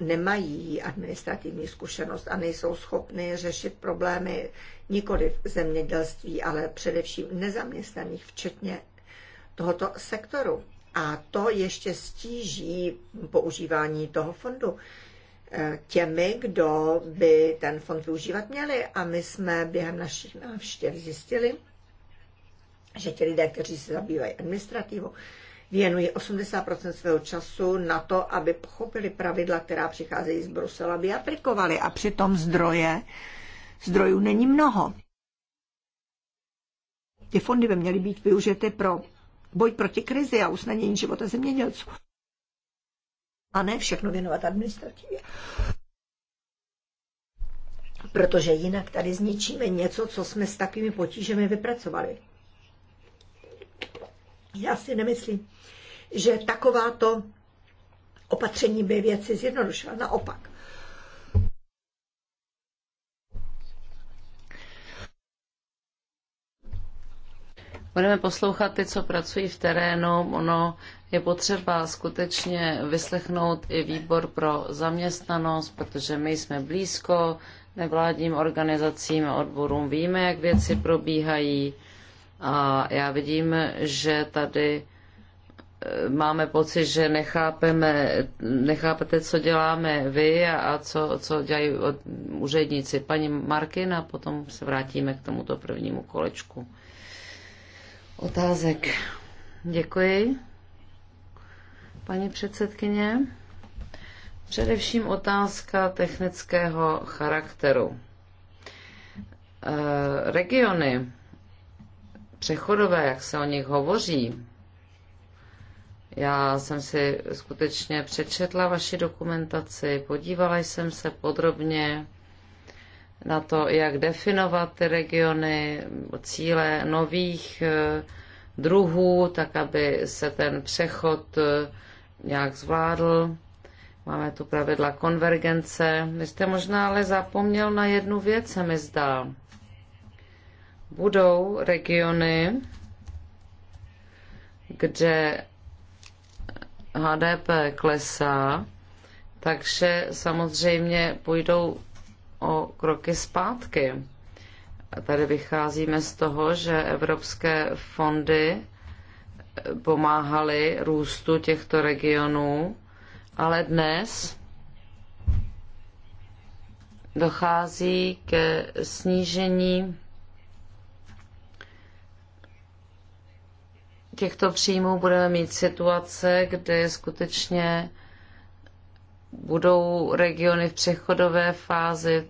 nemají administrativní zkušenost a nejsou schopny řešit problémy nikoli v zemědělství, ale především nezaměstnaných, včetně tohoto sektoru. A to ještě stíží používání toho fondu eh, těmi, kdo by ten fond využívat měli. A my jsme během našich návštěv zjistili, že ti lidé, kteří se zabývají administrativou, věnují 80 svého času na to, aby pochopili pravidla, která přicházejí z Brusela, aby aplikovali. A přitom zdroje, zdrojů není mnoho. Ty fondy by měly být využity pro boj proti krizi a usnadnění života zemědělců. A ne všechno věnovat administrativě. Protože jinak tady zničíme něco, co jsme s takovými potížemi vypracovali. Já si nemyslím, že takováto opatření by věci zjednodušila. Naopak. budeme poslouchat ty, co pracují v terénu. Ono je potřeba skutečně vyslechnout i výbor pro zaměstnanost, protože my jsme blízko nevládním organizacím a odborům, víme, jak věci probíhají. A já vidím, že tady eh, máme pocit, že nechápeme, nechápete, co děláme vy a, a co, co dělají úředníci. Paní Markin a potom se vrátíme k tomuto prvnímu kolečku. Otázek. Děkuji. Paní předsedkyně, především otázka technického charakteru. Eh, regiony přechodové, jak se o nich hovoří. Já jsem si skutečně přečetla vaši dokumentaci, podívala jsem se podrobně na to, jak definovat ty regiony, cíle nových eh, druhů, tak aby se ten přechod eh, nějak zvládl. Máme tu pravidla konvergence. Vy jste možná ale zapomněl na jednu věc, se mi zdá budou regiony, kde HDP klesá, takže samozřejmě půjdou o kroky zpátky. A tady vycházíme z toho, že evropské fondy pomáhaly růstu těchto regionů, ale dnes dochází ke snížení těchto příjmů budeme mít situace, kde skutečně budou regiony v přechodové fázi.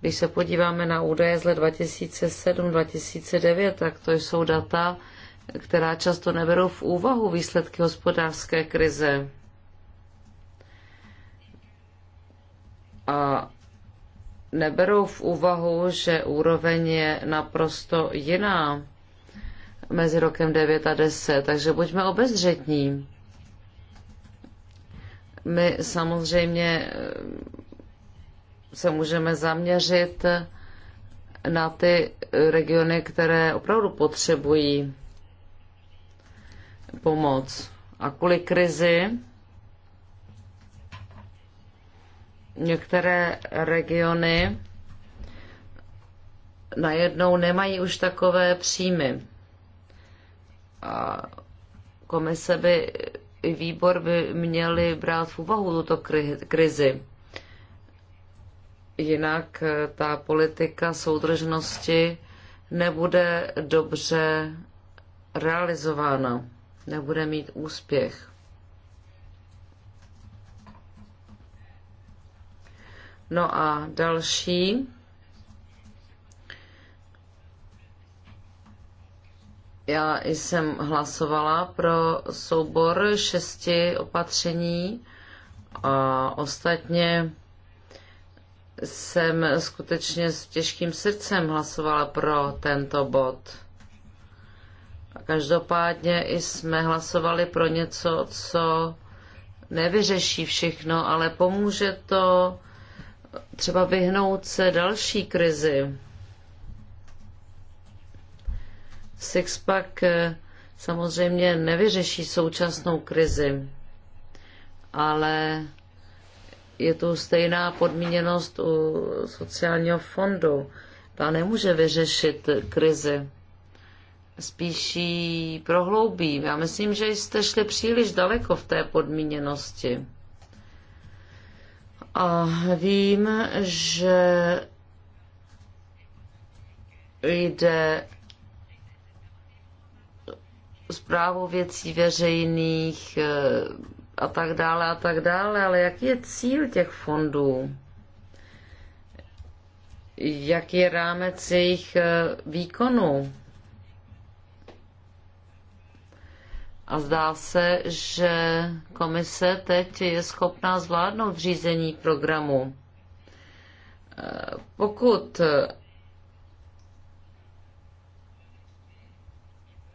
Když se podíváme na údaje z let 2007-2009, tak to jsou data, která často neberou v úvahu výsledky hospodářské krize. A neberou v úvahu, že úroveň je naprosto jiná mezi rokem 9 a 10, takže buďme obezřetní. My samozřejmě eh, se můžeme zaměřit na ty regiony, které opravdu potřebují pomoc. A kvůli krizi některé regiony najednou nemají už takové příjmy a komise by i výbor by měli brát v úvahu tuto krizi. Jinak eh, ta politika soudržnosti nebude dobře realizována, nebude mít úspěch. No a další Já jsem hlasovala pro soubor šesti opatření a ostatně jsem skutečně s těžkým srdcem hlasovala pro tento bod. Každopádně jsme hlasovali pro něco, co nevyřeší všechno, ale pomůže to třeba vyhnout se další krizi. Sixpack eh, samozřejmě nevyřeší současnou krizi, ale je tu stejná podmíněnost u sociálního fondu. Ta nemůže vyřešit krizi. Spíš ji prohloubí. Já myslím, že jste šli příliš daleko v té podmíněnosti. A vím, že jde zprávu věcí veřejných eh, a tak dále a tak dále, ale jaký je cíl těch fondů? Jaký je rámec jejich eh, výkonu? A zdá se, že komise teď je schopná zvládnout řízení programu. Eh, pokud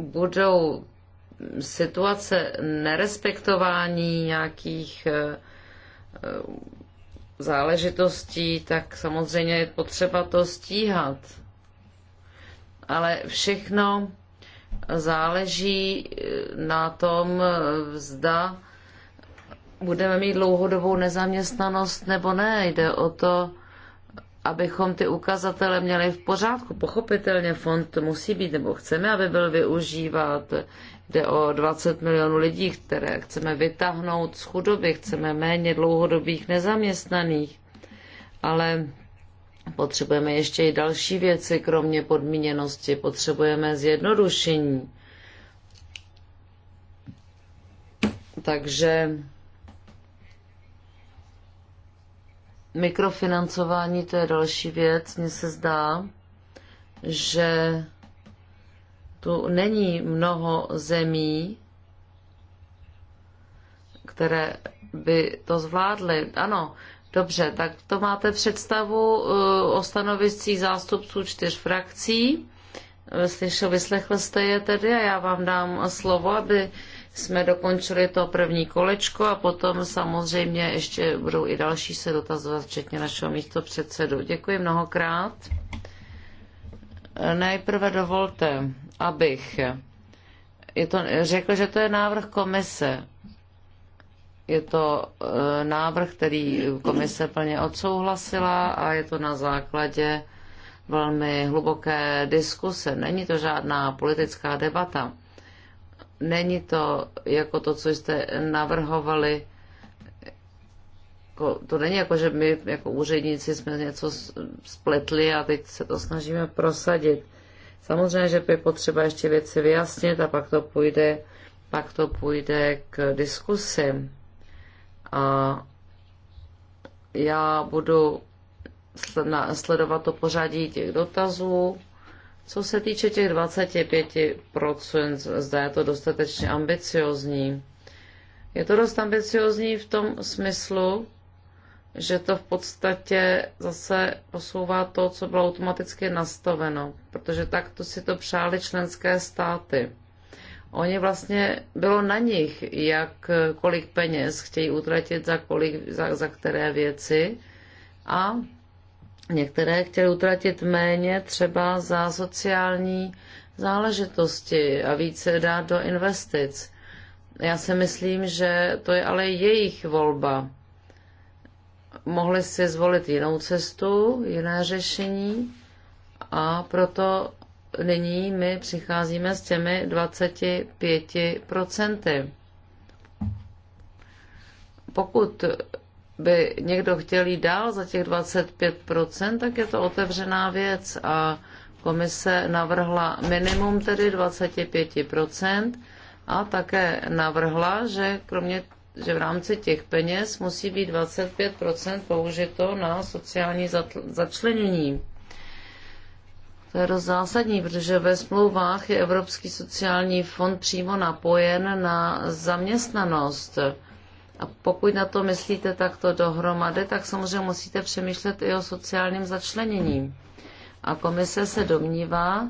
budou situace nerespektování nějakých eh, eh, záležitostí, tak samozřejmě je potřeba to stíhat. Ale všechno záleží eh, na tom, zda budeme mít dlouhodobou nezaměstnanost nebo ne. Jde o to, abychom ty ukazatele měli v pořádku. Pochopitelně fond musí být, nebo chceme, aby byl využívat. Jde o 20 milionů lidí, které chceme vytáhnout z chudoby, chceme méně dlouhodobých nezaměstnaných. Ale potřebujeme ještě i další věci, kromě podmíněnosti. Potřebujeme zjednodušení. Takže Mikrofinancování to je další věc. Mně se zdá, že tu není mnoho zemí, které by to zvládly. Ano, dobře, tak to máte představu eh, o stanoviscích zástupců čtyř frakcí. Slyšel, vyslechl jste je tedy a já vám dám slovo, aby jsme dokončili to první kolečko a potom samozřejmě ještě budou i další se dotazovat, včetně našeho místo předsedu. Děkuji mnohokrát. Nejprve dovolte, abych je to, řekl, že to je návrh komise. Je to e, návrh, který komise plně odsouhlasila a je to na základě velmi hluboké diskuse. Není to žádná politická debata. Není to jako to, co jste navrhovali, jako, to není jako, že my jako úředníci jsme něco spletli a teď se to snažíme prosadit. Samozřejmě, že je potřeba ještě věci vyjasnit a pak to půjde, pak to půjde k diskusi. A já budu sledovat to pořadí těch dotazů co se týče těch 25%, zda je to dostatečně ambiciozní. Je to dost ambiciozní v tom smyslu, že to v podstatě zase posouvá to, co bylo automaticky nastaveno, protože takto si to přáli členské státy. Oni vlastně, bylo na nich, jak, kolik peněz chtějí utratit za, kolik, za, za které věci a Některé chtěli utratit méně třeba za sociální záležitosti a více dát do investic. Já si myslím, že to je ale jejich volba. Mohli si zvolit jinou cestu, jiné řešení a proto nyní my přicházíme s těmi 25%. Pokud by někdo chtěl jít dál za těch 25%, tak je to otevřená věc a komise navrhla minimum tedy 25% a také navrhla, že kromě že v rámci těch peněz musí být 25% použito na sociální začlenění. To je dost zásadní, protože ve smlouvách je Evropský sociální fond přímo napojen na zaměstnanost. A pokud na to myslíte takto dohromady, tak samozřejmě musíte přemýšlet i o sociálním začlenění. A komise se domnívá,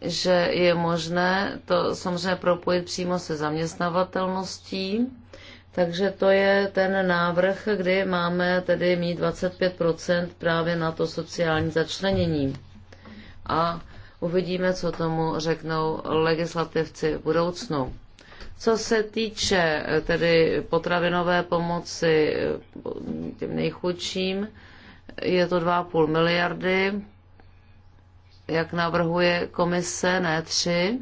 že je možné to samozřejmě propojit přímo se zaměstnavatelností, takže to je ten návrh, kdy máme tedy mít 25 právě na to sociální začlenění. A uvidíme, co tomu řeknou legislativci v budoucnu. Co se týče eh, tedy potravinové pomoci eh, těm nejchudším, je to 2,5 miliardy, jak navrhuje komise, ne 3.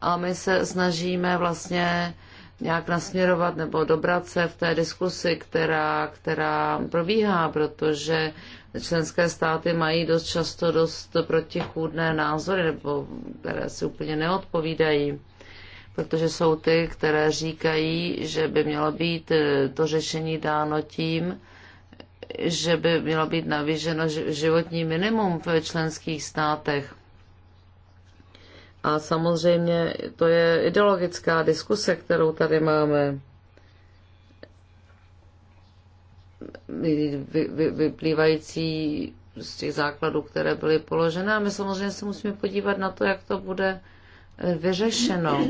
A my se snažíme vlastně nějak nasměrovat nebo dobrat se v té diskusi, která, která probíhá, protože členské státy mají dost často dost protichůdné názory, nebo které si úplně neodpovídají protože jsou ty, které říkají, že by mělo být eh, to řešení dáno tím, že by mělo být navýšeno životní minimum v členských státech. A samozřejmě to je ideologická diskuse, kterou tady máme. vyplývající z těch základů, které byly položené. A my samozřejmě se musíme podívat na to, jak to bude eh, vyřešeno.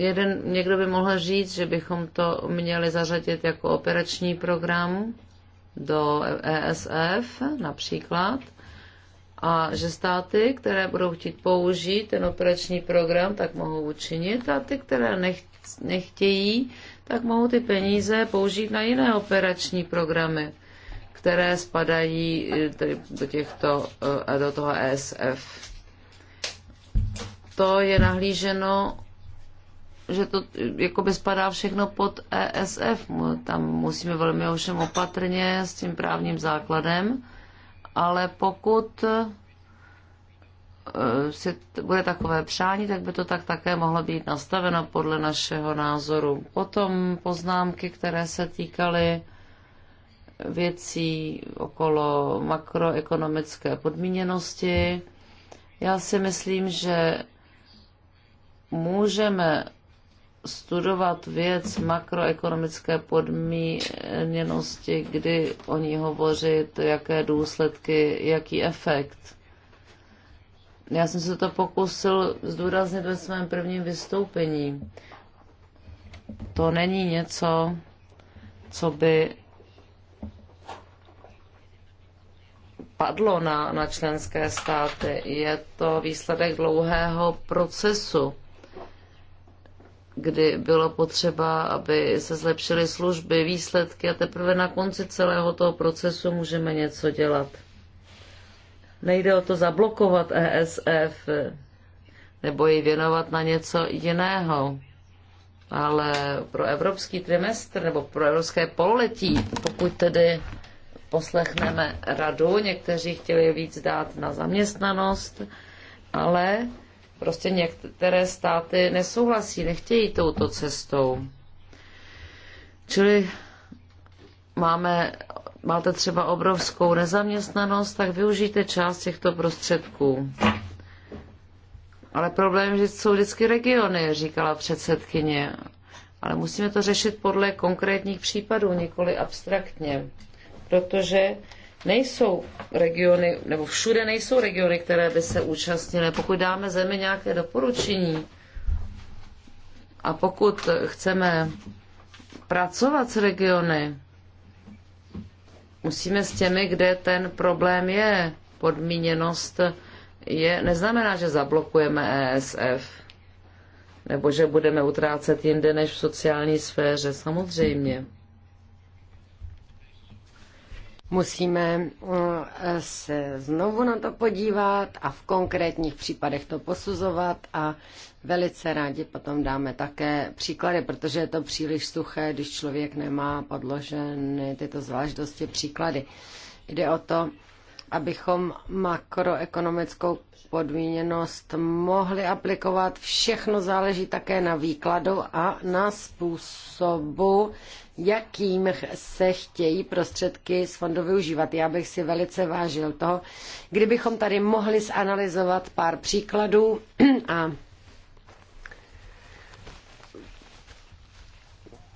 Jeden, někdo by mohl říct, že bychom to měli zařadit jako operační program do ESF například a že státy, které budou chtít použít ten operační program, tak mohou učinit a ty, které nech, nechtějí, tak mohou ty peníze použít na jiné operační programy, které spadají eh, tedy do, těchto, eh, do toho ESF. To je nahlíženo že to jako by spadá všechno pod ESF. Tam musíme velmi ovšem opatrně s tím právním základem, ale pokud eh, si bude takové přání, tak by to tak také mohlo být nastaveno podle našeho názoru. Potom poznámky, které se týkaly věcí okolo makroekonomické podmíněnosti. Já si myslím, že můžeme studovat věc makroekonomické podmíněnosti, kdy o ní hovořit, jaké důsledky, jaký efekt. Já jsem se to pokusil zdůraznit ve svém prvním vystoupení. To není něco, co by padlo na, na členské státy. Je to výsledek dlouhého procesu kdy bylo potřeba, aby se zlepšily služby, výsledky a teprve na konci celého toho procesu můžeme něco dělat. Nejde o to zablokovat ESF nebo ji věnovat na něco jiného. Ale pro evropský trimestr nebo pro evropské pololetí, pokud tedy poslechneme radu, někteří chtěli víc dát na zaměstnanost, ale Prostě některé státy nesouhlasí, nechtějí touto cestou. Čili máme, máte třeba obrovskou nezaměstnanost, tak využijte část těchto prostředků. Ale problém že jsou vždycky regiony, říkala předsedkyně. Ale musíme to řešit podle konkrétních případů, nikoli abstraktně. Protože nejsou regiony, nebo všude nejsou regiony, které by se účastnily. Pokud dáme zemi nějaké doporučení a pokud chceme pracovat s regiony, musíme s těmi, kde ten problém je. Podmíněnost je, neznamená, že zablokujeme ESF nebo že budeme utrácet jinde než v sociální sféře, samozřejmě. Musíme mm, se znovu na to podívat a v konkrétních případech to posuzovat a velice rádi potom dáme také příklady, protože je to příliš suché, když člověk nemá podloženy tyto zvláštnosti příklady. Jde o to, abychom makroekonomickou podmíněnost mohli aplikovat. Všechno záleží také na výkladu a na způsobu, jakým se chtějí prostředky z fondu využívat. Já bych si velice vážil toho, kdybychom tady mohli zanalizovat pár příkladů a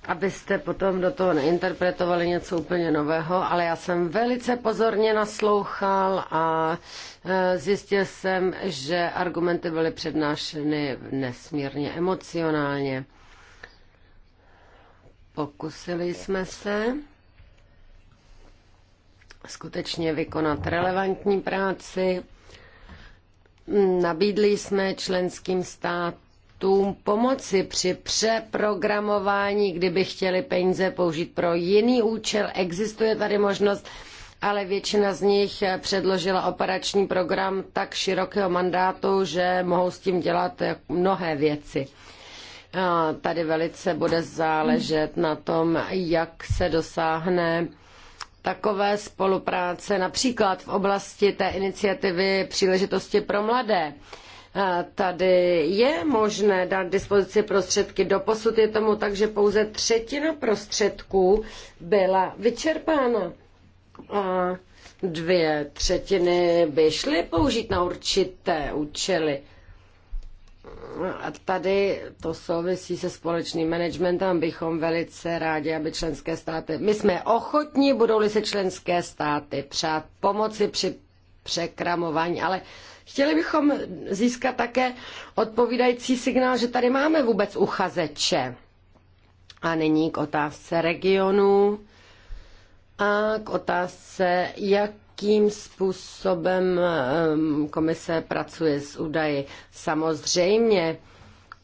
abyste potom do toho neinterpretovali něco úplně nového, ale já jsem velice pozorně naslouchal a e, zjistil jsem, že argumenty byly přednášeny nesmírně emocionálně. Pokusili jsme se skutečně vykonat relevantní práci. Nabídli jsme členským státům pomoci při přeprogramování, kdyby chtěli peníze použít pro jiný účel. Existuje tady možnost, ale většina z nich předložila operační program tak širokého mandátu, že mohou s tím dělat mnohé věci tady velice bude záležet na tom, jak se dosáhne takové spolupráce, například v oblasti té iniciativy příležitosti pro mladé. Tady je možné dát dispozici prostředky. Doposud je tomu tak, že pouze třetina prostředků byla vyčerpána. A dvě třetiny by šly použít na určité účely. A tady to souvisí se společným managementem. Bychom velice rádi, aby členské státy... My jsme ochotní, budou-li se členské státy přát pomoci při překramování, ale chtěli bychom získat také odpovídající signál, že tady máme vůbec uchazeče. A nyní k otázce regionu a k otázce, jak jakým způsobem komise pracuje s údaji. Samozřejmě,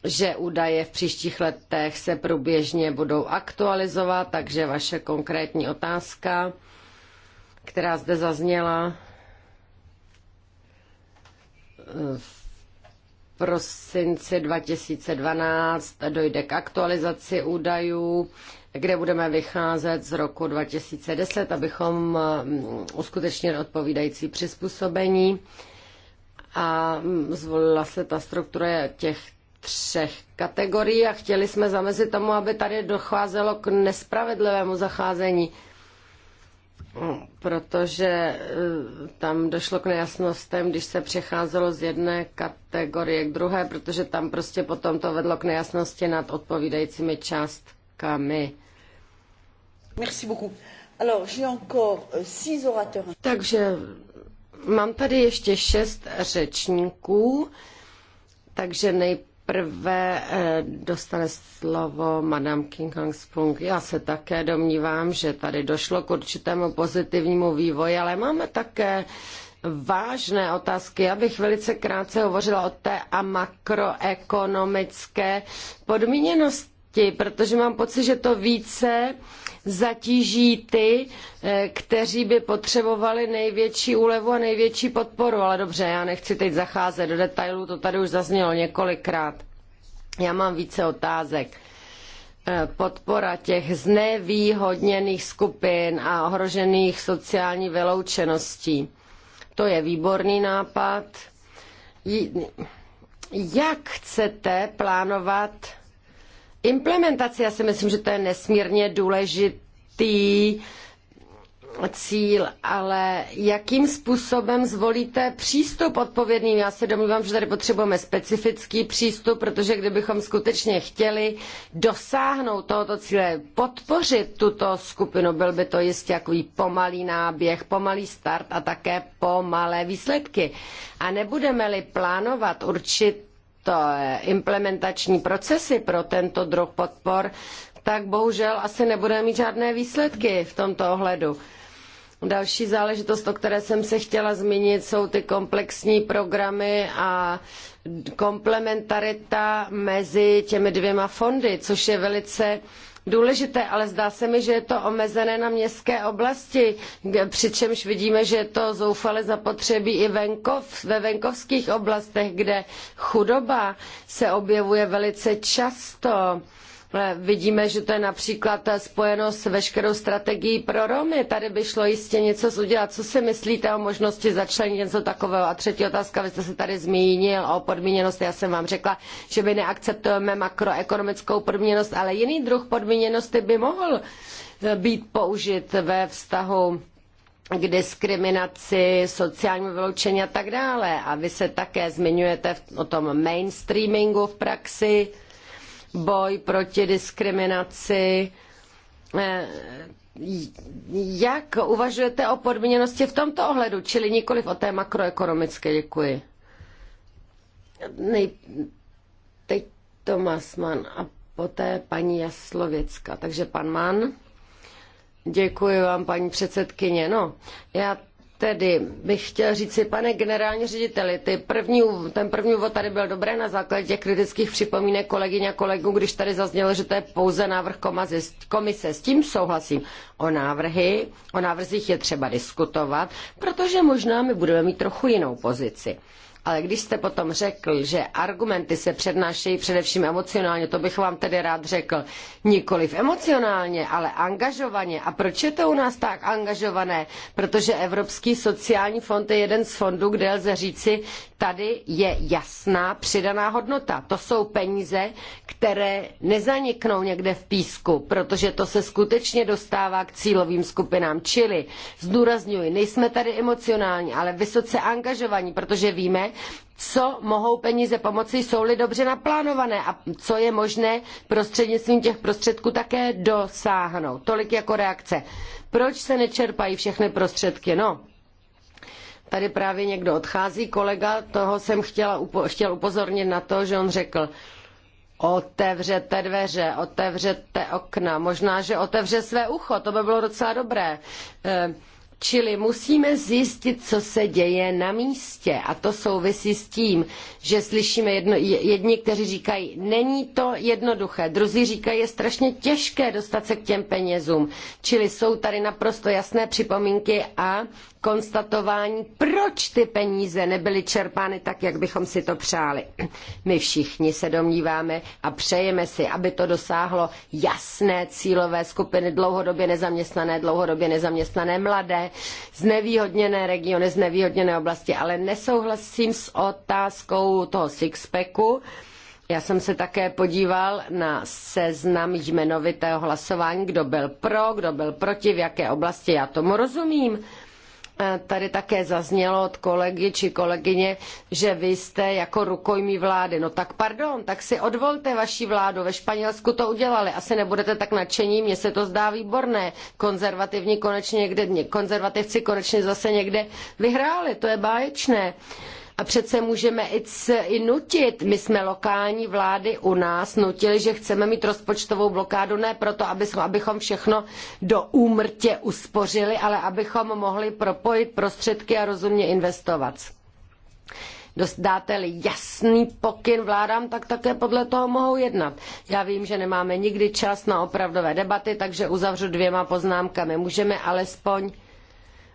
že údaje v příštích letech se průběžně budou aktualizovat, takže vaše konkrétní otázka, která zde zazněla v prosinci 2012, dojde k aktualizaci údajů kde budeme vycházet z roku 2010, abychom mm, uskutečnili odpovídající přizpůsobení. A mm, zvolila se ta struktura těch třech kategorií a chtěli jsme zamezit tomu, aby tady docházelo k nespravedlivému zacházení, mm, protože tam došlo k nejasnostem, když se přecházelo z jedné kategorie k druhé, protože tam prostě potom to vedlo k nejasnosti nad odpovídajícími částkami. Merci beaucoup. Alors, j'ai encore euh, six orateurs. Takže mám tady ještě šest řečníků, takže nejprve eh, dostane slovo Madame King Hong Spung. Já se také domnívám, že tady došlo k určitému pozitivnímu vývoji, ale máme také vážné otázky. Já bych velice krátce hovořila o té a makroekonomické podmíněnosti, protože mám pocit, že to více zatíží ty, eh, kteří by potřebovali největší úlevu a největší podporu. Ale dobře, já nechci teď zacházet do detailů, to tady už zaznělo několikrát. Já mám více otázek eh, podpora těch znevýhodněných skupin a ohrožených sociální vyloučeností. To je výborný nápad. Jak chcete plánovat implementaci. Já si myslím, že to je nesmírně důležitý cíl, ale jakým způsobem zvolíte přístup odpovědným? Já se domnívám, že tady potřebujeme specifický přístup, protože kdybychom skutečně chtěli dosáhnout tohoto cíle, podpořit tuto skupinu, byl by to jistě takový pomalý náběh, pomalý start a také pomalé výsledky. A nebudeme-li plánovat určitě to implementační procesy pro tento druh podpor, tak bohužel asi nebudeme mít žádné výsledky v tomto ohledu. Další záležitost, o které jsem se chtěla zmínit, jsou ty komplexní programy a komplementarita mezi těmi dvěma fondy, což je velice důležité, ale zdá se mi, že je to omezené na městské oblasti, přičemž vidíme, že je to zoufale zapotřebí i venkov, ve venkovských oblastech, kde chudoba se objevuje velice často Vidíme, že to je například spojeno s veškerou strategií pro Romy. Tady by šlo jistě něco udělat. Co si myslíte o možnosti začlenit něco takového? A třetí otázka, vy jste se tady zmínil o podmíněnosti. Já jsem vám řekla, že my neakceptujeme makroekonomickou podmíněnost, ale jiný druh podmíněnosti by mohl být použit ve vztahu k diskriminaci, sociálnímu vyloučení a tak dále. A vy se také zmiňujete o tom mainstreamingu v praxi boj proti diskriminaci. Eh, jak uvažujete o podmíněnosti v tomto ohledu, čili nikoliv o té makroekonomické? Děkuji. Nej... Teď Tomas Mann a poté paní Jaslověcka. Takže pan Mann. Děkuji vám, paní předsedkyně. No, já Tedy bych chtěl říci, pane generální řediteli, ty první, ten první úvod tady byl dobré na základě těch kritických připomínek kolegyň a kolegů, když tady zaznělo, že to je pouze návrh komise. S tím souhlasím. O návrhy, o návrzích je třeba diskutovat, protože možná my budeme mít trochu jinou pozici. Ale když jste potom řekl, že argumenty se přednášejí především emocionálně, to bych vám tedy rád řekl. Nikoliv emocionálně, ale angažovaně. A proč je to u nás tak angažované? Protože Evropský sociální fond je jeden z fondů, kde lze říci, tady je jasná přidaná hodnota. To jsou peníze, které nezaniknou někde v písku, protože to se skutečně dostává k cílovým skupinám. Čili, zdůrazňuji, nejsme tady emocionální, ale vysoce angažovaní, protože víme, co mohou peníze pomoci, jsou-li dobře naplánované a co je možné prostřednictvím těch prostředků také dosáhnout. Tolik jako reakce. Proč se nečerpají všechny prostředky? No, Tady právě někdo odchází, kolega, toho jsem chtěla upo- chtěl upozornit na to, že on řekl, otevřete dveře, otevřete okna, možná, že otevře své ucho, to by bylo docela dobré. E, čili musíme zjistit, co se děje na místě. A to souvisí s tím, že slyšíme jedno, jedni, kteří říkají, není to jednoduché. Druzí říkají, je strašně těžké dostat se k těm penězům. Čili jsou tady naprosto jasné připomínky a konstatování, proč ty peníze nebyly čerpány tak, jak bychom si to přáli. My všichni se domníváme a přejeme si, aby to dosáhlo jasné cílové skupiny dlouhodobě nezaměstnané, dlouhodobě nezaměstnané mladé, znevýhodněné regiony, znevýhodněné oblasti, ale nesouhlasím s otázkou toho sixpacku, já jsem se také podíval na seznam jmenovitého hlasování, kdo byl pro, kdo byl proti, v jaké oblasti. Já tomu rozumím. Tady také zaznělo od kolegy či kolegyně, že vy jste jako rukojmí vlády. No tak pardon, tak si odvolte vaši vládu. Ve Španělsku to udělali. Asi nebudete tak nadšení, mně se to zdá výborné. Konzervativní konečně někde, konzervativci konečně zase někde vyhráli. To je báječné přece můžeme i, i nutit. My jsme lokální vlády u nás nutili, že chceme mít rozpočtovou blokádu, ne proto, abychom, abychom všechno do úmrtě uspořili, ale abychom mohli propojit prostředky a rozumně investovat dáte-li jasný pokyn vládám, tak také podle toho mohou jednat. Já vím, že nemáme nikdy čas na opravdové debaty, takže uzavřu dvěma poznámkami. Můžeme alespoň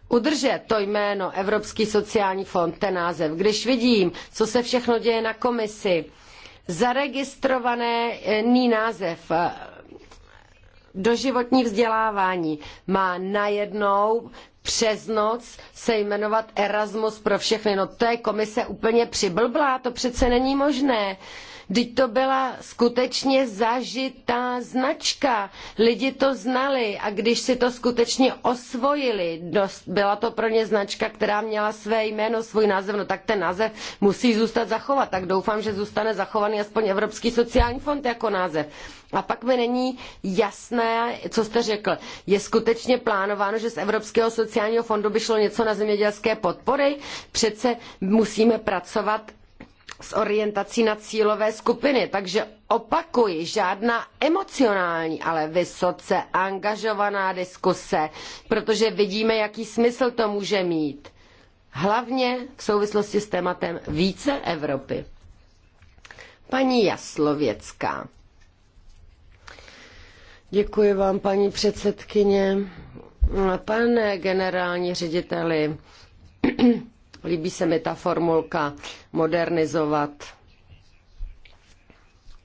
udržet to jméno Evropský sociální fond, ten název. Když vidím, co se všechno děje na komisi, zaregistrovaný název eh, doživotní vzdělávání má najednou přes noc se jmenovat Erasmus pro všechny. No to je komise úplně přiblblá, to přece není možné. Uh, Teď to byla skutečně zažitá značka. Lidi to znali a když si to skutečně osvojili, byla to pro ně značka, která měla své jméno, svůj název, no tak ten název musí zůstat zachovat. Tak doufám, že zůstane zachovaný aspoň Evropský sociální fond jako název. A pak mi není jasné, co jste řekl. Je skutečně plánováno, že z Evropského sociálního fondu by šlo něco na zemědělské podpory? Přece musíme pracovat s orientací na cílové skupiny. Takže opakuji, žádná emocionální, ale vysoce angažovaná diskuse, protože vidíme, jaký smysl to může mít. Hlavně v souvislosti s tématem více Evropy. Paní Jaslověcká. Děkuji vám, paní předsedkyně. Pane generální řediteli, Líbí se mi ta formulka modernizovat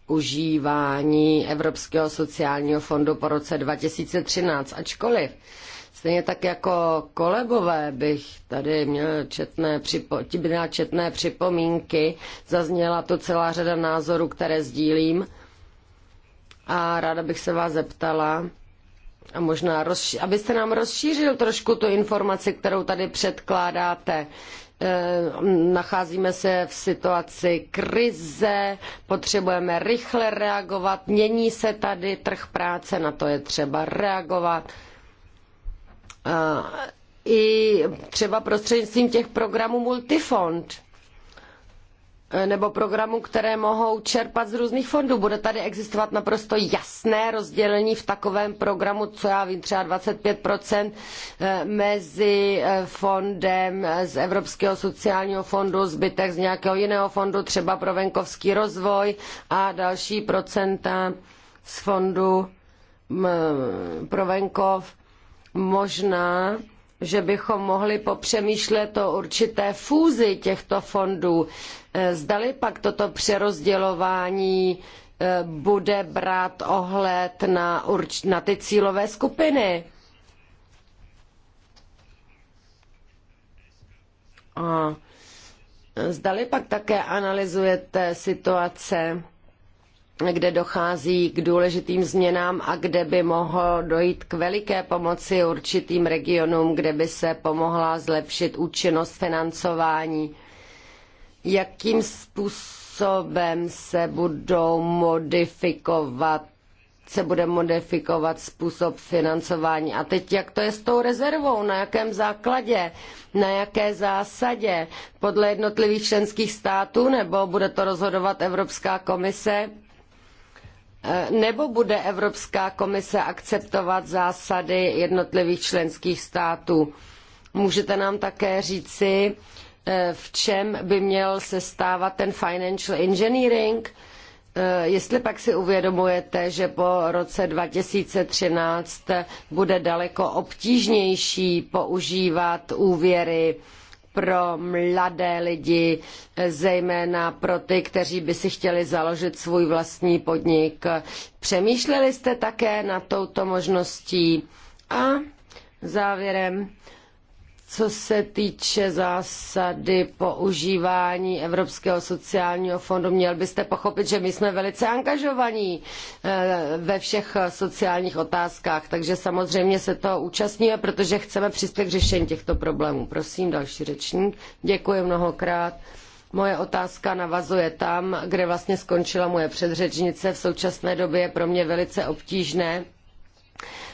užívání Evropského sociálního fondu po roce 2013, ačkoliv Stejně tak jako kolegové bych tady měl četné, připo- ti četné připomínky, zazněla to celá řada názorů, které sdílím. A ráda bych se vás zeptala, a možná, rozši- abyste nám rozšířil trošku tu informaci, kterou tady předkládáte, Eh, nacházíme se v situaci krize, potřebujeme rychle reagovat, mění se tady trh práce, na to je třeba reagovat. Eh, I třeba prostřednictvím těch programů Multifond Eh, nebo programů, které mohou čerpat z různých fondů. Bude tady existovat naprosto jasné rozdělení v takovém programu, co já vím, třeba 25% eh, mezi eh, fondem z Evropského sociálního fondu, zbytek z nějakého jiného fondu, třeba pro venkovský rozvoj a další procenta z fondu pro venkov. Možná že bychom mohli popřemýšlet o určité fúzi těchto fondů. Eh, zdali pak toto přerozdělování eh, bude brát ohled na, urč- na ty cílové skupiny. A zdali pak také analyzujete situace kde dochází k důležitým změnám a kde by mohlo dojít k veliké pomoci určitým regionům, kde by se pomohla zlepšit účinnost financování. Jakým způsobem se budou modifikovat se bude modifikovat způsob financování. A teď jak to je s tou rezervou, na jakém základě, na jaké zásadě, podle jednotlivých členských států, nebo bude to rozhodovat Evropská komise? Eh, nebo bude Evropská komise akceptovat zásady jednotlivých členských států? Můžete nám také říci, eh, v čem by měl se stávat ten financial engineering? Eh, jestli pak si uvědomujete, že po roce 2013 bude daleko obtížnější používat úvěry pro mladé lidi, zejména pro ty, kteří by si chtěli založit svůj vlastní podnik. Přemýšleli jste také nad touto možností? A závěrem co se týče zásady používání Evropského sociálního fondu, měl byste pochopit, že my jsme velice angažovaní eh, ve všech sociálních otázkách, takže samozřejmě se toho účastníme, protože chceme přispět k řešení těchto problémů. Prosím, další řečník. Děkuji mnohokrát. Moje otázka navazuje tam, kde vlastně skončila moje předřečnice. V současné době je pro mě velice obtížné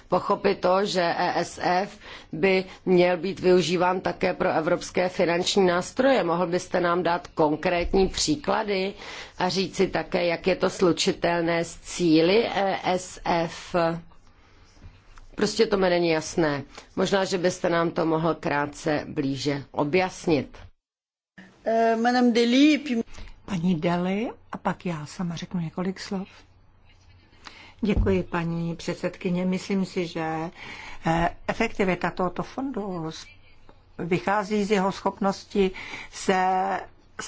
pochopit to, že ESF by měl být využíván také pro evropské finanční nástroje. Mohl byste nám dát konkrétní příklady a říci také, jak je to slučitelné s cíly ESF? Prostě to mi není jasné. Možná, že byste nám to mohl krátce blíže objasnit. Eh, Paní Deli a pak já sama řeknu několik slov. Děkuji, paní předsedkyně. Myslím si, že eh, efektivita tohoto fondu vychází z jeho schopnosti se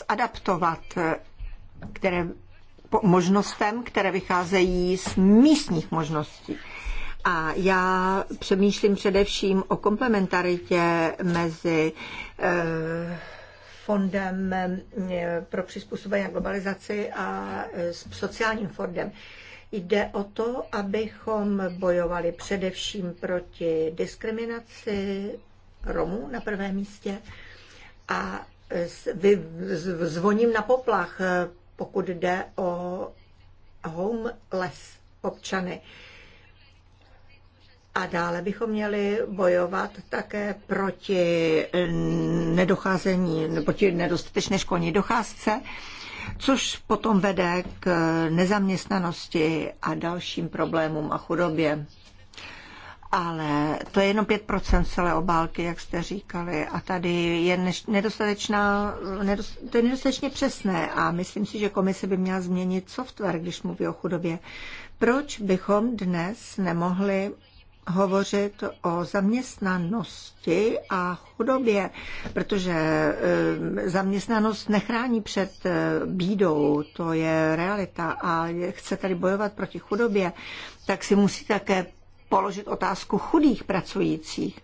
zadaptovat eh, které, možnostem, které vycházejí z místních možností. A já přemýšlím především o komplementaritě mezi eh, fondem eh, pro přizpůsobení globalizaci a sociálním fondem. Jde o to, abychom bojovali především proti diskriminaci Romů na prvém místě a zvoním na poplach, pokud jde o homeless občany. A dále bychom měli bojovat také proti nedocházení, proti nedostatečné školní docházce což potom vede k nezaměstnanosti a dalším problémům a chudobě. Ale to je jenom 5% celé obálky, jak jste říkali. A tady je nedostatečná, nedost, to je nedostatečně přesné. A myslím si, že komise by měla změnit software, když mluví o chudobě. Proč bychom dnes nemohli hovořit o zaměstnanosti a chudobě, protože eh, zaměstnanost nechrání před eh, bídou, to je realita a chce tady bojovat proti chudobě, tak si musí také položit otázku chudých pracujících.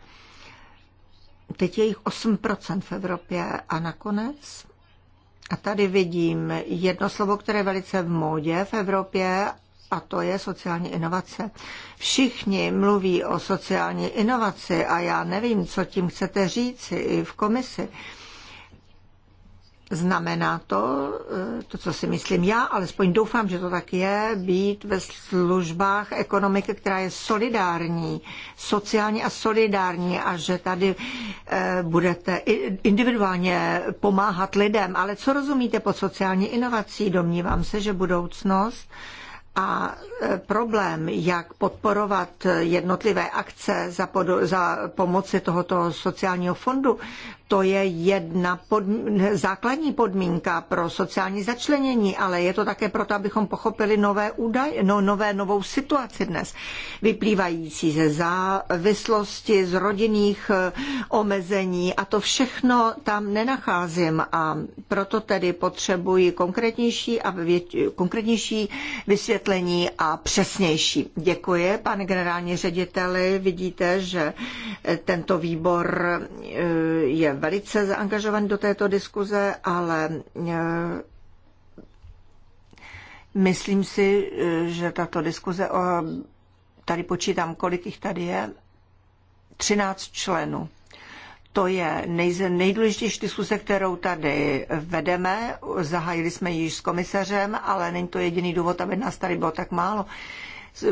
Teď je jich 8% v Evropě a nakonec a tady vidím jedno slovo, které je velice v módě v Evropě a to je sociální inovace. Všichni mluví o sociální inovaci a já nevím, co tím chcete říci i v komisi. Znamená to, eh, to, co si myslím já, alespoň doufám, že to tak je, být ve službách ekonomiky, která je solidární, sociální a solidární a že tady eh, budete individuálně pomáhat lidem. Ale co rozumíte pod sociální inovací? Domnívám se, že budoucnost eh, a e, problém, jak podporovat jednotlivé akce za, pod, za pomoci tohoto sociálního fondu, to je jedna pod, základní podmínka pro sociální začlenění, ale je to také proto, abychom pochopili nové údaje, no, nové, novou situaci dnes, vyplývající ze závislosti, z rodinných eh, omezení a to všechno tam nenacházím a proto tedy potřebuji konkrétnější a konkrétnější vysvětlení a přesnější. Děkuji, pane generální řediteli. Vidíte, že eh, tento výbor eh, je velice zaangažovan do této diskuze, ale e, myslím si, e, že tato diskuze, o, tady počítám, kolik jich tady je, 13 členů. To je nejdůležitější diskuse, kterou tady vedeme. Zahájili jsme ji již s komisařem, ale není to jediný důvod, aby nás tady bylo tak málo.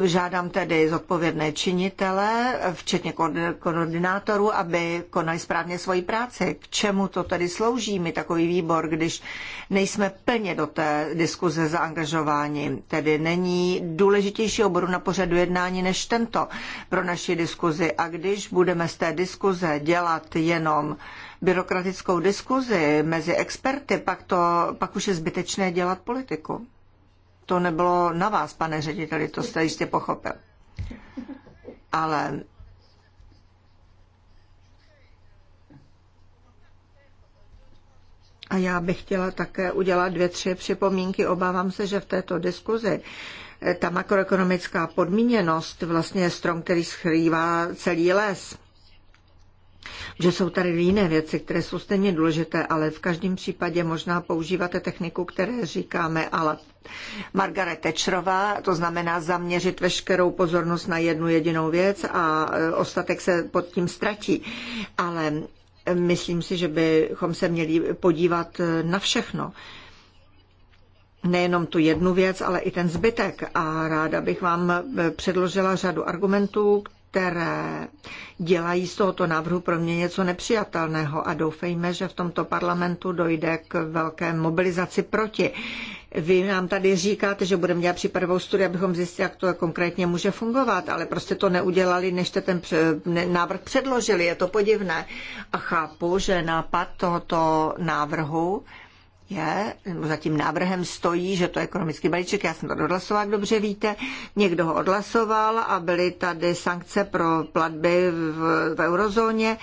Žádám tedy zodpovědné činitele, včetně koordinátorů, aby konali správně svoji práci. K čemu to tedy slouží mi takový výbor, když nejsme plně do té diskuze zaangažováni? Tedy není důležitějšího bodu na pořadu jednání než tento pro naši diskuzi. A když budeme z té diskuze dělat jenom byrokratickou diskuzi mezi experty, pak, to, pak už je zbytečné dělat politiku to nebylo na vás, pane řediteli, to jste jistě pochopil. Ale A já bych chtěla také udělat dvě, tři připomínky. Obávám se, že v této diskuzi eh, ta makroekonomická podmíněnost, vlastně strom, který schrývá celý les, že jsou tady jiné věci, které jsou stejně důležité, ale v každém případě možná používáte techniku, které říkáme ale Margaret Thatcherová, to znamená zaměřit veškerou pozornost na jednu jedinou věc a e, ostatek se pod tím ztratí. Ale e, myslím si, že bychom se měli podívat e, na všechno nejenom tu jednu věc, ale i ten zbytek. A ráda bych vám předložila řadu argumentů, které dělají z tohoto návrhu pro mě něco nepřijatelného a doufejme, že v tomto parlamentu dojde k velké mobilizaci proti. Vy nám tady říkáte, že budeme dělat případovou studii, abychom zjistili, jak to konkrétně může fungovat, ale prostě to neudělali, než jste ten návrh předložili. Je to podivné. A chápu, že nápad tohoto návrhu je, nebo za tím návrhem stojí, že to je ekonomický balíček, já jsem to odhlasoval, jak dobře víte, někdo ho odhlasoval a byly tady sankce pro platby v, v eurozóně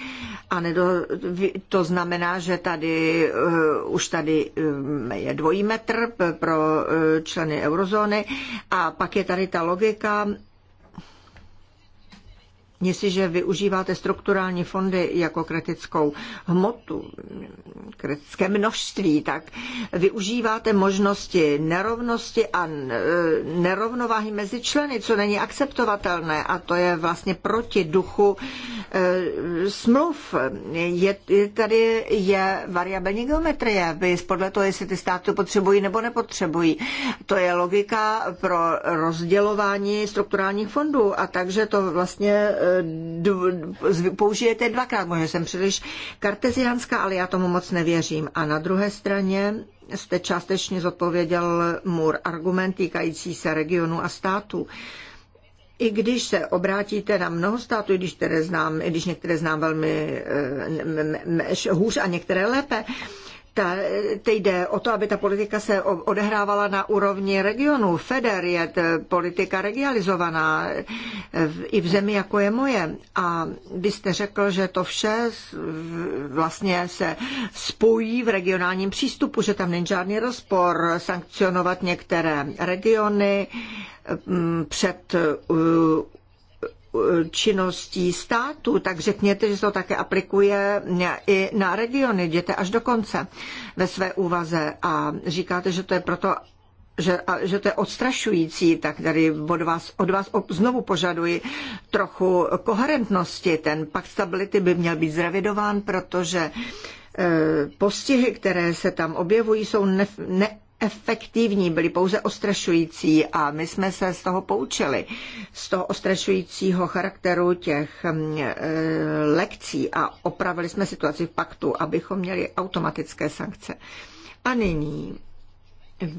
a nedo, to znamená, že tady uh, už tady um, je dvojí metr pro uh, členy eurozóny a pak je tady ta logika Jestliže využíváte strukturální fondy jako kritickou hmotu, kritické množství, tak využíváte možnosti nerovnosti a e, nerovnováhy mezi členy, co není akceptovatelné a to je vlastně proti duchu e, smluv. Je, tady je variabilní geometrie, podle toho, jestli ty státy potřebují nebo nepotřebují. To je logika pro rozdělování strukturálních fondů a takže to vlastně e, použijete dvakrát. Možná jsem příliš karteziánská, ale já tomu moc nevěřím. A na druhé straně jste částečně zodpověděl Mur argument týkající se regionu a státu. I když se obrátíte na mnoho států, i když, znám, i když některé znám velmi eh, hůř a některé lépe, ta, te jde o to, aby ta politika se odehrávala na úrovni regionu. Feder je eh, politika regionalizovaná eh, i v zemi, jako je moje. A vy jste řekl, že to vše vlastně se spojí v regionálním přístupu, že tam není žádný rozpor sankcionovat některé regiony eh, před činností státu, tak řekněte, že to také aplikuje i na regiony. Jděte až do konce ve své úvaze a říkáte, že to je proto, že, a, že to je odstrašující, tak tady od vás, od vás znovu požaduji trochu koherentnosti. Ten pakt stability by měl být zrevidován, protože eh, postihy, které se tam objevují, jsou ne, ne, efektivní, byly pouze ostrašující a my jsme se z toho poučili, z toho ostrašujícího charakteru těch mm, e, lekcí a opravili jsme situaci v paktu, abychom měli automatické sankce. A nyní e,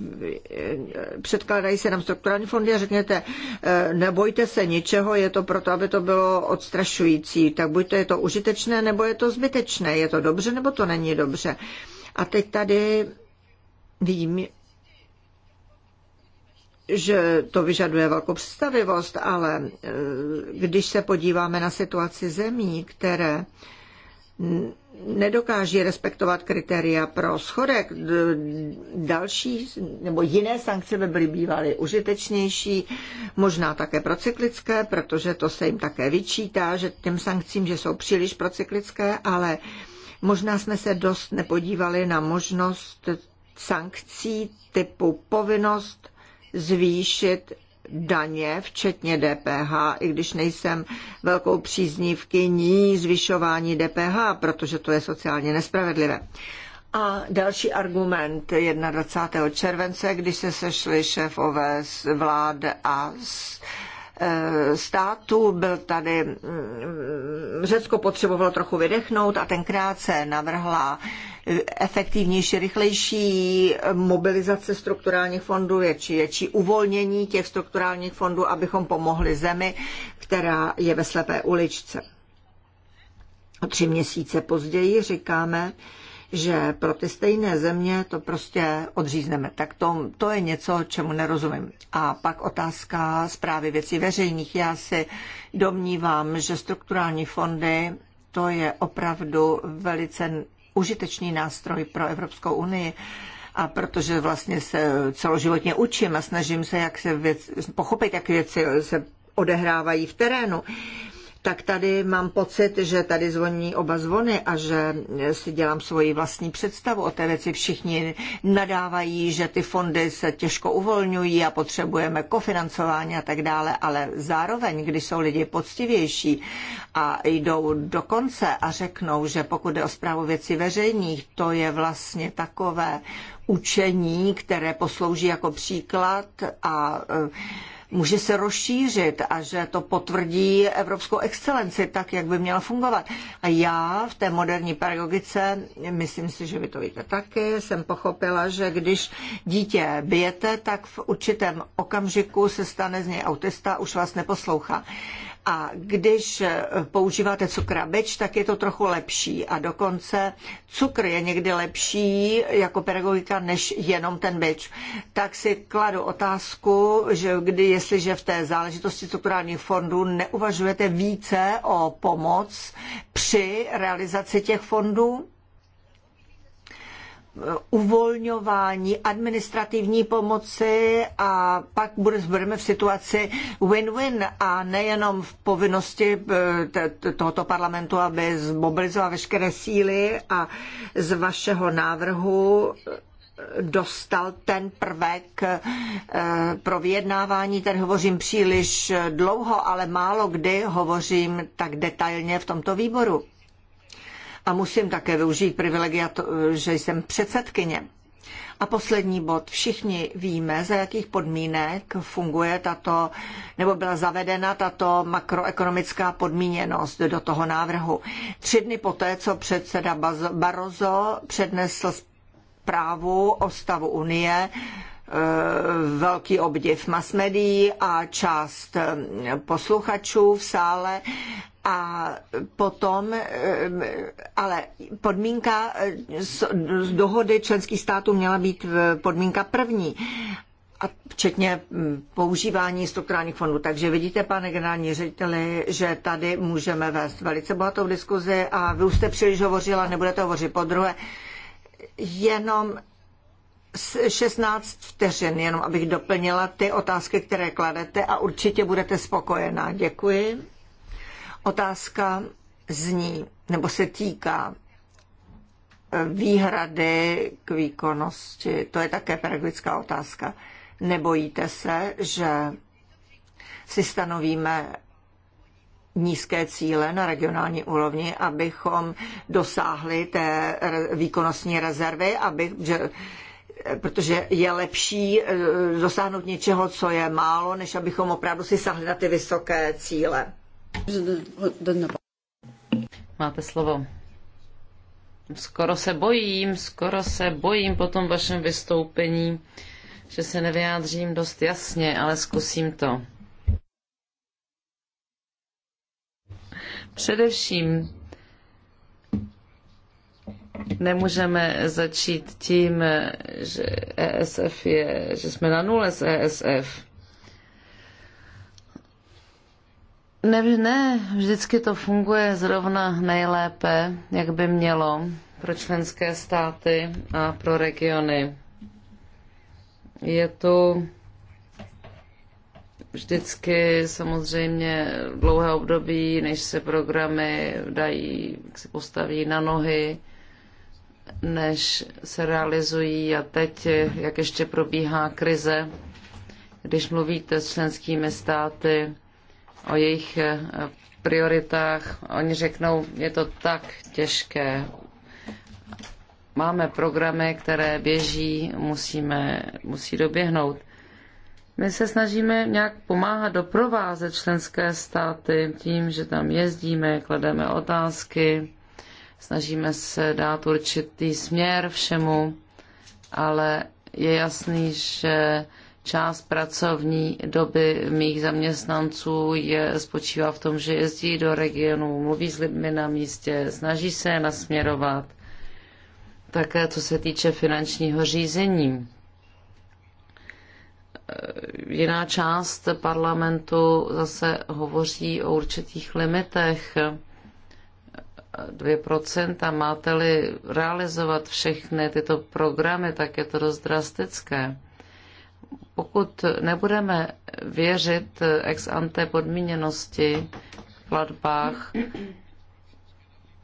předkládají se nám strukturální fondy a řekněte, e, nebojte se ničeho, je to proto, aby to bylo odstrašující. Tak buď to je to užitečné, nebo je to zbytečné. Je to dobře, nebo to není dobře. A teď tady Vím, že to vyžaduje velkou představivost, ale eh, když se podíváme na situaci zemí, které nedokáží respektovat kritéria pro schodek, další nebo jiné sankce by byly bývaly užitečnější, možná také procyklické, protože to se jim také vyčítá, že těm sankcím, že jsou příliš procyklické, ale možná jsme se dost nepodívali na možnost sankcí typu povinnost zvýšit daně, včetně DPH, i když nejsem velkou příznivkyní zvyšování DPH, protože to je sociálně nespravedlivé. A další argument 21. července, když se sešli šéfové z vlád a z Eh, států. Byl tady, mm, Řecko potřebovalo trochu vydechnout a tenkrát se navrhla eh, efektivnější, rychlejší mobilizace strukturálních fondů, větší, větší uvolnění těch strukturálních fondů, abychom pomohli zemi, která je ve slepé uličce. O tři měsíce později říkáme, že pro ty stejné země to prostě odřízneme. Tak to, to je něco, čemu nerozumím. A pak otázka zprávy věcí veřejných. Já si domnívám, že strukturální fondy to je opravdu velice užitečný nástroj pro Evropskou unii. A protože vlastně se celoživotně učím a snažím se, jak se věc, pochopit, jak věci se odehrávají v terénu, tak tady mám pocit, že tady zvoní oba zvony a že si dělám svoji vlastní představu o té věci. Všichni nadávají, že ty fondy se těžko uvolňují a potřebujeme kofinancování a tak dále, ale zároveň, když jsou lidi poctivější a jdou do konce a řeknou, že pokud jde o zprávu věcí veřejných, to je vlastně takové učení, které poslouží jako příklad a může se rozšířit a že to potvrdí evropskou excelenci tak, jak by měla fungovat. A já v té moderní pedagogice, myslím si, že vy to víte taky, jsem pochopila, že když dítě bijete, tak v určitém okamžiku se stane z něj autista, už vás neposlouchá. A když eh, používáte cukra beč, tak je to trochu lepší. A dokonce cukr je někdy lepší jako pedagogika než jenom ten beč. Tak si kladu otázku, že kdy, jestliže v té záležitosti cukrárních fondů neuvažujete více o pomoc při realizaci těch fondů, uvolňování administrativní pomoci a pak budeme v situaci win-win a nejenom v povinnosti eh, tohoto parlamentu, aby zmobilizoval veškeré síly a z vašeho návrhu eh, dostal ten prvek eh, pro vyjednávání. Tady hovořím příliš dlouho, ale málo kdy hovořím tak detailně v tomto výboru a musím také využít privilegia, že jsem předsedkyně. A poslední bod. Všichni víme, za jakých podmínek funguje tato, nebo byla zavedena tato makroekonomická podmíněnost do toho návrhu. Tři dny poté, co předseda Barroso přednesl zprávu o stavu Unie, e, velký obdiv masmedií a část e, posluchačů v sále a potom, eh, ale podmínka eh, z dohody členských států měla být eh, podmínka první a včetně hm, používání strukturálních fondů. Takže vidíte, pane generální řediteli, že tady můžeme vést velice bohatou diskuzi a vy už jste příliš hovořila, nebudete hovořit po druhé. Jenom 16 vteřin, jenom abych doplnila ty otázky, které kladete a určitě budete spokojená. Děkuji. Otázka zní, nebo se týká e, výhrady k výkonnosti. To je také pedagogická otázka. Nebojíte se, že si stanovíme nízké cíle na regionální úrovni, abychom dosáhli té výkonnostní rezervy, aby, že, e, protože je lepší e, dosáhnout něčeho, co je málo, než abychom opravdu si sahli na ty vysoké cíle. Máte slovo. Skoro se bojím, skoro se bojím po tom vašem vystoupení, že se nevyjádřím dost jasně, ale zkusím to. Především nemůžeme začít tím, že ESF je, že jsme na nule z ESF. Ne, ne, vždycky to funguje zrovna nejlépe, jak by mělo pro členské státy a pro regiony. Je tu vždycky samozřejmě dlouhé období, než se programy dají, jak se postaví na nohy, než se realizují a teď, jak ještě probíhá krize, když mluvíte s členskými státy, o jejich eh, prioritách. Oni řeknou, je to tak těžké. Máme programy, které běží, musíme, musí doběhnout. My se snažíme nějak pomáhat doprovázet členské státy tím, že tam jezdíme, klademe otázky, snažíme se dát určitý směr všemu, ale je jasný, že Část pracovní doby mých zaměstnanců je, spočívá v tom, že jezdí do regionu, mluví s lidmi na místě, snaží se je nasměrovat. Také co se týče finančního řízení. Eh, jiná část parlamentu zase hovoří o určitých limitech. 2%, máte-li realizovat všechny tyto programy, tak je to dost drastické pokud nebudeme věřit ex ante podmíněnosti v platbách,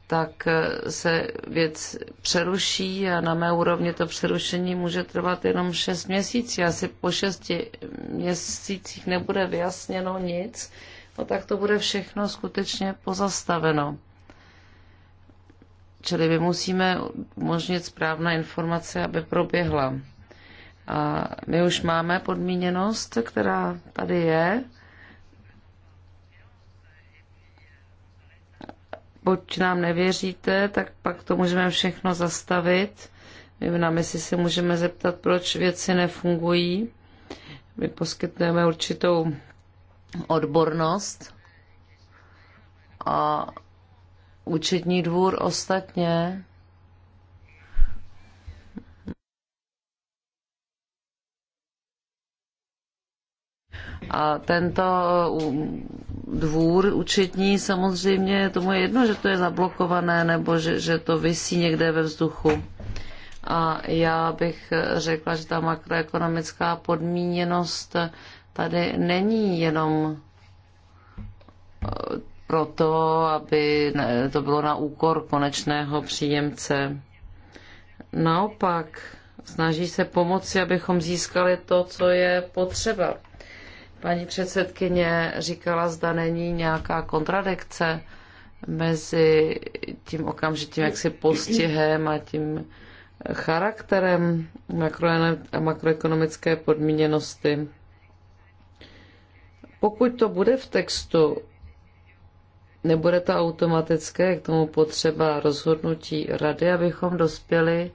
tak se věc přeruší a na mé úrovni to přerušení může trvat jenom 6 měsíců. Asi po 6 měsících nebude vyjasněno nic, no tak to bude všechno skutečně pozastaveno. Čili my musíme umožnit správná informace, aby proběhla. A my už máme podmíněnost, která tady je. Pokud nám nevěříte, tak pak to můžeme všechno zastavit. My na misi se můžeme zeptat, proč věci nefungují. My poskytneme určitou odbornost a účetní dvůr ostatně A tento uh, dvůr účetní samozřejmě tomu je jedno, že to je zablokované nebo že, že to vysí někde ve vzduchu. A já bych řekla, že ta makroekonomická podmíněnost tady není jenom eh, proto, aby to bylo na úkor konečného příjemce. Naopak, snaží se pomoci, abychom získali to, co je potřeba Paní předsedkyně říkala, zda není nějaká kontradikce mezi tím okamžitým jaksi postihem a tím charakterem makro, makroekonomické podmíněnosti. Pokud to bude v textu, nebude to automatické, k tomu potřeba rozhodnutí rady, abychom dospěli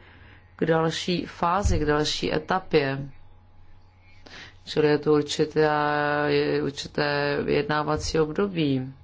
k další fázi, k další etapě. Čili je to určité, určité vyjednávací období.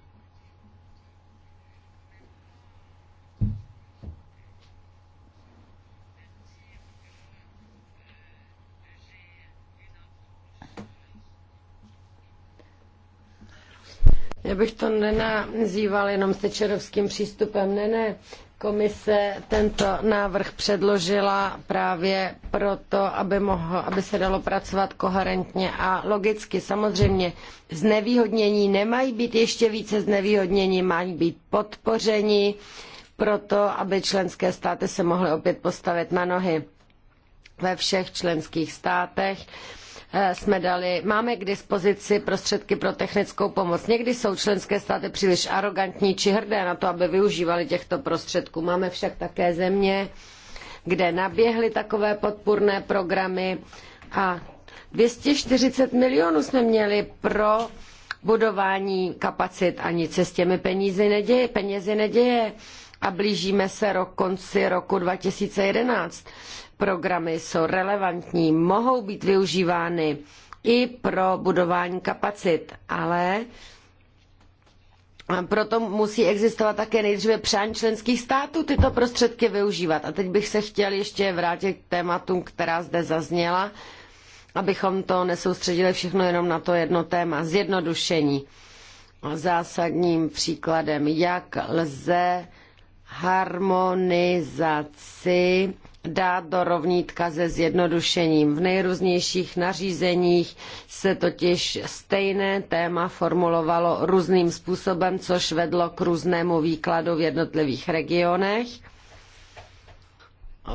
Já bych to nenazýval jenom sečerovským přístupem, ne, ne. Komise tento návrh předložila právě proto, aby, aby se dalo pracovat koherentně a logicky. Samozřejmě znevýhodnění nemají být ještě více znevýhodnění, mají být podpořeni proto, aby členské státy se mohly opět postavit na nohy ve všech členských státech Eh, jsme dali, máme k dispozici prostředky pro technickou pomoc. Někdy jsou členské státy příliš arrogantní či hrdé na to, aby využívali těchto prostředků. Máme však také země, kde naběhly takové podpůrné programy a 240 milionů jsme měli pro budování kapacit a nic se s těmi penízi neděje, penězi neděje a blížíme se rok konci roku 2011 programy jsou relevantní, mohou být využívány i pro budování kapacit, ale proto musí existovat také nejdříve přání členských států tyto prostředky využívat. A teď bych se chtěl ještě vrátit k tématům, která zde zazněla, abychom to nesoustředili všechno jenom na to jedno téma. Zjednodušení. Zásadním příkladem, jak lze harmonizaci dát do rovnítka se zjednodušením. V nejrůznějších nařízeních se totiž stejné téma formulovalo různým způsobem, což vedlo k různému výkladu v jednotlivých regionech.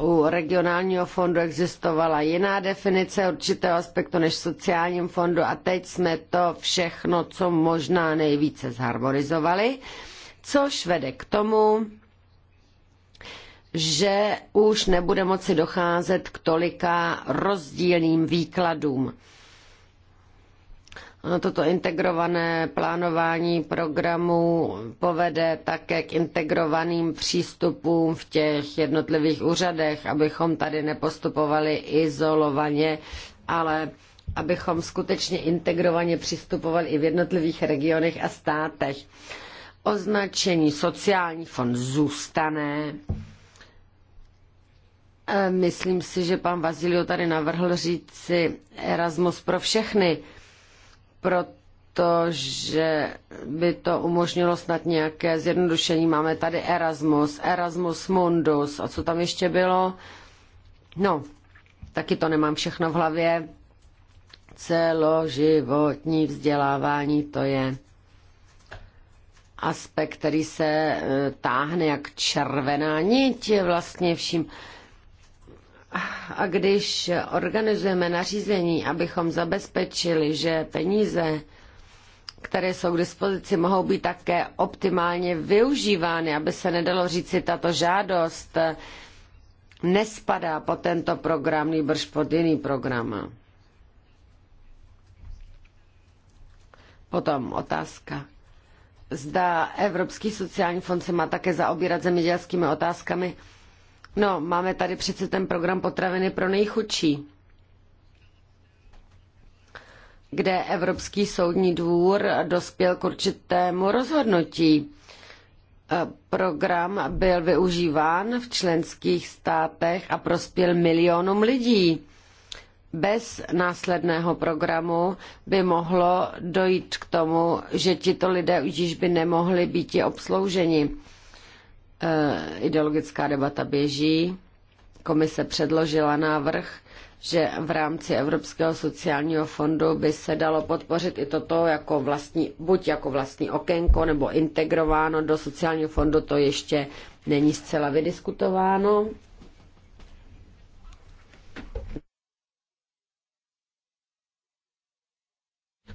U regionálního fondu existovala jiná definice určitého aspektu než v sociálním fondu a teď jsme to všechno, co možná nejvíce zharmonizovali, což vede k tomu, že už nebude moci docházet k tolika rozdílným výkladům. Toto integrované plánování programů povede také k integrovaným přístupům v těch jednotlivých úřadech, abychom tady nepostupovali izolovaně, ale abychom skutečně integrovaně přistupovali i v jednotlivých regionech a státech. Označení sociální fond zůstane E, myslím si, že pan Vazilio tady navrhl říci Erasmus pro všechny, protože by to umožnilo snad nějaké zjednodušení. Máme tady Erasmus, Erasmus Mundus a co tam ještě bylo? No, taky to nemám všechno v hlavě. Celoživotní vzdělávání to je aspekt, který se e, táhne jak červená nit vlastně vším. A když organizujeme nařízení, abychom zabezpečili, že peníze, které jsou k dispozici, mohou být také optimálně využívány, aby se nedalo říci tato žádost nespadá po tento program, nýbrž pod jiný program. Potom otázka. Zda Evropský sociální fond se má také zaobírat zemědělskými otázkami? No, máme tady přece ten program potraviny pro nejchudší, kde Evropský soudní dvůr dospěl k určitému rozhodnutí. E, program byl využíván v členských státech a prospěl milionům lidí. Bez následného programu by mohlo dojít k tomu, že tito lidé už by nemohli být obslouženi. Eh, ideologická debata běží. Komise předložila návrh, že v rámci Evropského sociálního fondu by se dalo podpořit i toto jako vlastní, buď jako vlastní okénko nebo integrováno do sociálního fondu, to ještě není zcela vydiskutováno.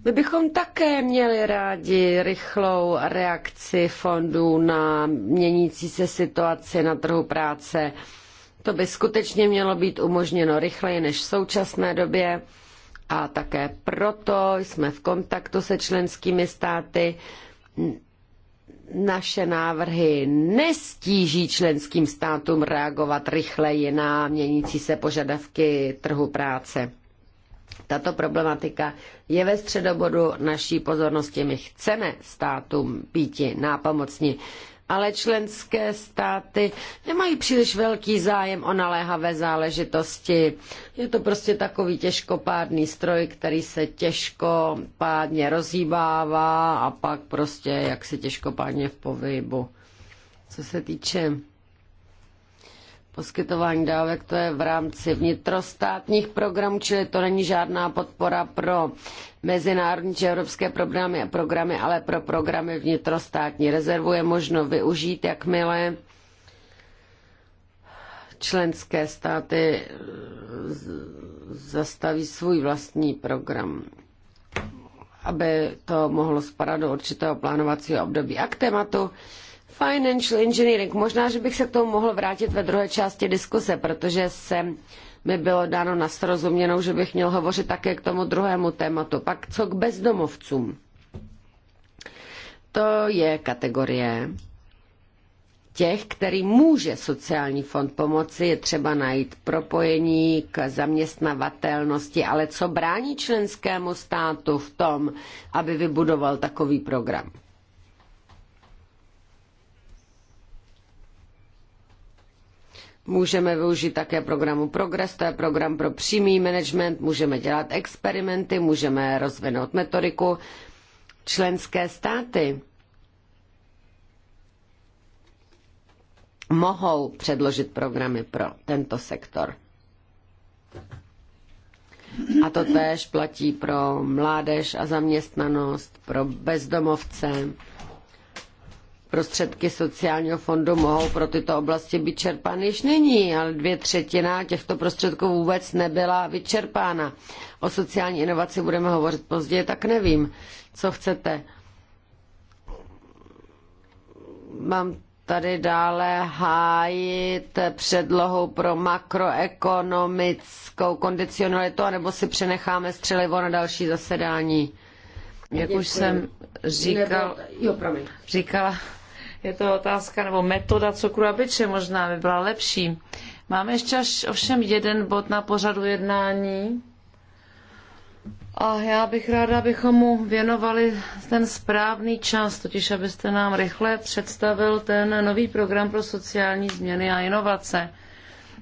My bychom také měli rádi rychlou reakci fondů na měnící se situaci na trhu práce. To by skutečně mělo být umožněno rychleji než v současné době a také proto jsme v kontaktu se členskými státy. Naše návrhy nestíží členským státům reagovat rychleji na měnící se požadavky trhu práce. Tato problematika je ve středobodu naší pozornosti. My chceme státům být nápomocní, ale členské státy nemají příliš velký zájem o naléhavé záležitosti. Je to prostě takový těžkopádný stroj, který se těžko pádně rozhýbává a pak prostě jak se těžkopádně v pohybu. Co se týče poskytování dávek, to je v rámci vnitrostátních programů, čili to není žádná podpora pro mezinárodní či evropské programy, programy, ale pro programy vnitrostátní. Rezervu je možno využít, jakmile členské státy eh, zastaví svůj vlastní program aby to mohlo spadat do určitého plánovacího období. A k tématu Financial engineering. Možná, že bych se k tomu mohl vrátit ve druhé části diskuse, protože se mi bylo dáno na srozuměnou, že bych měl hovořit také k tomu druhému tématu. Pak co k bezdomovcům? To je kategorie těch, který může sociální fond pomoci, je třeba najít propojení k zaměstnavatelnosti, ale co brání členskému státu v tom, aby vybudoval takový program? Můžeme využít také programu Progress, to je program pro přímý management, můžeme dělat experimenty, můžeme rozvinout metodiku. Členské státy mohou předložit programy pro tento sektor. A to též platí pro mládež a zaměstnanost, pro bezdomovce prostředky sociálního fondu mohou pro tyto oblasti být čerpány, již není, ale dvě třetina těchto prostředků vůbec nebyla vyčerpána. O sociální inovaci budeme hovořit později, tak nevím, co chcete. Mám tady dále hájit předlohu pro makroekonomickou kondicionalitu, anebo si přenecháme střelivo na další zasedání. Jak už jsem říkal, jo, říkala, je to otázka nebo metoda cukru a byče možná by byla lepší. Máme ještě až ovšem jeden bod na pořadu jednání. A já bych ráda, abychom mu věnovali ten správný čas, totiž abyste nám rychle představil ten nový program pro sociální změny a inovace.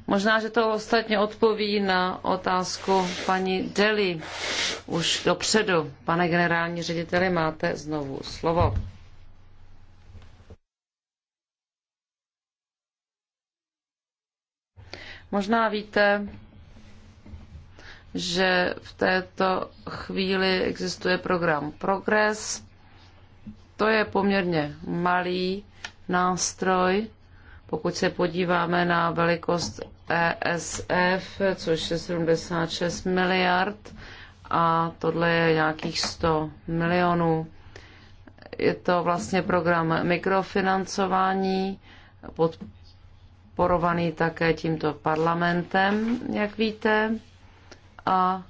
Možná, že to ostatně odpoví na otázku paní Deli už dopředu. Pane generální řediteli, máte znovu slovo. Možná víte, že v této chvíli existuje program Progress. To je poměrně malý nástroj, pokud se podíváme na velikost ESF, což je 76 miliard a tohle je nějakých 100 milionů. Je to vlastně program mikrofinancování, pod, podporovaný také tímto parlamentem, jak víte. A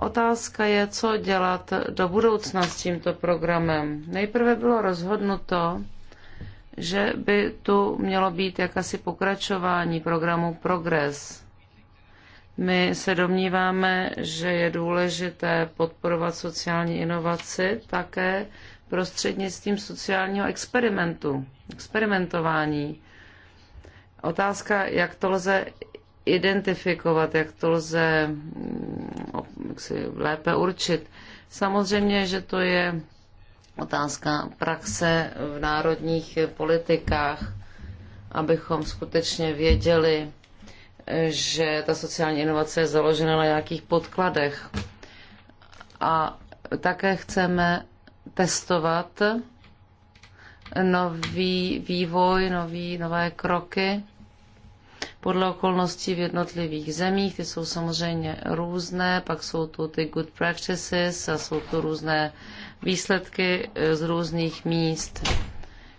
otázka je, co dělat do budoucna s tímto programem. Nejprve bylo rozhodnuto, že by tu mělo být jakasi pokračování programu Progress. My se domníváme, že je důležité podporovat sociální inovaci také prostřednictvím sociálního experimentu, experimentování. Otázka, jak to lze identifikovat, jak to lze mm, jak si, lépe určit. Samozřejmě, že to je otázka praxe v národních politikách, abychom skutečně věděli, že ta sociální inovace je založena na nějakých podkladech. A také chceme testovat nový vývoj, nový, nové kroky podle okolností v jednotlivých zemích. Ty jsou samozřejmě různé, pak jsou tu ty good practices a jsou tu různé výsledky eh, z různých míst.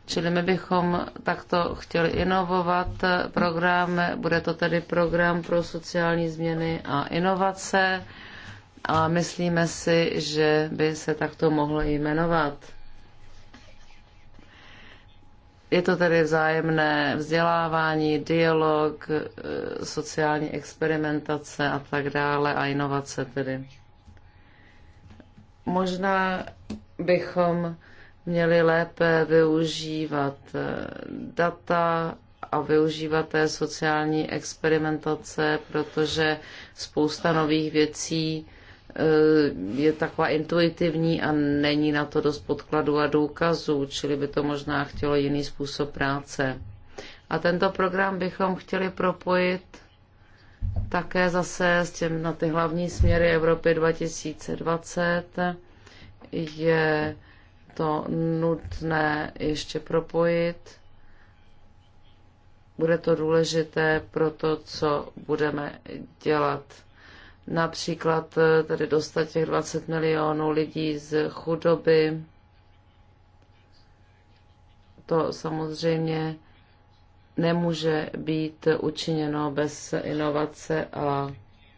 Čili my bychom takto chtěli inovovat eh, program, bude to tedy program pro sociální změny a inovace a myslíme si, že by se takto mohlo jmenovat. Je to tedy vzájemné vzdělávání, dialog, eh, sociální experimentace a tak dále a inovace tedy. Možná bychom měli lépe využívat eh, data a využívat té sociální experimentace, protože spousta nových věcí Eh, je taková intuitivní a není na to dost podkladů a důkazů, čili by to možná chtělo jiný způsob práce. A tento program bychom chtěli propojit také zase s těm, na ty hlavní směry Evropy 2020. Je to nutné ještě propojit. Bude to důležité pro to, co budeme dělat například eh, tady dostat těch 20 milionů lidí z chudoby. To samozřejmě nemůže být učiněno bez inovace a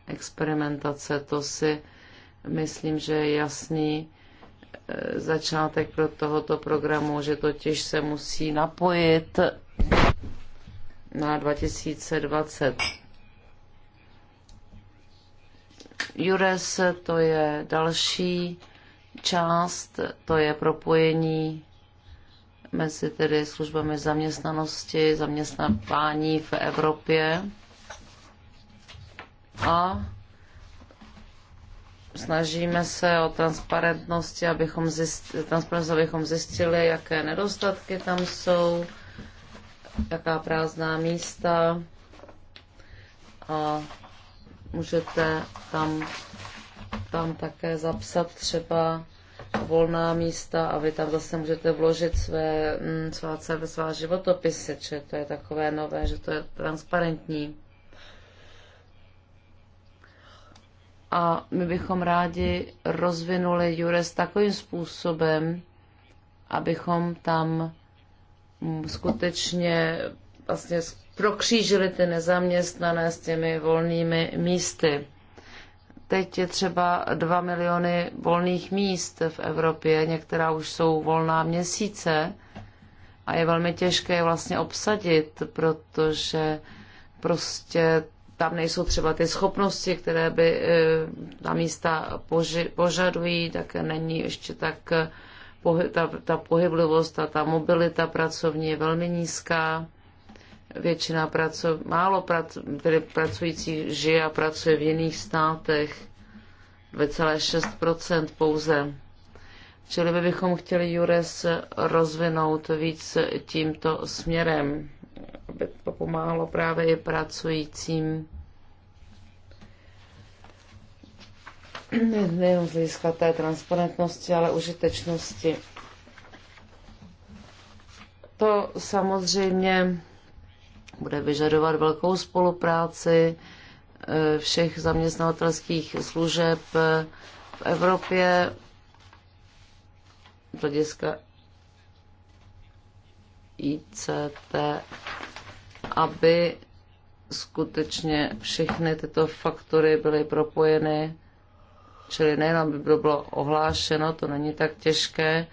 experimentace. To si myslím, že je jasný eh, začátek pro tohoto programu, že totiž se musí napojit na 2020. Jures to je další část, to je propojení mezi tedy službami zaměstnanosti, zaměstnávání v Evropě a snažíme se o transparentnosti, abychom zjistili, transparentnost, abychom zjistili, jaké nedostatky tam jsou, jaká prázdná místa a Můžete tam, tam také zapsat třeba volná místa a vy tam zase můžete vložit své, mm, svá, CV, svá životopisy, že to je takové nové, že to je transparentní. A my bychom rádi rozvinuli Jures takovým způsobem, abychom tam mm, skutečně vlastně prokřížili ty nezaměstnané s těmi volnými místy. Teď je třeba 2 miliony volných míst v Evropě, některá už jsou volná měsíce a je velmi těžké je vlastně obsadit, protože prostě tam nejsou třeba ty schopnosti, které by eh, ta místa požadují, tak není ještě tak eh, ta, ta pohyblivost a ta mobilita pracovní je velmi nízká většina praco, málo prac, tedy pracujících žije a pracuje v jiných státech, 2,6% pouze. Čili my bychom chtěli Jures rozvinout víc tímto směrem, aby to pomáhalo právě i pracujícím nejenom z hlediska té transparentnosti, ale užitečnosti. To samozřejmě bude vyžadovat velkou spolupráci eh, všech zaměstnavatelských služeb eh, v Evropě z hlediska ICT, aby skutečně všechny tyto faktory byly propojeny, čili nejenom by bylo ohlášeno, to není tak těžké,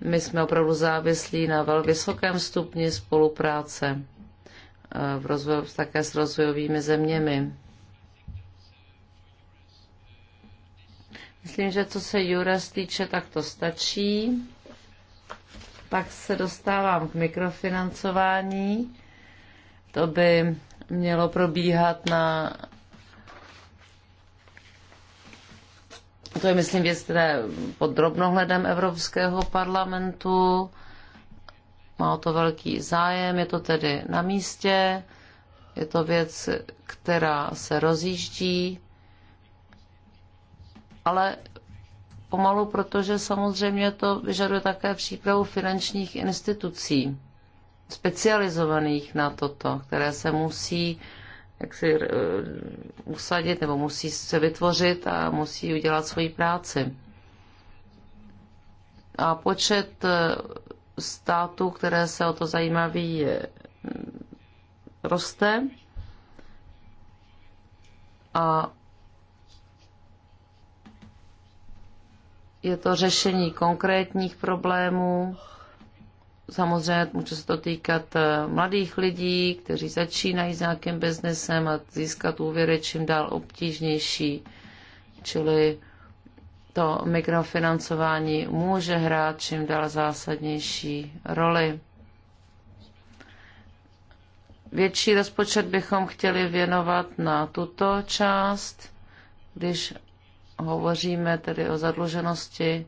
my jsme opravdu závislí na velmi vysokém stupni spolupráce v rozvoj, také s rozvojovými zeměmi. Myslím, že co se jura týče, tak to stačí. Pak se dostávám k mikrofinancování. To by mělo probíhat na to je, myslím, věc, které pod drobnohledem Evropského parlamentu. Má o to velký zájem, je to tedy na místě, je to věc, která se rozjíždí, ale pomalu, protože samozřejmě to vyžaduje také přípravu finančních institucí specializovaných na toto, které se musí jak si eh, usadit nebo musí se vytvořit a musí udělat svoji práci. A počet eh, států, které se o to zajímaví, mm, roste. A je to řešení konkrétních problémů. Samozřejmě může se to týkat eh, mladých lidí, kteří začínají s nějakým biznesem a získat úvěry čím dál obtížnější. Čili to mikrofinancování může hrát čím dál zásadnější roli. Větší rozpočet bychom chtěli věnovat na tuto část, když hovoříme tedy o zadluženosti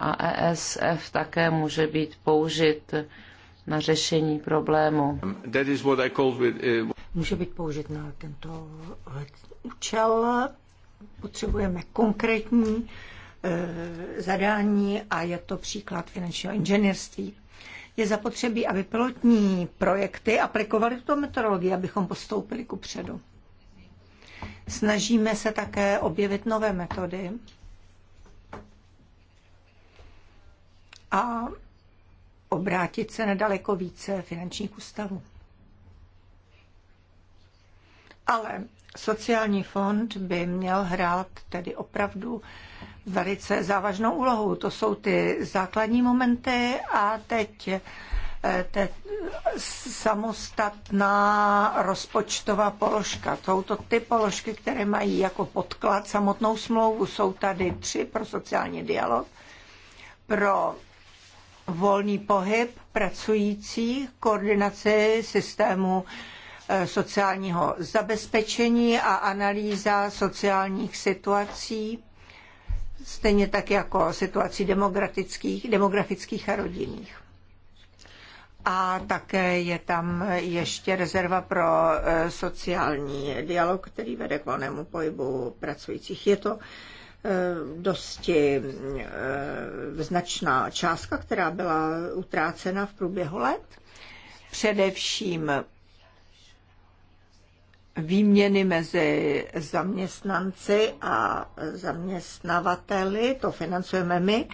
a ESF také může být použit na řešení problému. Uh, může být použit na tento účel potřebujeme konkrétní eh, zadání a je to příklad finančního inženýrství. Je zapotřebí, aby pilotní projekty aplikovaly tuto metodologii, abychom postoupili ku předu. Snažíme se také objevit nové metody a obrátit se nedaleko více finančních ústavů. Ale Sociální fond by měl hrát tedy opravdu velice závažnou úlohu. To jsou ty základní momenty a teď eh, te, samostatná rozpočtová položka. Jsou to ty položky, které mají jako podklad samotnou smlouvu. Jsou tady tři pro sociální dialog, pro volný pohyb pracujících, koordinaci systému Eh, sociálního zabezpečení a analýza sociálních situací, stejně tak jako situací demografických, demografických a rodinných. A také je tam ještě rezerva pro eh, sociální dialog, který vede k volnému pohybu pracujících. Je to eh, dosti značná částka, která byla utrácena v průběhu let. Především výměny mezi zaměstnanci a zaměstnavateli, to financujeme my,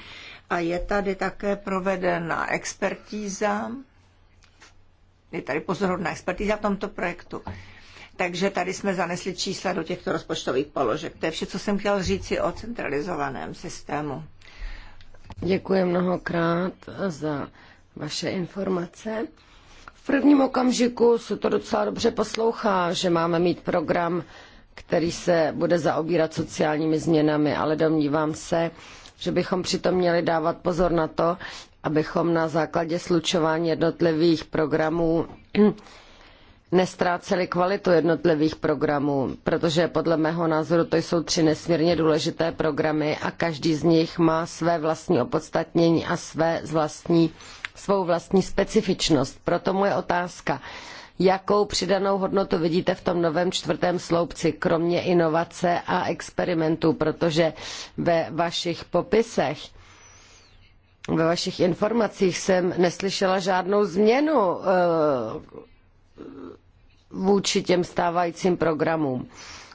a je tady také provedena expertíza, je tady pozorovná expertíza v tomto projektu. Takže tady jsme zanesli čísla do těchto rozpočtových položek. To je vše, co jsem chtěl říci o centralizovaném systému. Děkuji mnohokrát za vaše informace. V prvním okamžiku se to docela dobře poslouchá, že máme mít program, který se bude zaobírat sociálními změnami, ale domnívám se, že bychom přitom měli dávat pozor na to, abychom na základě slučování jednotlivých programů nestráceli kvalitu jednotlivých programů, protože podle mého názoru to jsou tři nesmírně důležité programy a každý z nich má své vlastní opodstatnění a své vlastní svou vlastní specifičnost. Proto moje otázka. Jakou přidanou hodnotu vidíte v tom novém čtvrtém sloupci, kromě inovace a experimentů, protože ve vašich popisech ve vašich informacích jsem neslyšela žádnou změnu eh, vůči těm stávajícím programům.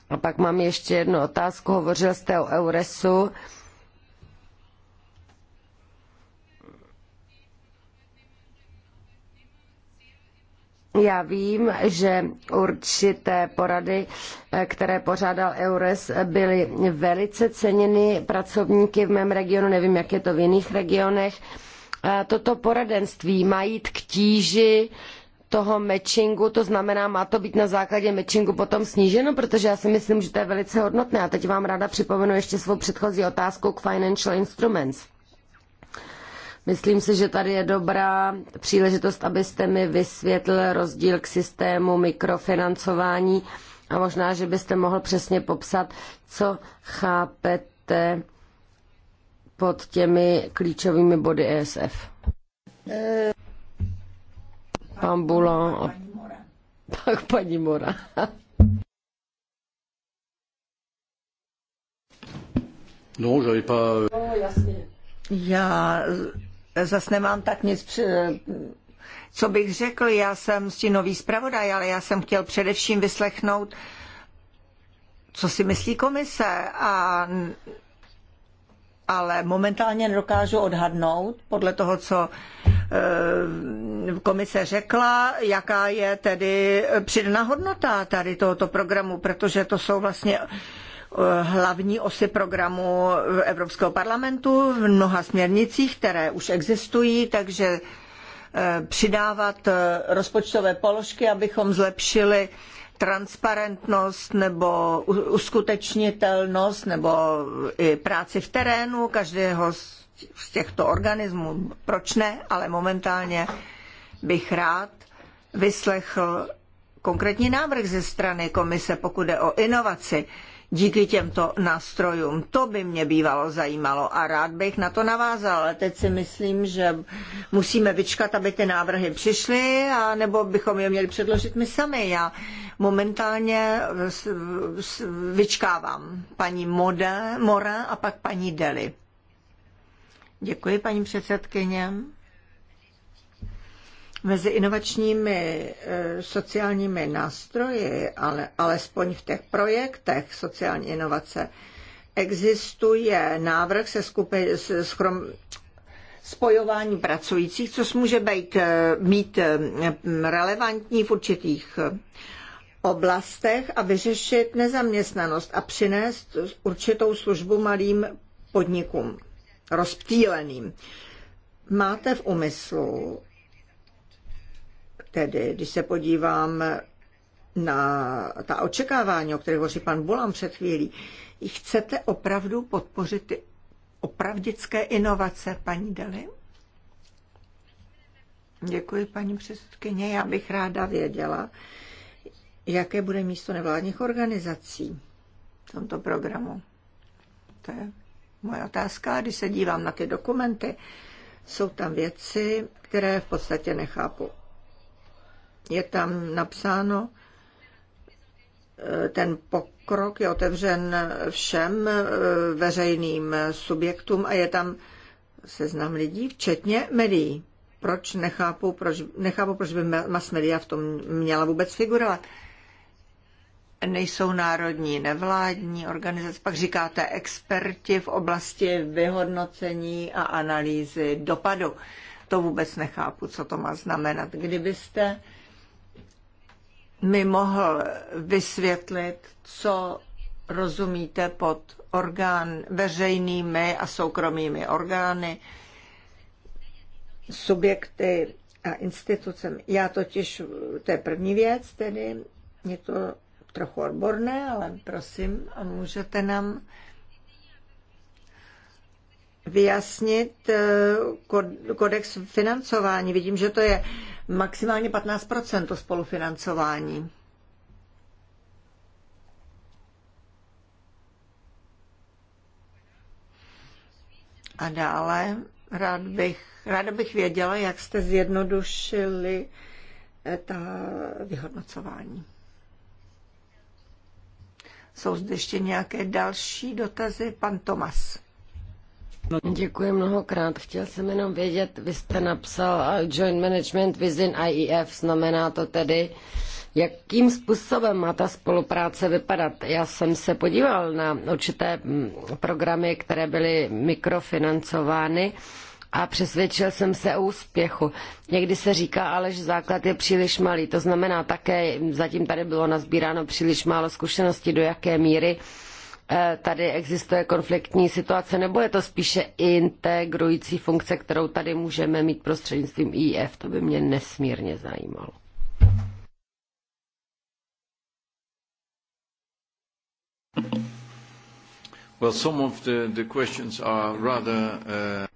A pak mám ještě jednu otázku. Hovořil jste o Euresu. Já vím, že určité porady, eh, které pořádal EURES, byly velice ceněny pracovníky v mém regionu, nevím, jak je to v jiných regionech. Eh, Toto poradenství má jít k tíži toho matchingu, to znamená, má to být na základě matchingu potom sníženo, protože já si myslím, že to je velice hodnotné. A teď vám ráda připomenu ještě svou předchozí otázku k Financial Instruments Myslím si, že tady je dobrá příležitost, abyste mi vysvětlil rozdíl k systému mikrofinancování a možná, že byste mohl přesně popsat, co chápete pod těmi klíčovými body ESF. Pan Bulo pak paní Mora. No, j'avais pas... jasně. Já zase nemám tak nic, co bych řekl. Já jsem nový zpravodaj, ale já jsem chtěl především vyslechnout, co si myslí komise. A, ale momentálně nedokážu odhadnout podle toho, co eh, komise řekla, jaká je tedy přidaná hodnota tady tohoto programu, protože to jsou vlastně Eh, hlavní osy programu Evropského parlamentu v mnoha směrnicích, které už existují, takže eh, přidávat eh, rozpočtové položky, abychom zlepšili transparentnost nebo uskutečnitelnost nebo i práci v terénu každého z těchto organismů. Proč ne? Ale momentálně bych rád vyslechl konkrétní návrh ze strany komise, pokud jde o inovaci díky těmto nástrojům. To by mě bývalo zajímalo a rád bych na to navázal, ale teď si myslím, že musíme vyčkat, aby ty návrhy přišly, a nebo bychom je měli předložit my sami. Já momentálně vyčkávám paní Moda, Mora a pak paní Deli. Děkuji, paní předsedkyně mezi inovačními eh, sociálními nástroji, ale alespoň v těch projektech sociální inovace, existuje návrh se skupi, s, chrom, spojování pracujících, což může být, eh, mít eh, relevantní v určitých oblastech a vyřešit nezaměstnanost a přinést určitou službu malým podnikům, rozptýleným. Máte v úmyslu Tedy, když se podívám na ta očekávání, o kterých hovoří pan Bulan před chvílí, chcete opravdu podpořit ty opravdické inovace, paní Deli? Děkuji, paní předsedkyně. Já bych ráda věděla, jaké bude místo nevládních organizací v tomto programu. To je moje otázka. Když se dívám na ty dokumenty, jsou tam věci, které v podstatě nechápu je tam napsáno, eh, ten pokrok je otevřen všem eh, veřejným subjektům a je tam seznam lidí, včetně médií. Proč nechápu, proč, nechápu, proč by mass media v tom měla vůbec figurovat? Nejsou národní nevládní organizace, pak říkáte experti v oblasti vyhodnocení a analýzy dopadu. To vůbec nechápu, co to má znamenat. Kdybyste mi mohl vysvětlit, co rozumíte pod orgán veřejnými a soukromými orgány, subjekty a institucemi. Já totiž, to je první věc, tedy je to trochu odborné, ale prosím, a můžete nám vyjasnit eh, kodex financování. Vidím, že to je maximálně 15 to spolufinancování. A dále rád bych, ráda bych věděla, jak jste zjednodušili eh, ta vyhodnocování. Jsou zde ještě nějaké další dotazy? Pan Tomas. No, děkuji mnohokrát. Chtěl jsem jenom vědět, vy jste napsal eh, Joint Management Within IEF, znamená to tedy, jakým způsobem má ta spolupráce vypadat. Já jsem se podíval na určité mm, programy, které byly mikrofinancovány a přesvědčil jsem se o úspěchu. Někdy se říká ale, že základ je příliš malý. To znamená také, zatím tady bylo nazbíráno příliš málo zkušeností, do jaké míry Eh, tady existuje konfliktní situace, nebo je to spíše integrující funkce, kterou tady můžeme mít prostřednictvím IF? To by mě nesmírně zajímalo. Well, some of the, the questions are rather, uh...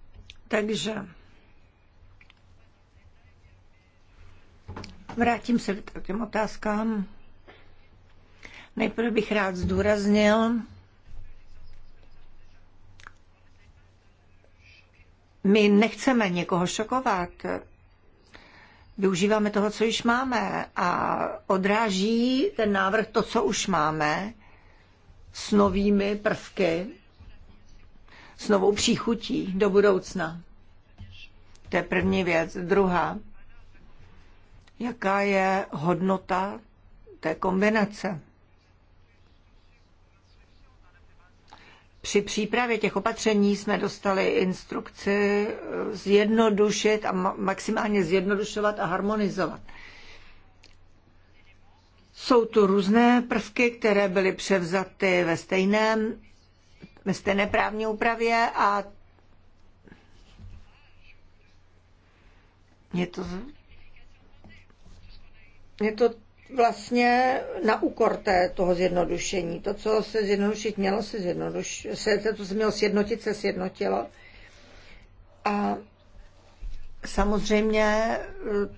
Takže vrátím se k těm otázkám. Nejprve bych rád zdůraznil, My nechceme někoho šokovat. Využíváme toho, co již máme a odráží ten návrh to, co už máme s novými prvky, s novou příchutí do budoucna. To je první věc. Druhá, jaká je hodnota té kombinace? Při přípravě těch opatření jsme dostali instrukci eh, zjednodušit a maximálně zjednodušovat a harmonizovat. Jsou tu různé prvky, které byly převzaty ve stejném, ve stejné právní úpravě a je to, je to vlastně na úkor té, toho zjednodušení. To, co se zjednodušit mělo, se, zjednodušit, se to, co mělo sjednotit, se sjednotilo. A samozřejmě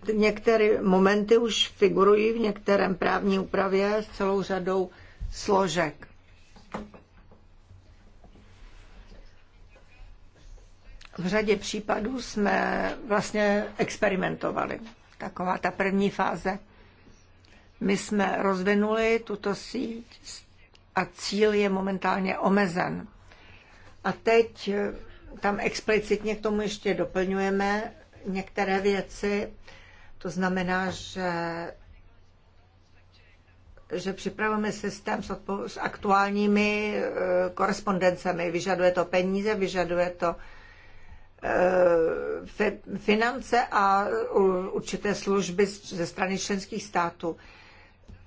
eh, některé momenty už figurují v některém právní úpravě s celou řadou složek. V řadě případů jsme vlastně experimentovali. Taková ta první fáze my jsme rozvinuli tuto síť a cíl je momentálně omezen. A teď eh, tam explicitně k tomu ještě doplňujeme některé věci. To znamená, že že připravujeme systém s, odpo- s aktuálními e, korespondencemi. Vyžaduje to peníze, vyžaduje to e, finance a u, určité služby ze strany členských států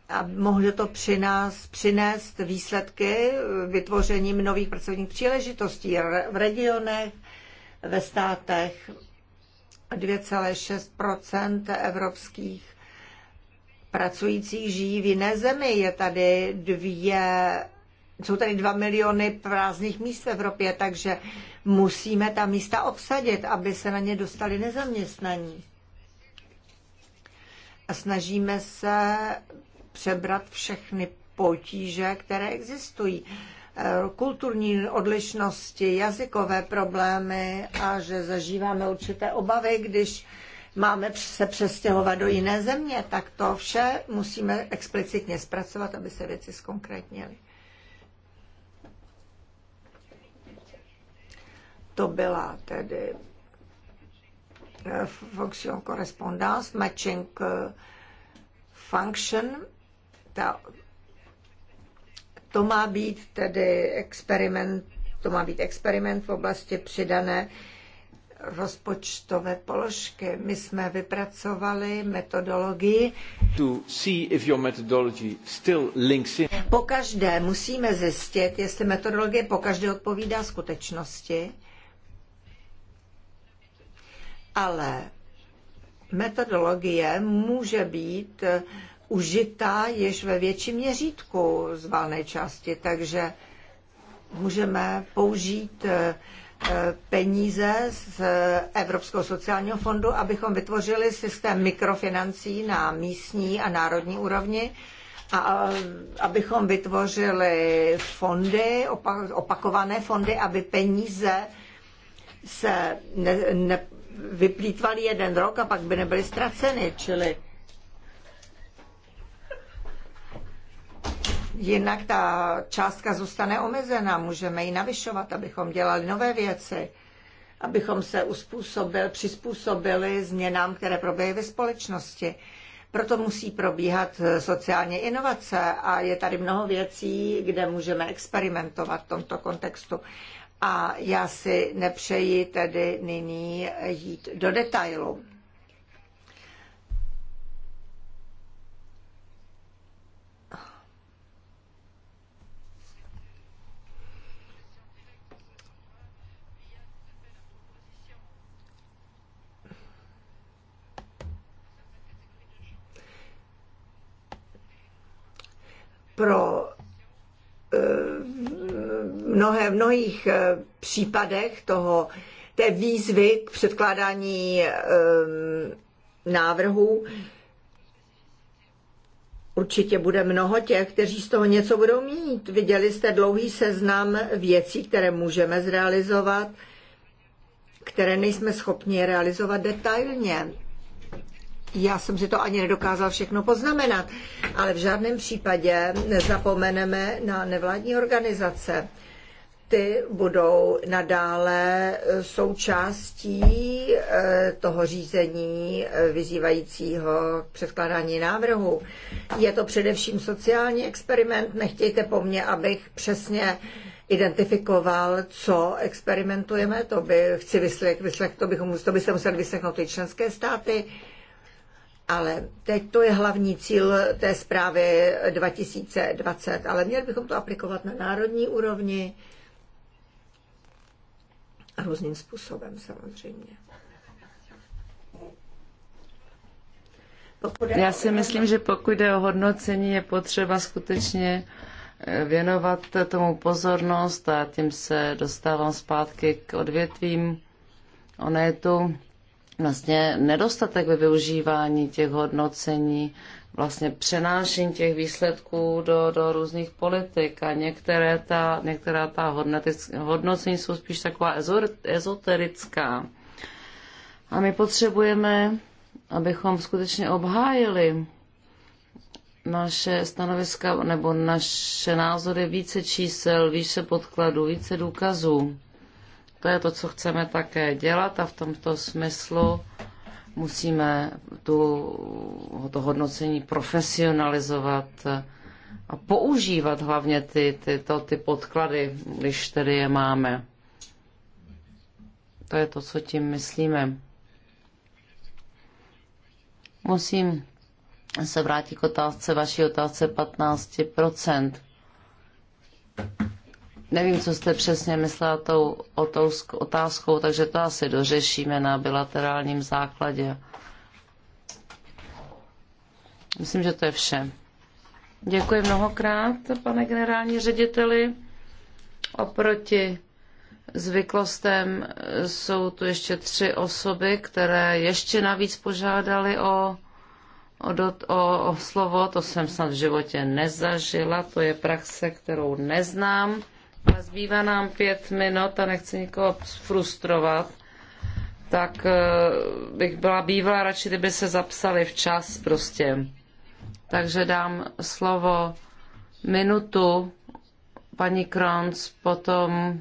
a může to nás přinést výsledky vytvořením nových pracovních příležitostí v regionech, ve státech. 2,6 evropských pracujících žijí v jiné zemi. Je tady dvě, jsou tady dva miliony prázdných míst v Evropě, takže musíme ta místa obsadit, aby se na ně dostali nezaměstnaní. A snažíme se přebrat všechny potíže, které existují. Eh, kulturní odlišnosti, jazykové problémy a že zažíváme určité obavy, když máme se přestěhovat do jiné země, tak to vše musíme explicitně zpracovat, aby se věci zkonkrétnily. To byla tedy eh, eh, function correspondence, matching function ta, to má být tedy experiment, to má být experiment v oblasti přidané rozpočtové položky. My jsme vypracovali metodologii. To see if your methodology still links in. Po každé musíme zjistit, jestli metodologie po každé odpovídá skutečnosti. Ale metodologie může být užita již ve větším měřítku z valné části, takže můžeme použít eh, eh, peníze z Evropského sociálního fondu, abychom vytvořili systém mikrofinancí na místní a národní úrovni a abychom vytvořili fondy, opakované fondy, aby peníze se ne, ne, vyplýtvaly jeden rok a pak by nebyly ztraceny, čili Jinak ta částka zůstane omezená, můžeme ji navyšovat, abychom dělali nové věci, abychom se uspůsobili, přizpůsobili změnám, které probíhají ve společnosti. Proto musí probíhat sociální inovace a je tady mnoho věcí, kde můžeme experimentovat v tomto kontextu. A já si nepřeji tedy nyní jít do detailu. pro eh, mnohé, v mnohých eh, případech toho, té výzvy k předkládání eh, návrhů určitě bude mnoho těch, kteří z toho něco budou mít. Viděli jste dlouhý seznam věcí, které můžeme zrealizovat, které nejsme schopni realizovat detailně. Já jsem si to ani nedokázal všechno poznamenat, ale v žádném případě nezapomeneme na nevládní organizace. Ty budou nadále e, součástí e, toho řízení e, vyzývajícího k předkládání návrhu. Je to především sociální experiment, nechtějte po mně, abych přesně identifikoval, co experimentujeme, to by chci vyslech, vyslech to, bychom, to se museli vyslechnout i členské státy, ale teď to je hlavní cíl té zprávy 2020, ale měli bychom to aplikovat na národní úrovni a různým způsobem samozřejmě. Já si myslím, že pokud jde o hodnocení, je potřeba skutečně eh, věnovat tomu pozornost a tím se dostávám zpátky k odvětvím. Ono je tu vlastně nedostatek ve využívání těch hodnocení, vlastně přenášení těch výsledků do, do různých politik a některé ta, některá ta hodnocení jsou spíš taková ezoterická. A my potřebujeme, abychom skutečně obhájili naše stanoviska nebo naše názory více čísel, více podkladů, více důkazů. To je to, co chceme také dělat a v tomto smyslu musíme tu, to hodnocení profesionalizovat a používat hlavně ty, ty, to, ty podklady, když tedy je máme. To je to, co tím myslíme. Musím se vrátit k otázce, vaší otázce 15 Nevím, co jste přesně myslela tou otázkou, takže to asi dořešíme na bilaterálním základě. Myslím, že to je vše. Děkuji mnohokrát, pane generální řediteli. Oproti zvyklostem jsou tu ještě tři osoby, které ještě navíc požádali o, o, o, o slovo. To jsem snad v životě nezažila, to je praxe, kterou neznám zbývá nám pět minut a nechci nikoho frustrovat, tak eh, bych byla bývala radši, kdyby se zapsali včas prostě. Takže dám slovo minutu paní Kronc, potom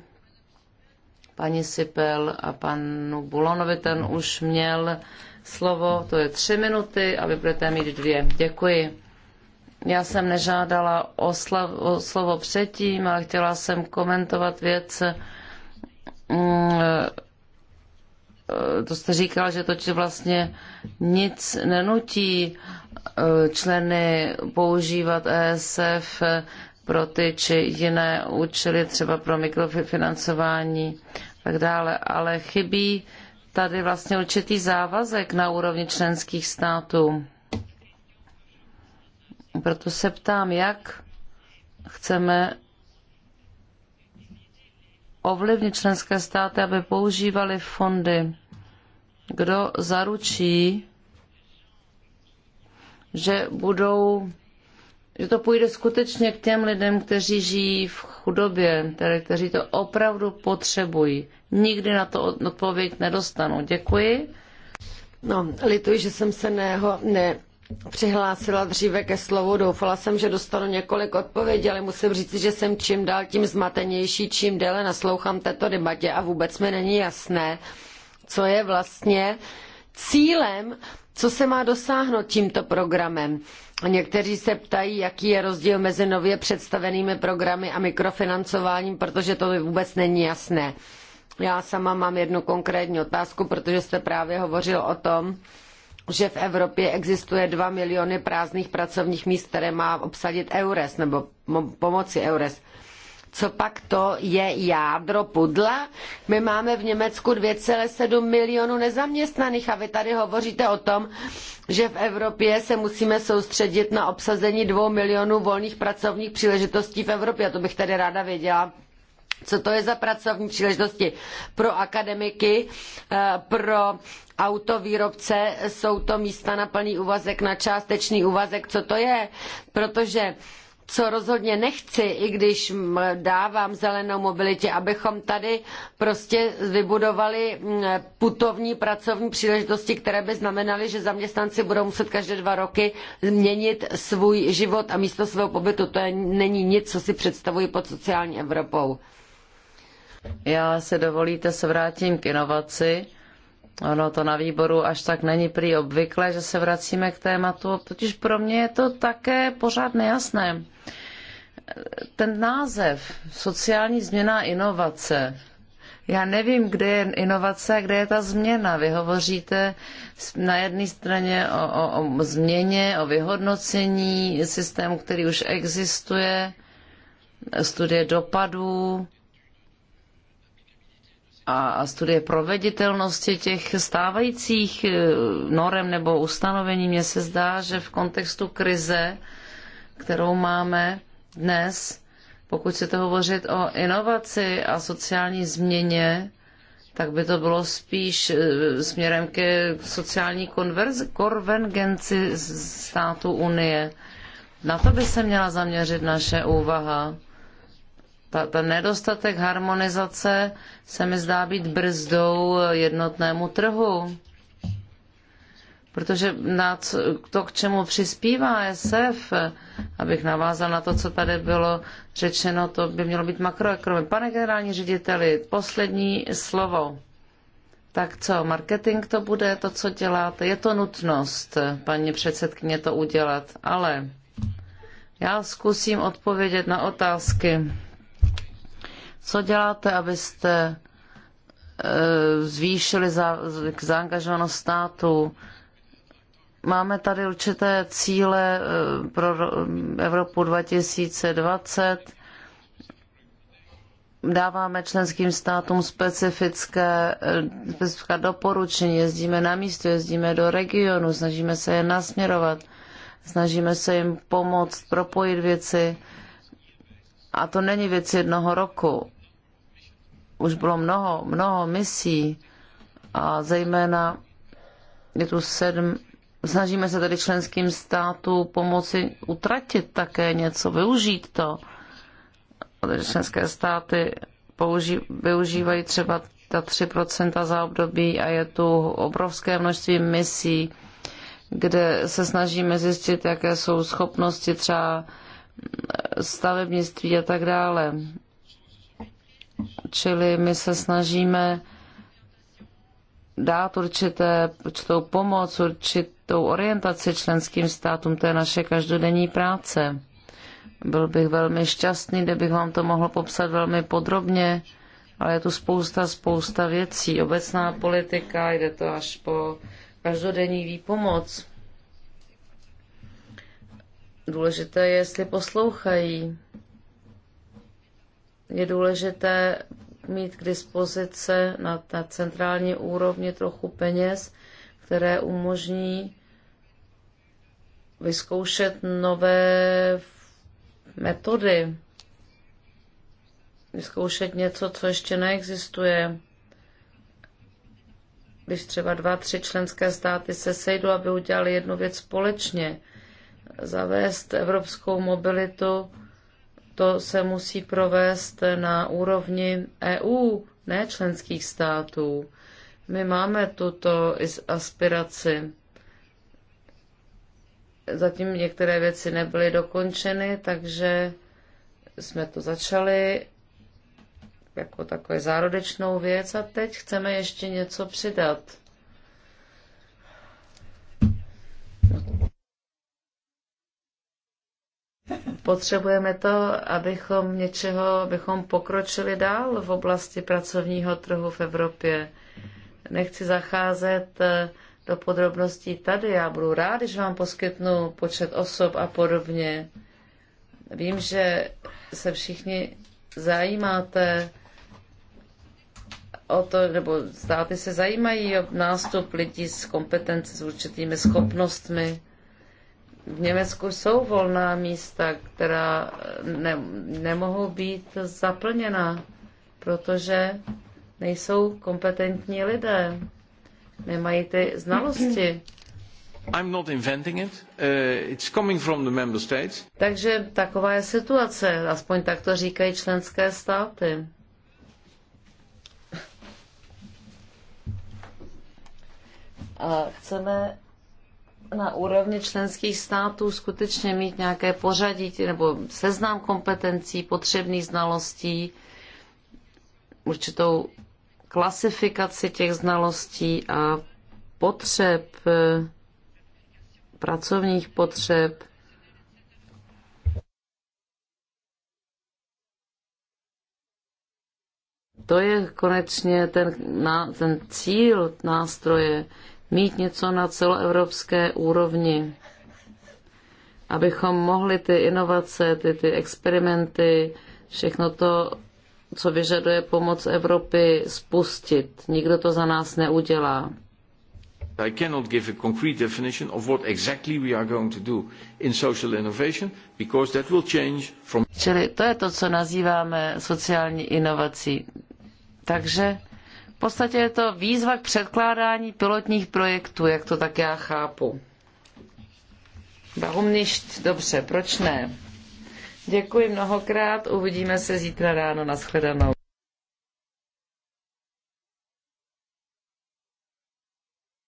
paní Sipel a panu Bulonovi, ten už měl slovo, to je tři minuty a vy budete mít dvě. Děkuji. Já jsem nežádala o, slav, o slovo předtím, ale chtěla jsem komentovat věc. Mm, to jste říkala, že to vlastně nic nenutí eh, členy používat ESF pro ty či jiné účely, třeba pro mikrofinancování a tak dále, ale chybí tady vlastně určitý závazek na úrovni členských států. Proto se ptám, jak chceme ovlivnit členské státy, aby používali fondy. Kdo zaručí, že budou že to půjde skutečně k těm lidem, kteří žijí v chudobě, tedy kteří to opravdu potřebují. Nikdy na to odpověď nedostanu. Děkuji. No, lituji, že jsem se neho, ne, přihlásila dříve ke slovu. Doufala jsem, že dostanu několik odpovědí, ale musím říct, že jsem čím dál tím zmatenější, čím déle naslouchám této debatě a vůbec mi není jasné, co je vlastně cílem, co se má dosáhnout tímto programem. Někteří se ptají, jaký je rozdíl mezi nově představenými programy a mikrofinancováním, protože to mi vůbec není jasné. Já sama mám jednu konkrétní otázku, protože jste právě hovořil o tom, že v Evropě existuje 2 miliony prázdných pracovních míst, které má obsadit EURES nebo pomoci EURES. Co pak to je jádro pudla? My máme v Německu 2,7 milionu nezaměstnaných a vy tady hovoříte o tom, že v Evropě se musíme soustředit na obsazení 2 milionů volných pracovních příležitostí v Evropě. A to bych tady ráda věděla, co to je za pracovní příležitosti pro akademiky, eh, pro autovýrobce, jsou to místa na plný úvazek, na částečný úvazek, co to je, protože co rozhodně nechci, i když dávám zelenou mobilitě, abychom tady prostě vybudovali putovní pracovní příležitosti, které by znamenaly, že zaměstnanci budou muset každé dva roky změnit svůj život a místo svého pobytu. To je, není nic, co si představuji pod sociální Evropou. Já se dovolíte se vrátím k inovaci. Ono to na výboru až tak není prý obvykle, že se vracíme k tématu, totiž pro mě je to také pořád nejasné. Ten název sociální změna inovace, já nevím, kde je inovace a kde je ta změna. Vy hovoříte na jedné straně o, o, o změně, o vyhodnocení systému, který už existuje, studie dopadů, a studie proveditelnosti těch stávajících eh, norem nebo ustanovení, mně se zdá, že v kontextu krize, kterou máme dnes, pokud chcete hovořit o inovaci a sociální změně, tak by to bylo spíš eh, směrem ke sociální konvergenci států Unie. Na to by se měla zaměřit naše úvaha ta, ten nedostatek harmonizace se mi zdá být brzdou jednotnému trhu. Protože na to, k čemu přispívá SF, abych navázal na to, co tady bylo řečeno, to by mělo být makroekonomie. Pane generální řediteli, poslední slovo. Tak co, marketing to bude, to, co děláte? Je to nutnost, paní předsedkyně, to udělat, ale já zkusím odpovědět na otázky. Co děláte, abyste eh, zvýšili za, zaangažovanost státu? Máme tady určité cíle eh, pro Evropu 2020. Dáváme členským státům specifické, eh, specifická doporučení, jezdíme na místo, jezdíme do regionu, snažíme se je nasměrovat, snažíme se jim pomoct propojit věci. A to není věc jednoho roku už bylo mnoho, mnoho misí a zejména je tu sedm, snažíme se tedy členským státu pomoci utratit také něco, využít to. Tady členské státy použi, využívají třeba ta 3% za období a je tu obrovské množství misí, kde se snažíme zjistit, jaké jsou schopnosti třeba stavebnictví a tak dále. Čili my se snažíme dát určité, určitou pomoc, určitou orientaci členským státům. To je naše každodenní práce. Byl bych velmi šťastný, kdybych vám to mohl popsat velmi podrobně, ale je tu spousta, spousta věcí. Obecná politika, jde to až po každodenní výpomoc. Důležité je, jestli poslouchají je důležité mít k dispozici na, na centrální úrovni trochu peněz, které umožní vyzkoušet nové metody, vyzkoušet něco, co ještě neexistuje. Když třeba dva, tři členské státy se sejdou, aby udělali jednu věc společně, zavést evropskou mobilitu, to se musí provést na úrovni EU, ne členských států. My máme tuto aspiraci. Zatím některé věci nebyly dokončeny, takže jsme to začali jako takové zárodečnou věc a teď chceme ještě něco přidat. Potřebujeme to, abychom něčeho, abychom pokročili dál v oblasti pracovního trhu v Evropě. Nechci zacházet eh, do podrobností tady. Já budu rád, když vám poskytnu počet osob a podobně. Vím, že se všichni zajímáte o to, nebo státy se zajímají o nástup lidí s kompetence, s určitými schopnostmi v Německu jsou volná místa, která ne, nemohou být zaplněna, protože nejsou kompetentní lidé, nemají ty znalosti. I'm not inventing it. Uh, it's coming from the member states. Takže taková je situace, aspoň tak to říkají členské státy. A chceme na úrovni členských států skutečně mít nějaké pořadí nebo seznam kompetencí, potřebných znalostí, určitou klasifikaci těch znalostí a potřeb, eh, pracovních potřeb. To je konečně ten, na, ten cíl nástroje, mít něco na celoevropské úrovni, abychom mohli ty inovace, ty, ty experimenty, všechno to, co vyžaduje pomoc Evropy, spustit. Nikdo to za nás neudělá. I cannot give a concrete definition of what exactly we are going to do in social innovation because that will change from Čili to je to, co nazýváme sociální inovací. Takže v podstatě je to výzva k předkládání pilotních projektů, jak to tak já chápu. Warum nicht? Dobře, proč ne? Děkuji mnohokrát, uvidíme se zítra ráno, nashledanou.